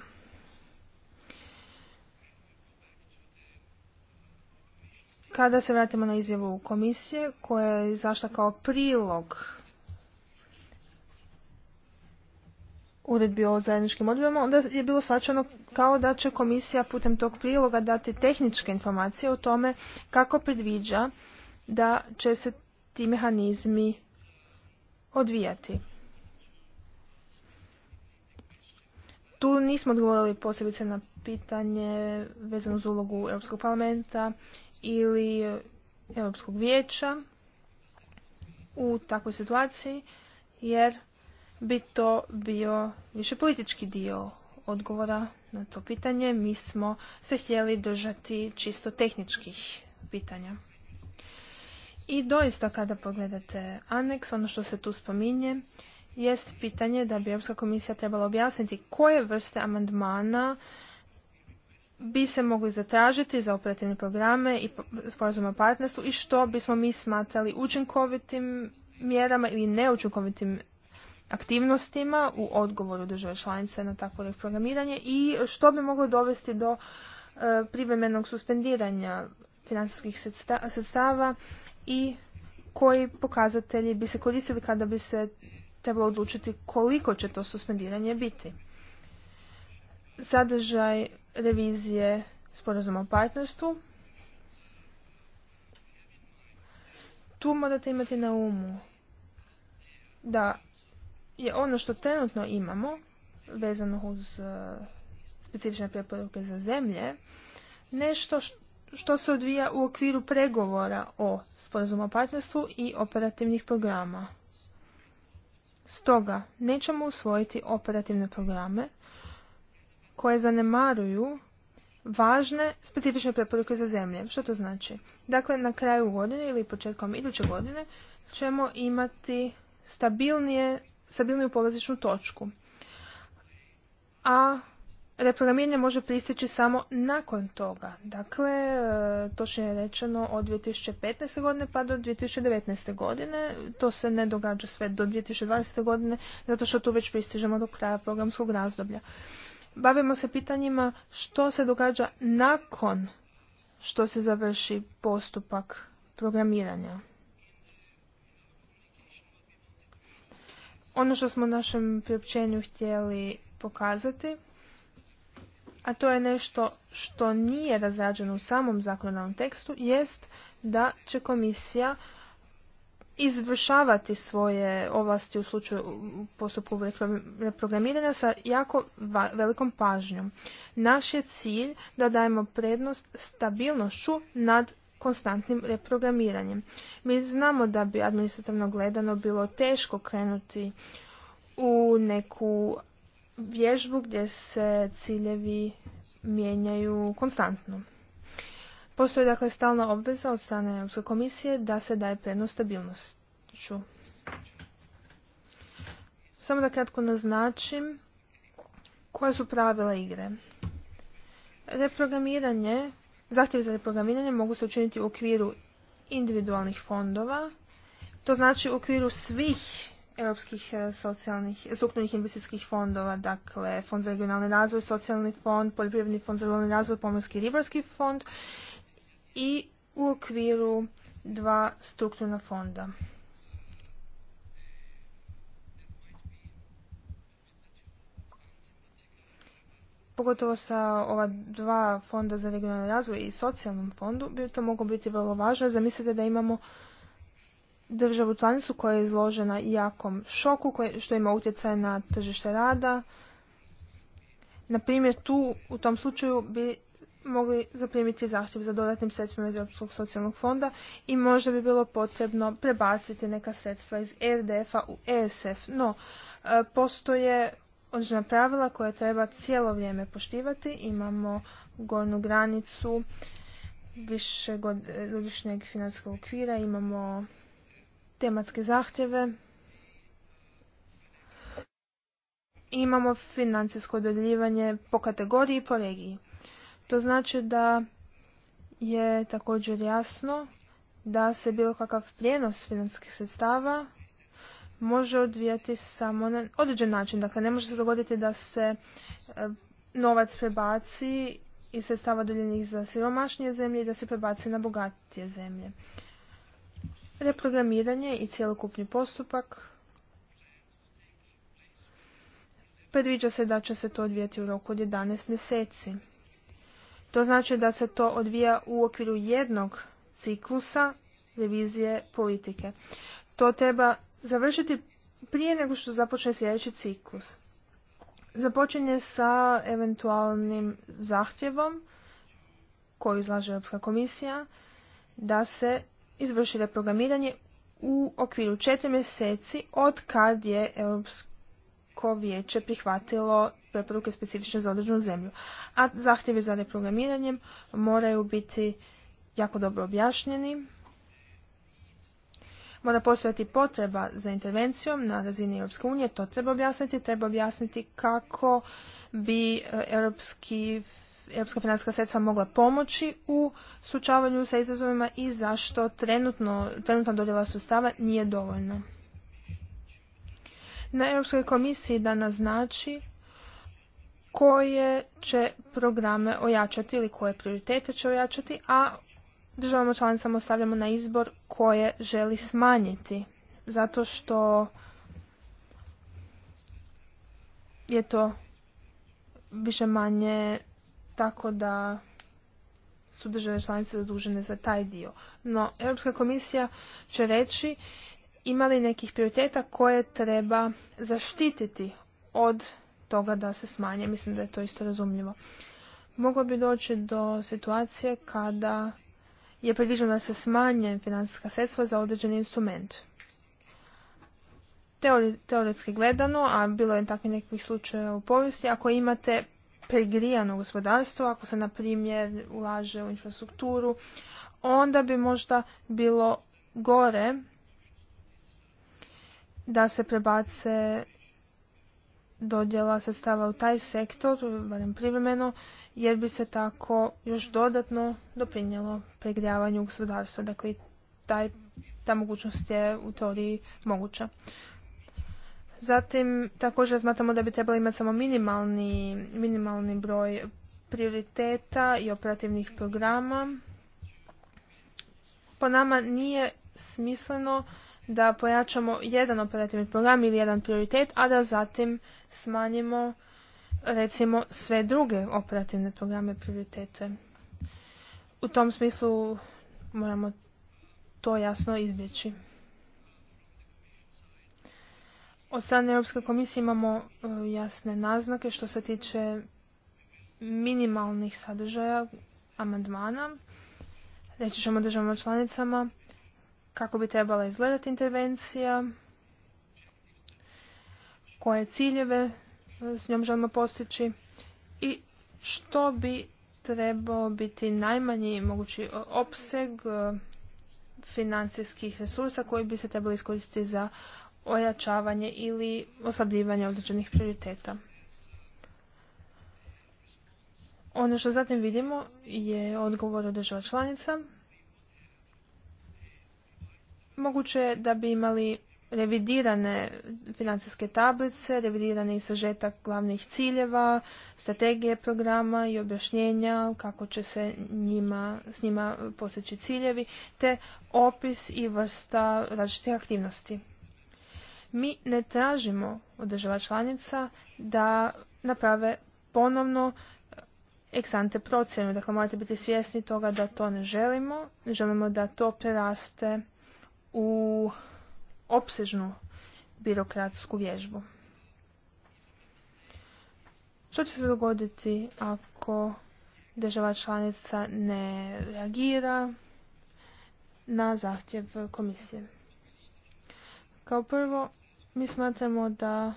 Kada se vratimo na izjavu komisije koja je izašla kao prilog uredbi o zajedničkim odredbama, onda je bilo svačano kao da će komisija putem tog priloga dati tehničke informacije o tome kako predviđa da će se ti mehanizmi odvijati. Tu nismo odgovorili posebice na pitanje vezano uz ulogu Europskog parlamenta ili e, Europskog vijeća u takvoj situaciji jer bi to bio više politički dio odgovora na to pitanje. Mi smo se htjeli držati čisto tehničkih pitanja. I doista kada pogledate aneks, ono što se tu spominje, jest pitanje da bi Europska komisija trebala objasniti koje vrste amandmana bi se mogli zatražiti za operativne programe i sporazum o partnerstvu i što bismo mi smatrali učinkovitim mjerama ili neučinkovitim aktivnostima u odgovoru države članice na takvo reprogramiranje i što bi moglo dovesti do e, privremenog suspendiranja financijskih sredstava i koji pokazatelji bi se koristili kada bi se trebalo odlučiti koliko će to suspendiranje biti sadržaj revizije sporazuma o partnerstvu. Tu morate imati na umu da je ono što trenutno imamo vezano uz e, specifične preporuke za zemlje nešto što se odvija u okviru pregovora o sporazumu o partnerstvu i operativnih programa. Stoga, nećemo usvojiti operativne programe koje zanemaruju važne specifične preporuke za zemlje. Što to znači? Dakle, na kraju godine ili početkom iduće godine ćemo imati stabilnije, stabilniju polazičnu točku. A reprogramiranje može pristići samo nakon toga. Dakle, e, točnije rečeno od 2015. godine pa do 2019. godine. To se ne događa sve do 2020. godine zato što tu već pristižemo do kraja programskog razdoblja bavimo se pitanjima što se događa nakon što se završi postupak programiranja. Ono što smo našem priopćenju htjeli pokazati, a to je nešto što nije razrađeno u samom zakonodavnom tekstu, jest da će komisija izvršavati svoje ovlasti u slučaju postupku reprogramiranja sa jako velikom pažnjom. Naš je cilj da dajemo prednost stabilnošću nad konstantnim reprogramiranjem. Mi znamo da bi administrativno gledano bilo teško krenuti u neku vježbu gdje se ciljevi mijenjaju konstantno. Postoji dakle stalna obveza od strane Europske komisije da se daje prednost stabilnošću. Samo da kratko naznačim koja su pravila igre. Reprogramiranje, zahtjevi za reprogramiranje mogu se učiniti u okviru individualnih fondova, to znači u okviru svih europskih e, socijalnih, strukturnih investicijskih fondova, dakle Fond za regionalni razvoj, socijalni fond, poljoprivredni fond za regionalni razvoj, pomorski i ribarski fond, i u okviru dva strukturna fonda. pogotovo sa ova dva fonda za regionalni razvoj i socijalnom fondu, bi to moglo biti vrlo važno. Zamislite da imamo državu članicu koja je izložena jakom šoku, što ima utjecaj na tržište rada. Na primjer, tu u tom slučaju bi mogli zaprimiti zahtjev za dodatnim sredstvima iz Europskog socijalnog fonda i možda bi bilo potrebno prebaciti neka sredstva iz RDF-a u ESF. No, e, postoje određena pravila koja treba cijelo vrijeme poštivati. Imamo gornu granicu višegodišnjeg financijskog okvira, imamo tematske zahtjeve, imamo financijsko dodjeljivanje po kategoriji i po regiji. To znači da je također jasno da se bilo kakav prijenos financijskih sredstava može odvijati samo na određen način. Dakle, ne može se dogoditi da se e, novac prebaci iz sredstava doljenih za siromašnije zemlje i da se prebaci na bogatije zemlje. Reprogramiranje i cjelokupni postupak predviđa se da će se to odvijati u roku od 11 mjeseci. To znači da se to odvija u okviru jednog ciklusa revizije politike. To treba završiti prije nego što započne sljedeći ciklus. Započinje sa eventualnim zahtjevom koji izlaže Europska komisija da se izvrši reprogramiranje u okviru četiri mjeseci od kad je Europska ko vijeće prihvatilo preporuke specifične za određenu zemlju. A zahtjevi za reprogramiranjem moraju biti jako dobro objašnjeni. Mora postojati potreba za intervencijom na razini Europske unije, to treba objasniti. Treba objasniti kako bi e, europski europska financijska sredstva mogla pomoći u sučavanju sa izazovima i zašto trenutno, trenutna dodjela sustava nije dovoljna na Europskoj komisiji da naznači koje će programe ojačati ili koje prioritete će ojačati, a državama članicama ostavljamo na izbor koje želi smanjiti. Zato što je to više manje tako da su države članice zadužene za taj dio. No, Europska komisija će reći imali nekih prioriteta koje treba zaštititi od toga da se smanje. Mislim da je to isto razumljivo. Moglo bi doći do situacije kada je predviđeno da se smanje financijska sredstva za određeni instrument. teoretski gledano, a bilo je takvih nekih slučajeva u povijesti, ako imate pregrijano gospodarstvo, ako se na primjer ulaže u infrastrukturu, onda bi možda bilo gore da se prebace dodjela sredstava u taj sektor, barem privremeno, jer bi se tako još dodatno doprinjelo pregrijavanju gospodarstva. Dakle, taj, ta mogućnost je u teoriji moguća. Zatim, također smatramo da bi trebalo imati samo minimalni, minimalni broj prioriteta i operativnih programa. Po nama nije smisleno da pojačamo jedan operativni program ili jedan prioritet, a da zatim smanjimo recimo sve druge operativne programe prioritete. U tom smislu moramo to jasno izbjeći. Od strane Europske komisije imamo e, jasne naznake što se tiče minimalnih sadržaja amandmana. Reći ćemo državama članicama kako bi trebala izgledati intervencija, koje ciljeve e, s njom želimo postići i što bi trebao biti najmanji mogući opseg e, financijskih resursa koji bi se trebali iskoristiti za ojačavanje ili oslabljivanje određenih prioriteta. Ono što zatim vidimo je odgovor od članica moguće je da bi imali revidirane financijske tablice, revidirani sažetak glavnih ciljeva, strategije programa i objašnjenja kako će se njima, s njima postići ciljevi, te opis i vrsta različitih aktivnosti. Mi ne tražimo od država članica da naprave ponovno eksante procjenu. Dakle, morate biti svjesni toga da to ne želimo. Želimo da to preraste u opsežnu birokratsku vježbu. Što će se dogoditi ako država članica ne reagira na zahtjev komisije? Kao prvo, mi smatramo da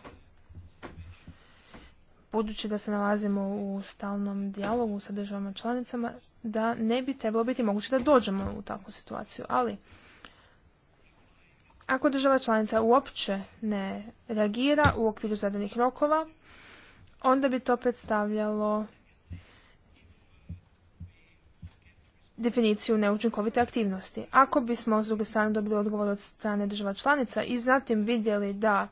budući da se nalazimo u stalnom dijalogu sa državama članicama, da ne bi trebalo biti moguće da dođemo u takvu situaciju. Ali ako država članica uopće ne reagira u okviru zadanih rokova, onda bi to predstavljalo definiciju neučinkovite aktivnosti. Ako bismo s druge strane dobili odgovor od strane država članica i zatim vidjeli da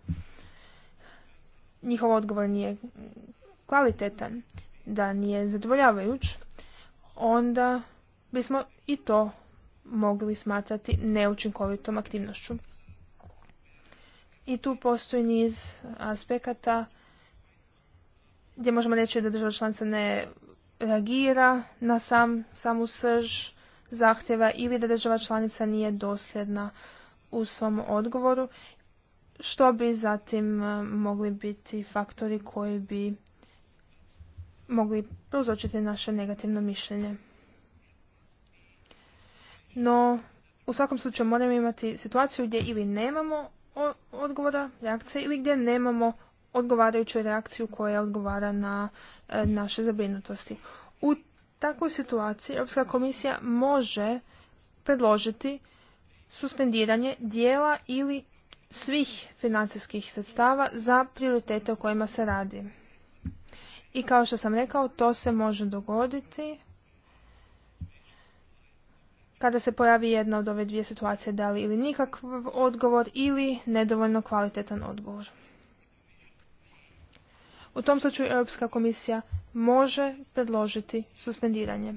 njihov odgovor nije kvalitetan, da nije zadovoljavajuć, onda bismo i to mogli smatrati neučinkovitom aktivnošću. I tu postoji niz aspekata gdje možemo reći da država članica ne reagira na sam, samu srž zahtjeva ili da država članica nije dosljedna u svom odgovoru, što bi zatim e, mogli biti faktori koji bi mogli prouzročiti naše negativno mišljenje. No, u svakom slučaju moramo imati situaciju gdje ili nemamo odgovora, reakcije ili gdje nemamo odgovarajuću reakciju koja odgovara na e, naše zabrinutosti. U takvoj situaciji Europska komisija može predložiti suspendiranje dijela ili svih financijskih sredstava za prioritete o kojima se radi. I kao što sam rekao, to se može dogoditi kada se pojavi jedna od ove dvije situacije, da li ili nikakav odgovor ili nedovoljno kvalitetan odgovor. U tom slučaju Europska komisija može predložiti suspendiranje.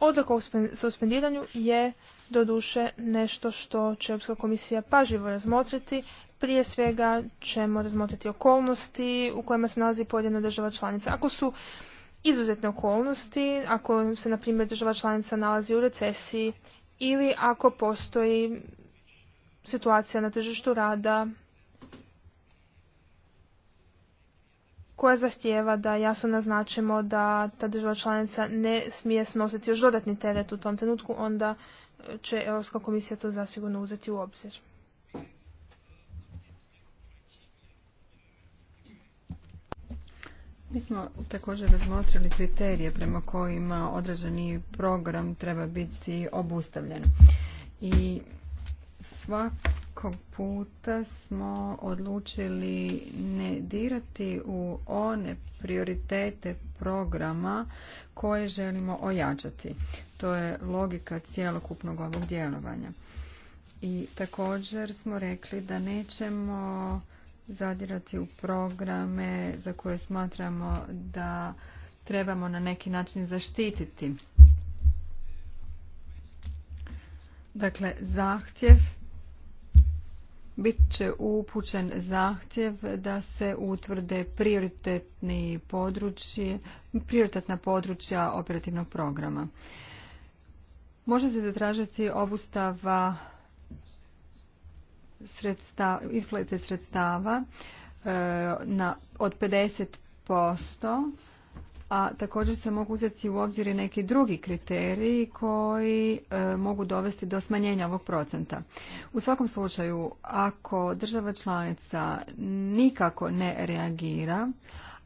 Odluka o suspendiranju je doduše nešto što će Europska komisija pažljivo razmotriti. Prije svega ćemo razmotriti okolnosti u kojima se nalazi pojedina država članica. Ako su izuzetne okolnosti, ako se, na primjer, država članica nalazi u recesiji ili ako postoji situacija na tržištu rada koja zahtjeva da jasno naznačimo da ta država članica ne smije snositi još dodatni teret u tom trenutku, onda će Europska komisija to zasigurno uzeti u obzir. Mi smo također razmotrili kriterije prema kojima određeni program treba biti obustavljen. I svakog puta smo odlučili ne dirati u one prioritete programa koje želimo ojačati. To je logika cjelokupnog ovog djelovanja. I također smo rekli da nećemo zadirati u programe za koje smatramo da trebamo na neki način zaštititi. Dakle, zahtjev bit će upućen zahtjev da se utvrde prioritetni područje, prioritetna područja operativnog programa. Može se zatražiti obustava sredstava, isplate sredstava e, na, od 50%, a također se mogu uzeti u obzir i neki drugi kriteriji koji e, mogu dovesti do smanjenja ovog procenta. U svakom slučaju, ako država članica nikako ne reagira,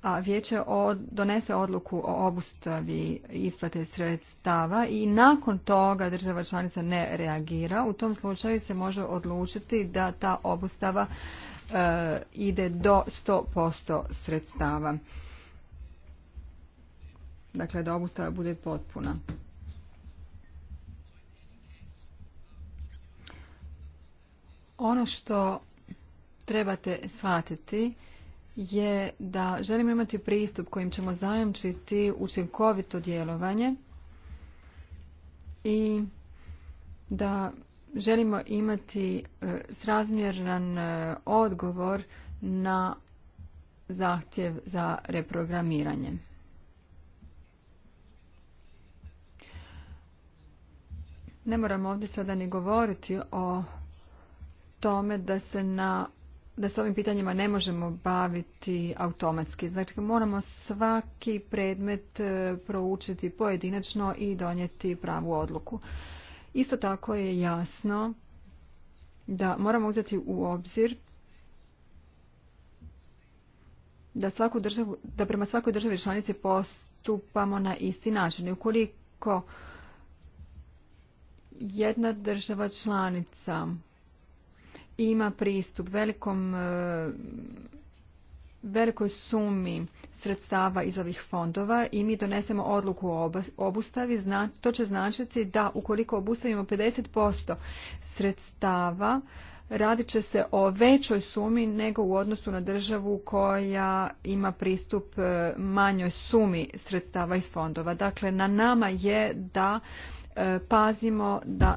a vijeće donese odluku o obustavi isplate sredstava i nakon toga država članica ne reagira, u tom slučaju se može odlučiti da ta obustava e, ide do 100% sredstava. Dakle, da obustava bude potpuna. Ono što trebate shvatiti je da želimo imati pristup kojim ćemo zajamčiti učinkovito djelovanje i da želimo imati e, srazmjeran e, odgovor na zahtjev za reprogramiranje. Ne moramo ovdje sada ni govoriti o tome da se na da se ovim pitanjima ne možemo baviti automatski. Znači moramo svaki predmet e, proučiti pojedinačno i donijeti pravu odluku. Isto tako je jasno da moramo uzeti u obzir da, svaku državu, da prema svakoj državi članici postupamo na isti način. I ukoliko jedna država članica ima pristup velikom e, velikoj sumi sredstava iz ovih fondova i mi donesemo odluku o obustavi, to će značiti da ukoliko obustavimo 50% sredstava, radit će se o većoj sumi nego u odnosu na državu koja ima pristup e, manjoj sumi sredstava iz fondova. Dakle, na nama je da e, pazimo da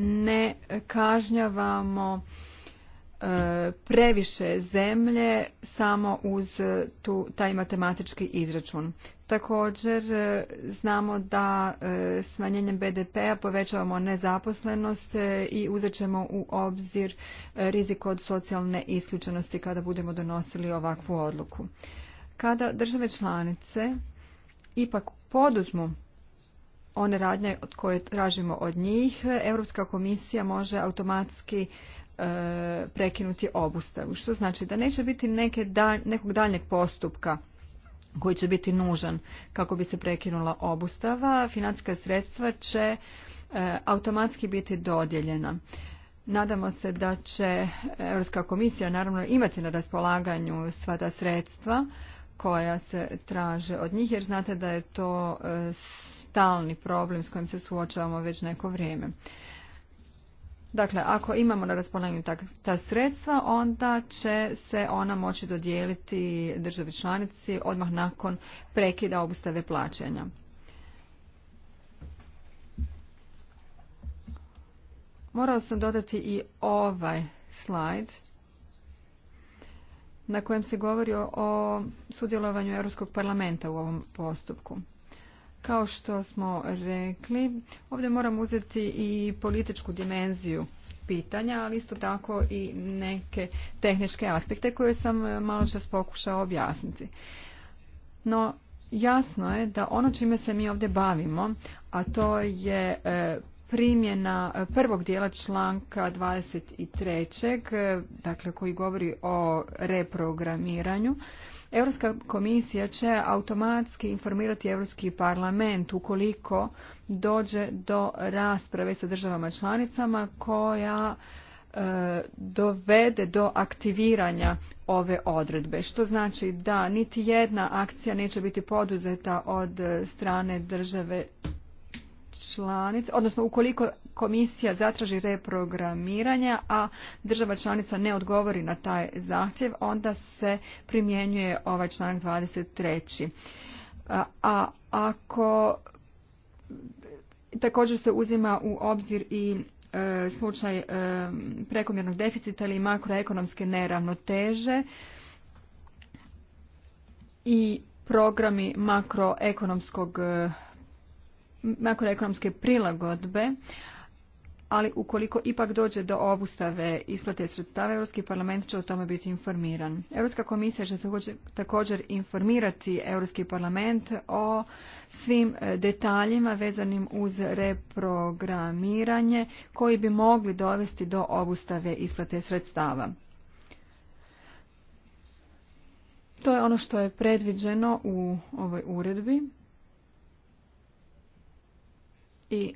ne kažnjavamo e, previše zemlje samo uz tu, taj matematički izračun. Također e, znamo da e, smanjenjem BDP-a povećavamo nezaposlenost i uzet ćemo u obzir rizik od socijalne isključenosti kada budemo donosili ovakvu odluku. Kada države članice ipak poduzmu one radnje od koje tražimo od njih, Europska komisija može automatski e, prekinuti obustavu. Što znači da neće biti neke nekog daljnjeg postupka koji će biti nužan kako bi se prekinula obustava. Financijska sredstva će e, automatski biti dodjeljena. Nadamo se da će Europska komisija naravno imati na raspolaganju sva ta sredstva koja se traže od njih, jer znate da je to e, stalni problem s kojim se suočavamo već neko vrijeme. Dakle, ako imamo na raspolaganju ta, ta sredstva, onda će se ona moći dodijeliti državi članici odmah nakon prekida obustave plaćanja. Morao sam dodati i ovaj slajd na kojem se govori o sudjelovanju Europskog parlamenta u ovom postupku. Kao što smo rekli, ovdje moram uzeti i političku dimenziju pitanja, ali isto tako i neke tehničke aspekte koje sam e, malo čas pokušao objasniti. No, jasno je da ono čime se mi ovdje bavimo, a to je e, primjena e, prvog dijela članka 23. dakle koji govori o reprogramiranju, Europska komisija će automatski informirati Europski parlament ukoliko dođe do rasprave sa državama članicama koja e, dovede do aktiviranja ove odredbe što znači da niti jedna akcija neće biti poduzeta od strane države članica, odnosno ukoliko komisija zatraži reprogramiranja, a država članica ne odgovori na taj zahtjev, onda se primjenjuje ovaj članak 23. A ako također se uzima u obzir i e, slučaj e, prekomjernog deficita ili makroekonomske neravnoteže i programi makroekonomskog makroekonomske prilagodbe, ali ukoliko ipak dođe do obustave isplate sredstava, Europski parlament će o tome biti informiran. Europska komisija će također informirati Europski parlament o svim e, detaljima vezanim uz reprogramiranje koji bi mogli dovesti do obustave isplate sredstava. To je ono što je predviđeno u ovoj uredbi i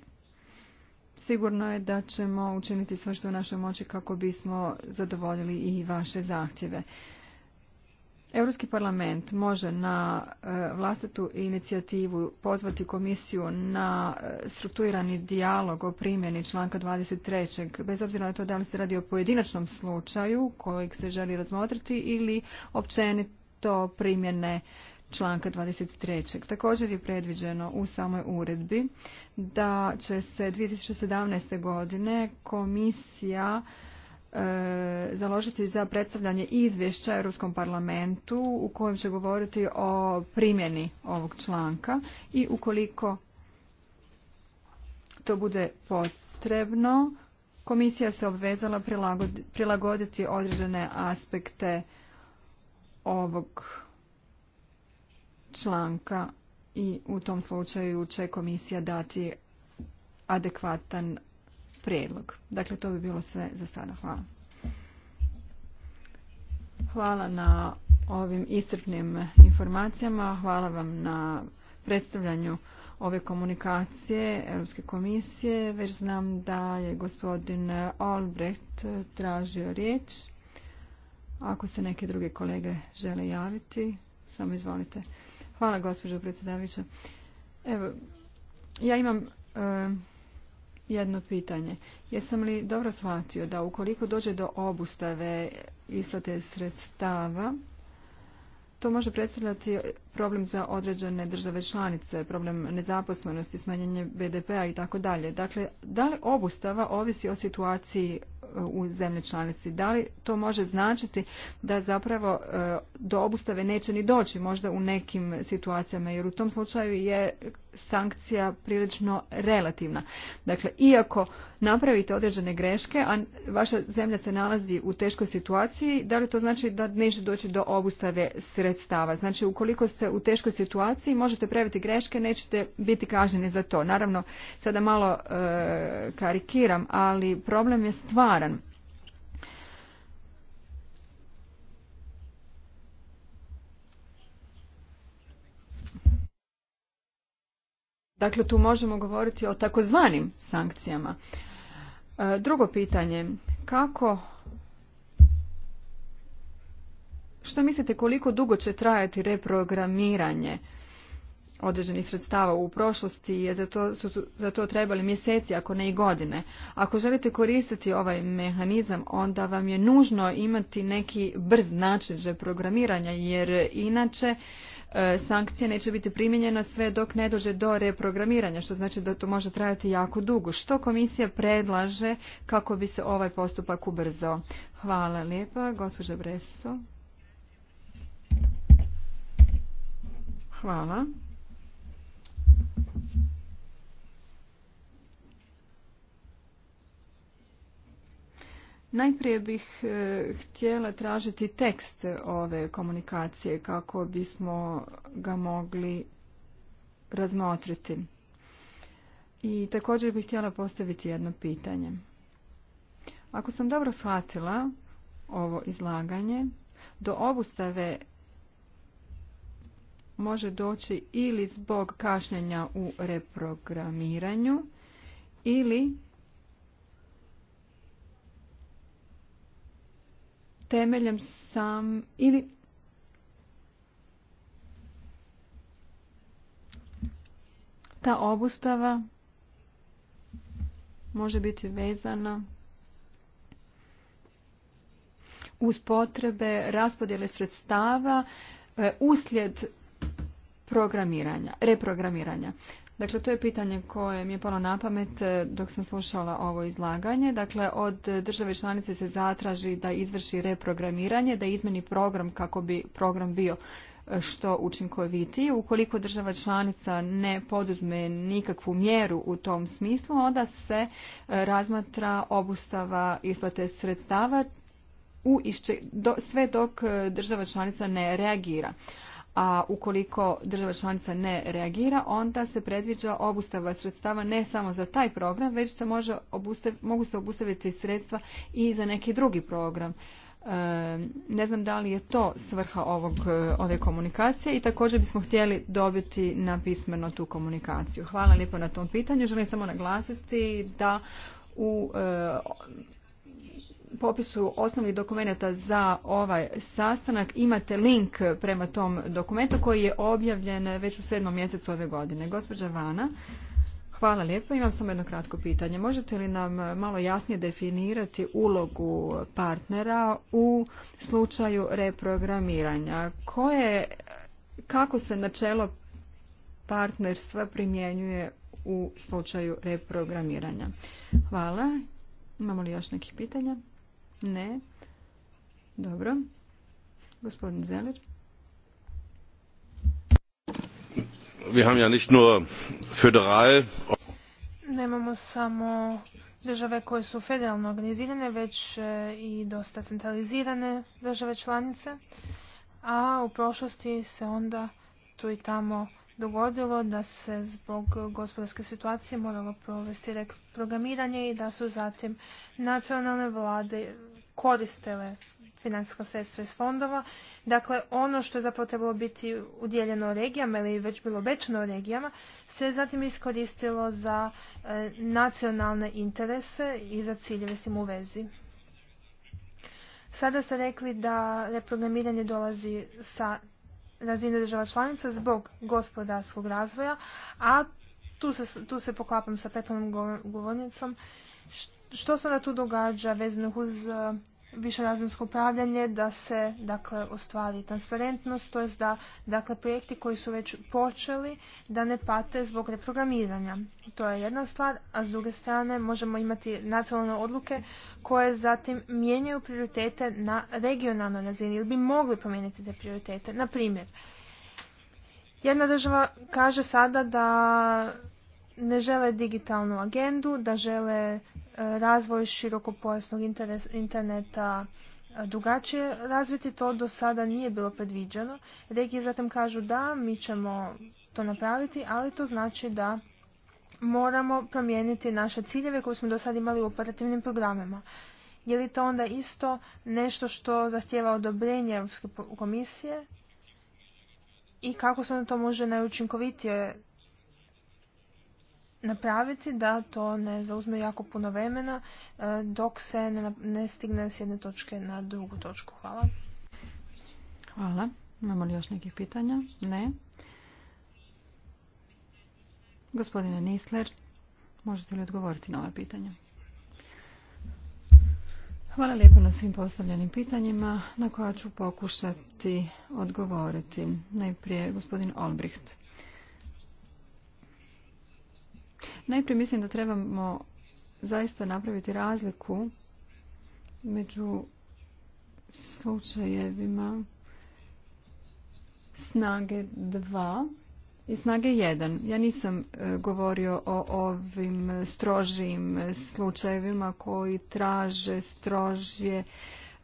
sigurno je da ćemo učiniti sve što u našoj moći kako bismo zadovoljili i vaše zahtjeve. Europski parlament može na e, vlastitu inicijativu pozvati komisiju na e, strukturirani dijalog o primjeni članka 23. bez obzira na to da li se radi o pojedinačnom slučaju kojeg se želi razmotriti ili općenito primjene članka 23. Također je predviđeno u samoj uredbi da će se 2017. godine komisija e, založiti za predstavljanje izvješća Europskom parlamentu u kojem će govoriti o primjeni ovog članka i ukoliko to bude potrebno, komisija se obvezala prilagoditi određene aspekte ovog članka i u tom slučaju će komisija dati adekvatan prijedlog. Dakle, to bi bilo sve za sada. Hvala. Hvala na ovim istrpnim informacijama. Hvala vam na predstavljanju ove komunikacije Europske komisije. Već znam da je gospodin Albrecht tražio riječ. Ako se neke druge kolege žele javiti, samo izvolite. Hvala gospođo predsjedavajuća. Evo, ja imam e, jedno pitanje. Jesam li dobro shvatio da ukoliko dođe do obustave isplate sredstava, to može predstavljati problem za određene države članice, problem nezaposlenosti, smanjenje BDP-a i tako dalje. Dakle, da li obustava ovisi o situaciji u zemlji članici. Da li to može značiti da zapravo e, do obustave neće ni doći možda u nekim situacijama jer u tom slučaju je sankcija prilično relativna. Dakle, iako napravite određene greške, a vaša zemlja se nalazi u teškoj situaciji, da li to znači da neće doći do obustave sredstava? Znači, ukoliko ste u teškoj situaciji, možete praviti greške, nećete biti kažnjeni za to. Naravno, sada malo e, karikiram, ali problem je stvaran. Dakle, tu možemo govoriti o takozvanim sankcijama. E, drugo pitanje, kako Što mislite koliko dugo će trajati reprogramiranje određenih sredstava u prošlosti je za to, su za to trebali mjeseci, ako ne i godine. Ako želite koristiti ovaj mehanizam, onda vam je nužno imati neki brz način reprogramiranja, jer inače E, sankcija neće biti primijenjena sve dok ne dođe do reprogramiranja, što znači da to može trajati jako dugo. Što komisija predlaže kako bi se ovaj postupak ubrzao? Hvala lijepa, gospođa Breso. Hvala. Najprije bih e, htjela tražiti tekst ove komunikacije kako bismo ga mogli razmotriti. I također bih htjela postaviti jedno pitanje. Ako sam dobro shvatila ovo izlaganje, do obustave može doći ili zbog kašnjenja u reprogramiranju ili temeljem sam ili ta obustava može biti vezana uz potrebe raspodjele sredstava e, uslijed programiranja, reprogramiranja. Dakle, to je pitanje koje mi je palo na pamet e, dok sam slušala ovo izlaganje. Dakle, od države članice se zatraži da izvrši reprogramiranje, da izmeni program kako bi program bio e, što učinkovitiji. Ukoliko država članica ne poduzme nikakvu mjeru u tom smislu, onda se e, razmatra obustava isplate sredstava u sve dok država članica ne reagira a ukoliko država članica ne reagira, onda se predviđa obustava sredstava ne samo za taj program, već se može mogu se obustaviti sredstva i za neki drugi program. E, ne znam da li je to svrha ovog, e, ove komunikacije i također bismo htjeli dobiti na pismeno tu komunikaciju. Hvala lijepo na tom pitanju. Želim samo naglasiti da u e, popisu osnovnih dokumenata za ovaj sastanak imate link prema tom dokumentu koji je objavljen već u sedmom mjesecu ove godine. Gospođa Vana, hvala lijepo. Imam samo jedno kratko pitanje. Možete li nam malo jasnije definirati ulogu partnera u slučaju reprogramiranja? Koje, kako se načelo partnerstva primjenjuje u slučaju reprogramiranja? Hvala. Imamo li još nekih pitanja? Ne. Dobro. Gospodin Zeller. nemamo samo države koje su federalno organizirane, već eh, i dosta centralizirane države članice, a u prošlosti se onda tu i tamo dogodilo da se zbog gospodarske situacije moralo provesti programiranje i da su zatim nacionalne vlade koristile financijska sredstva iz fondova. Dakle, ono što je zapravo trebalo biti udjeljeno regijama ili već bilo obećano regijama, se zatim iskoristilo za e, nacionalne interese i za ciljeve s tim u vezi. Sada ste rekli da reprogramiranje dolazi sa razine država članica zbog gospodarskog razvoja, a tu se, poklapam sa prethodnom govornicom, što što se na tu događa vezano uz e, višerazinsko upravljanje da se dakle ostvari transparentnost, to je da dakle projekti koji su već počeli da ne pate zbog reprogramiranja. To je jedna stvar, a s druge strane možemo imati nacionalne odluke koje zatim mijenjaju prioritete na regionalnoj razini ili bi mogli promijeniti te prioritete. Na primjer, jedna država kaže sada da ne žele digitalnu agendu, da žele e, razvoj širokopojasnog interneta e, drugačije razviti, to do sada nije bilo predviđeno. Regije zatim kažu da, mi ćemo to napraviti, ali to znači da moramo promijeniti naše ciljeve koje smo do sada imali u operativnim programima. Je li to onda isto nešto što zahtjeva odobrenje Europske komisije i kako se onda to može najučinkovitije napraviti da to ne zauzme jako puno vremena e, dok se ne, stigne s jedne točke na drugu točku. Hvala. Hvala. Imamo li još nekih pitanja? Ne. Gospodine Nisler, možete li odgovoriti na ova pitanja? Hvala lijepo na svim postavljenim pitanjima na koja ću pokušati odgovoriti. Najprije gospodin Olbricht. Najprije mislim da trebamo zaista napraviti razliku među slučajevima snage 2 i snage 1. Ja nisam e, govorio o ovim strožijim slučajevima koji traže strožije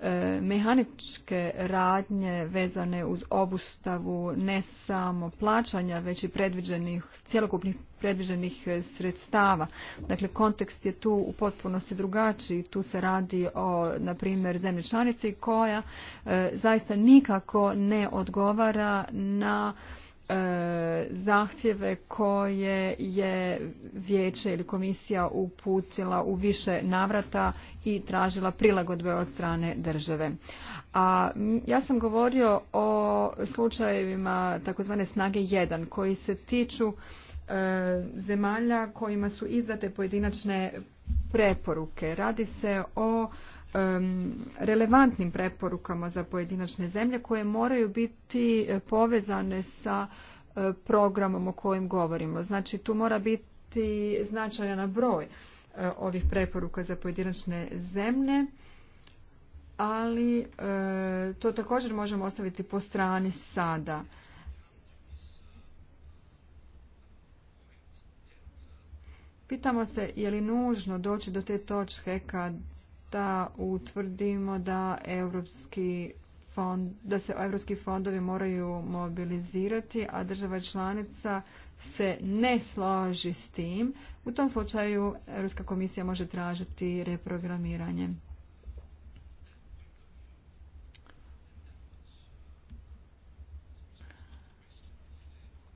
E, mehaničke radnje vezane uz obustavu ne samo plaćanja već i predviđenih cjelokupnih predviđenih e, sredstava. Dakle, kontekst je tu u potpunosti drugačiji. Tu se radi o, na primjer, zemlji članici koja e, zaista nikako ne odgovara na E, zahtjeve koje je vijeće ili komisija uputila u više navrata i tražila prilagodbe od strane države. A ja sam govorio o slučajevima takozvane snage 1 koji se tiču e, zemalja kojima su izdate pojedinačne preporuke. Radi se o relevantnim preporukama za pojedinačne zemlje koje moraju biti e, povezane sa e, programom o kojem govorimo. Znači tu mora biti značajan broj e, ovih preporuka za pojedinačne zemlje, ali to također možemo ostaviti po strani sada. Pitamo se je li nužno doći do te točke kad da utvrdimo da evropski fond, da se evropski fondovi moraju mobilizirati, a država članica se ne složi s tim, u tom slučaju Europska komisija može tražiti reprogramiranje.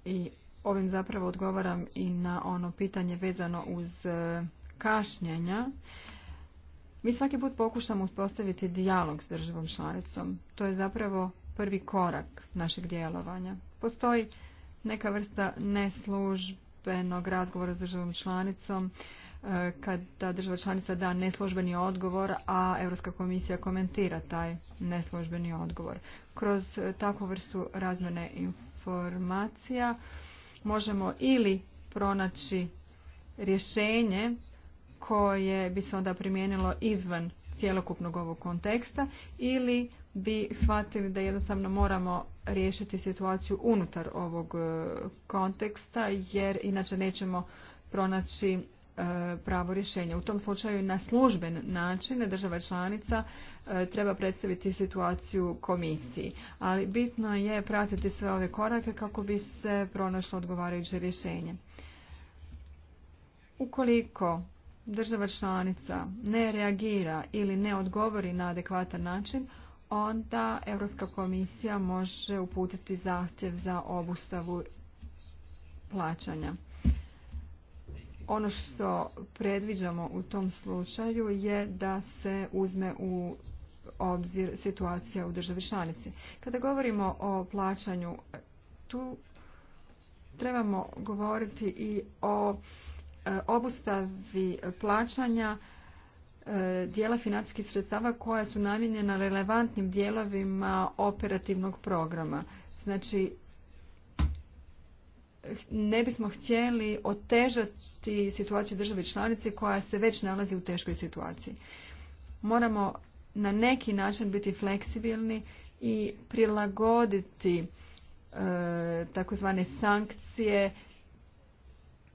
I ovim zapravo odgovaram i na ono pitanje vezano uz e, kašnjenja. Mi svaki put pokušamo uspostaviti dijalog s državom članicom. To je zapravo prvi korak našeg djelovanja. Postoji neka vrsta neslužbenog razgovora s državom članicom e, kada država članica da neslužbeni odgovor, a Europska komisija komentira taj neslužbeni odgovor. Kroz e, takvu vrstu razmjene informacija možemo ili pronaći rješenje koje bi se onda primijenilo izvan cjelokupnog ovog konteksta ili bi shvatili da jednostavno moramo riješiti situaciju unutar ovog e, konteksta jer inače nećemo pronaći e, pravo rješenje. U tom slučaju na služben način država članica e, treba predstaviti situaciju komisiji. Ali bitno je pratiti sve ove korake kako bi se pronašlo odgovarajuće rješenje. Ukoliko država članica ne reagira ili ne odgovori na adekvatan način, onda Europska komisija može uputiti zahtjev za obustavu plaćanja. Ono što predviđamo u tom slučaju je da se uzme u obzir situacija u državi članici. Kada govorimo o plaćanju, tu trebamo govoriti i o E, obustavi plaćanja e, dijela financijskih sredstava koja su namijenjena relevantnim dijelovima operativnog programa. Znači, ne bismo htjeli otežati situaciju državi članici koja se već nalazi u teškoj situaciji. Moramo na neki način biti fleksibilni i prilagoditi e, takozvane sankcije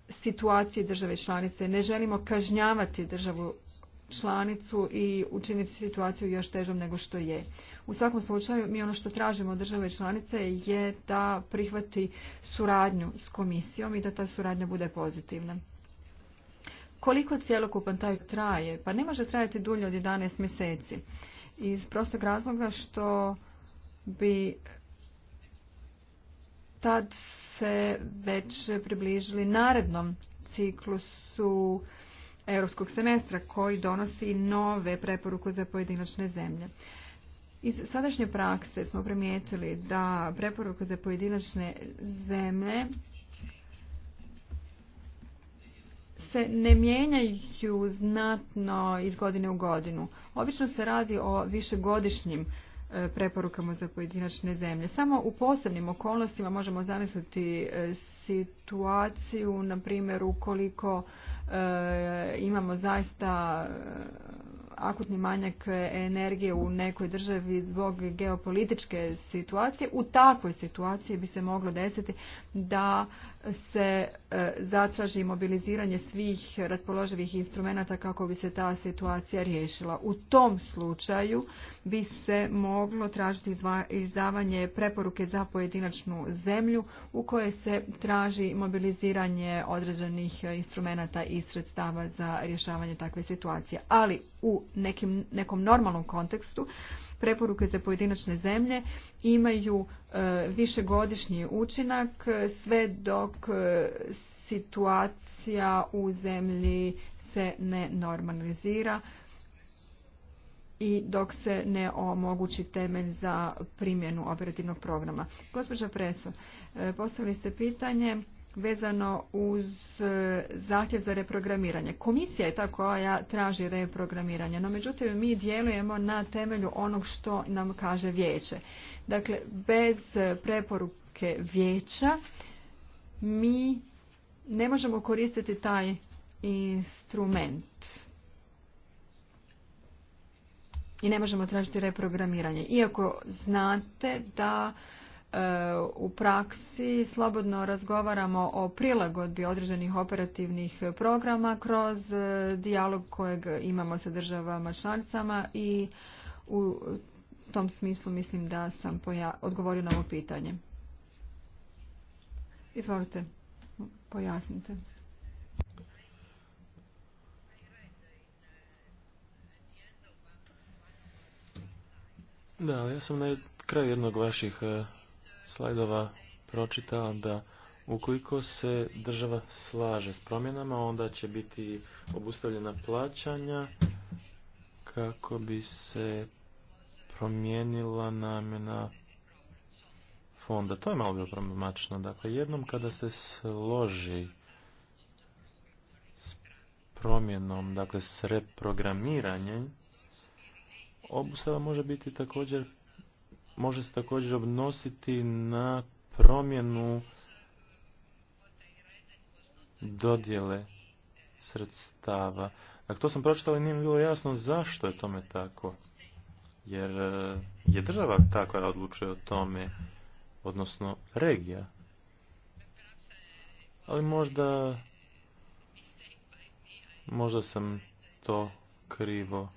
situacije države članice. Ne želimo kažnjavati državu članicu i učiniti situaciju još težom nego što je. U svakom slučaju mi ono što tražimo od države članice je da prihvati suradnju s komisijom i da ta suradnja bude pozitivna. Koliko cjelokupan taj traje? Pa ne može trajati dulje od 11 mjeseci. Iz prostog razloga što bi tad se već približili narednom ciklusu europskog semestra koji donosi nove preporuke za pojedinačne zemlje. Iz sadašnje prakse smo primijetili da preporuke za pojedinačne zemlje se ne mijenjaju znatno iz godine u godinu. Obično se radi o višegodišnjim E, preporukama za pojedinačne zemlje. Samo u posebnim okolnostima možemo zamisliti e, situaciju, na primjer, ukoliko e, imamo zaista akutni manjak energije u nekoj državi zbog geopolitičke situacije, u takvoj situaciji bi se moglo desiti da se e, zatraži mobiliziranje svih raspoloživih instrumenata kako bi se ta situacija riješila. U tom slučaju bi se moglo tražiti izdavanje preporuke za pojedinačnu zemlju u kojoj se traži mobiliziranje određenih instrumenata i sredstava za rješavanje takve situacije. Ali u nekom normalnom kontekstu preporuke za pojedinačne zemlje imaju e, višegodišnji učinak sve dok e, situacija u zemlji se ne normalizira i dok se ne omogući temelj za primjenu operativnog programa. Gospođa Preso, e, postavili ste pitanje vezano uz e, zahtjev za reprogramiranje. Komisija je ta koja traži reprogramiranje, no međutim mi djelujemo na temelju onog što nam kaže vijeće. Dakle, bez preporuke vijeća mi ne možemo koristiti taj instrument. I ne možemo tražiti reprogramiranje. Iako znate da E, u praksi slobodno razgovaramo o prilagodbi određenih operativnih programa kroz e, dijalog kojeg imamo sa državama članicama i u tom smislu mislim da sam odgovorio na ovo pitanje. Izvolite, pojasnite. Da, ja sam na kraju jednog vaših e, slajdova pročitao da ukoliko se država slaže s promjenama, onda će biti obustavljena plaćanja kako bi se promijenila namjena fonda. To je malo bilo problematično. Dakle, jednom kada se složi s promjenom, dakle s reprogramiranjem, obustava može biti također može se također obnositi na promjenu dodjele sredstava. Dakle, to sam pročitao i nije mi bilo jasno zašto je tome tako. Jer e, je država ta koja odlučuje o tome, odnosno regija. Ali možda, možda sam to krivo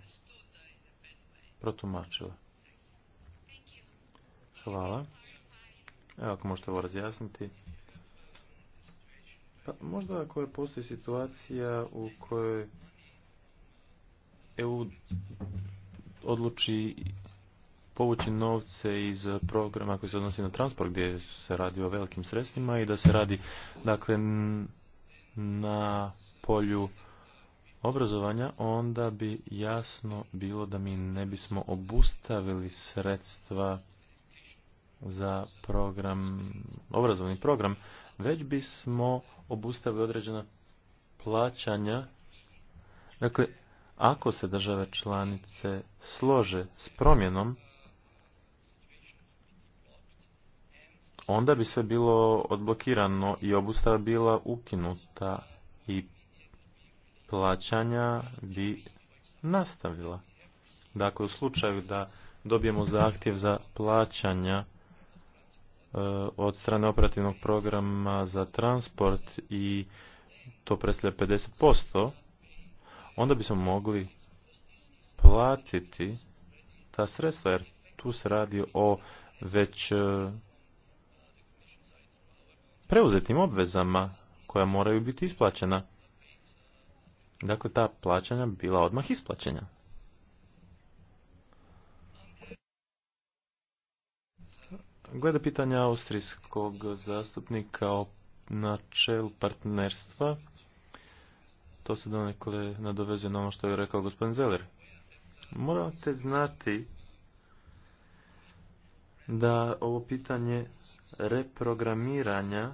protumačila. Hvala. Evo, ako možete ovo razjasniti. Pa, možda ako postoji situacija u kojoj EU odluči povući novce iz programa koji se odnosi na transport gdje se radi o velikim sredstvima i da se radi dakle na polju obrazovanja onda bi jasno bilo da mi ne bismo obustavili sredstva za program, obrazovni program, već bismo obustavili određena plaćanja. Dakle, ako se države članice slože s promjenom, onda bi sve bilo odblokirano i obustava bila ukinuta i plaćanja bi nastavila. Dakle, u slučaju da dobijemo zahtjev za plaćanja Eh, od strane operativnog programa za transport i to predstavlja 50%, onda bismo mogli platiti ta sredstva, jer tu se radi o već eh, preuzetim obvezama koja moraju biti isplaćena. Dakle, ta plaćanja bila odmah isplaćena. Glede pitanja austrijskog zastupnika o načelu partnerstva, to se donekle nadovezuje na ono što je rekao gospodin Zeller. Morate znati da ovo pitanje reprogramiranja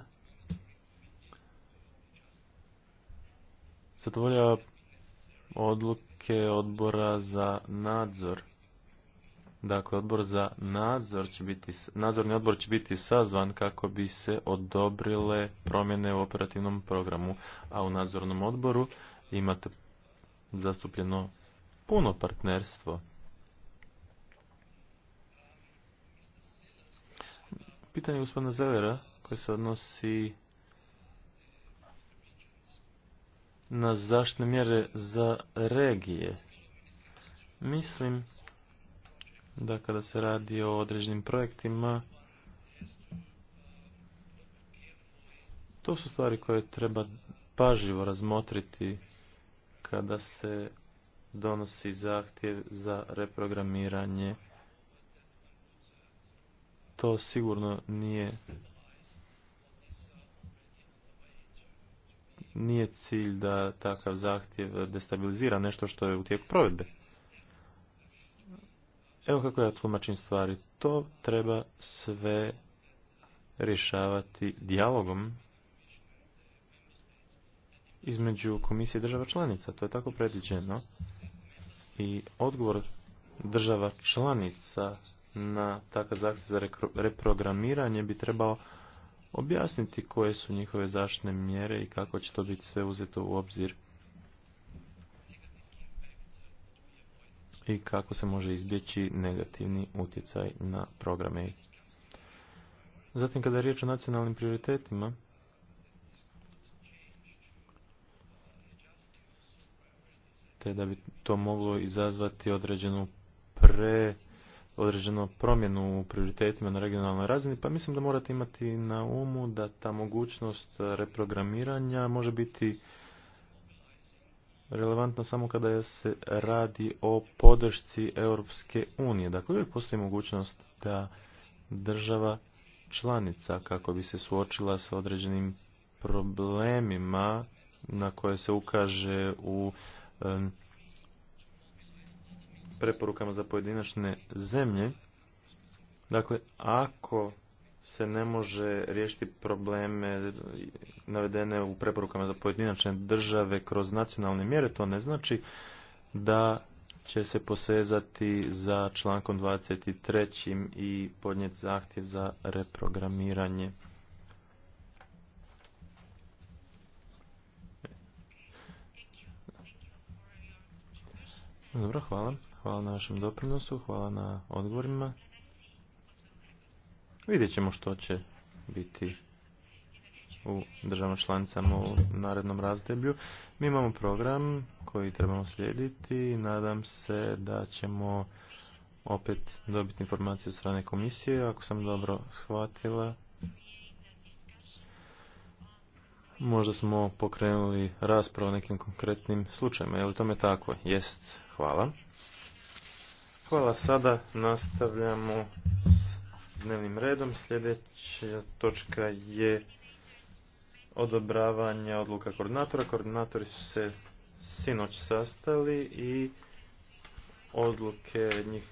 zadovoljava odluke odbora za nadzor Dakle, odbor za nadzor će biti, nadzorni odbor će biti sazvan kako bi se odobrile promjene u operativnom programu, a u nadzornom odboru imate zastupljeno puno partnerstvo. Pitanje gospodina Zelera koje se odnosi na zaštne mjere za regije. Mislim da kada se radi o određenim projektima, to su stvari koje treba pažljivo razmotriti kada se donosi zahtjev za reprogramiranje. To sigurno nije nije cilj da takav zahtjev destabilizira nešto što je u tijeku provedbe. Evo kako ja tlumačim stvari. To treba sve rješavati dijalogom između komisije država članica. To je tako predviđeno. I odgovor država članica na takav zahtjev za reprogramiranje bi trebao objasniti koje su njihove zaštitne mjere i kako će to biti sve uzeto u obzir i kako se može izbjeći negativni utjecaj na programe. Zatim kada je riječ o nacionalnim prioritetima, te da bi to moglo izazvati određenu pre određenu promjenu u prioritetima na regionalnoj razini, pa mislim da morate imati na umu da ta mogućnost reprogramiranja može biti Relevantno samo kada se radi o podršci Europske unije. Dakle, uvijek postoji mogućnost da država članica kako bi se suočila sa određenim problemima na koje se ukaže u preporukama za pojedinačne zemlje. Dakle, ako se ne može riješiti probleme navedene u preporukama za pojedinačne države kroz nacionalne mjere, to ne znači da će se posezati za člankom 23. i podnijeti zahtjev za reprogramiranje. Dobro, hvala. Hvala na vašem doprinosu, hvala na odgovorima. Vidjet ćemo što će biti u državnom članicama u narednom razdeblju. Mi imamo program koji trebamo slijediti i nadam se da ćemo opet dobiti informaciju od strane komisije. Ako sam dobro shvatila, možda smo pokrenuli raspravu o nekim konkretnim slučajima. Je li tome tako? Jest. Hvala. Hvala. Sada nastavljamo dnevnim redom. Sljedeća točka je odobravanje odluka koordinatora. Koordinatori su se sinoć sastali i odluke njih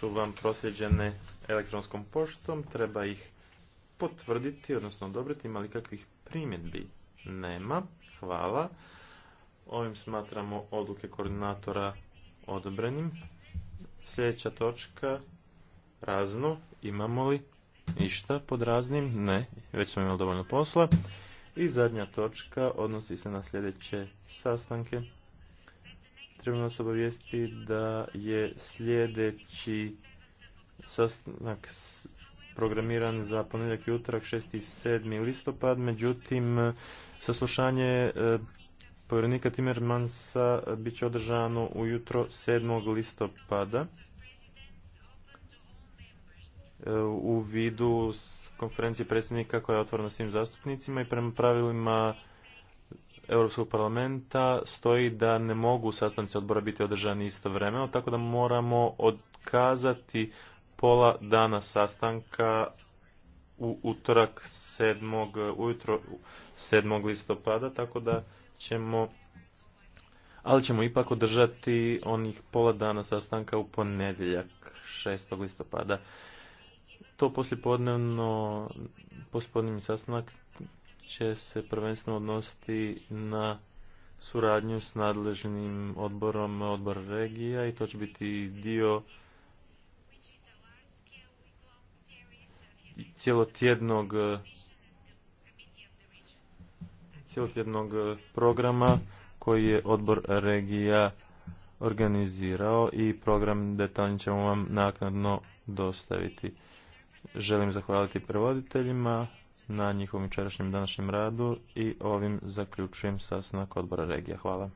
su vam prosljeđene elektronskom poštom. Treba ih potvrditi, odnosno odobriti. Ima li kakvih primjedbi? Nema. Hvala. Ovim smatramo odluke koordinatora odobrenim. Sljedeća točka razno, imamo li ništa pod raznim? Ne, već smo imali dovoljno posla. I zadnja točka odnosi se na sljedeće sastanke. Treba nas obavijesti da je sljedeći sastanak programiran za ponedjeljak i utorak 6. i 7. listopad, međutim saslušanje e, povjerenika Timmermansa e, bit će održano ujutro 7. listopada. E, u vidu konferencije predsjednika koja je otvorena svim zastupnicima i prema pravilima Europskog parlamenta stoji da ne mogu sastanci odbora biti održani istovremeno, tako da moramo odkazati pola dana sastanka u utorak 7. ujutro 7. listopada, tako da ćemo ali ćemo ipak održati onih pola dana sastanka u ponedjeljak 6. listopada to poslijepodnevno, poslijepodnevni sastanak će se prvenstveno odnositi na suradnju s nadležnim odborom odbor regija i to će biti dio cijelotjednog programa koji je odbor regija organizirao i program detaljno ćemo vam naknadno dostaviti. Želim zahvaliti prevoditeljima na njihovom jučerašnjem današnjem radu i ovim zaključujem sastanak odbora regija. Hvala.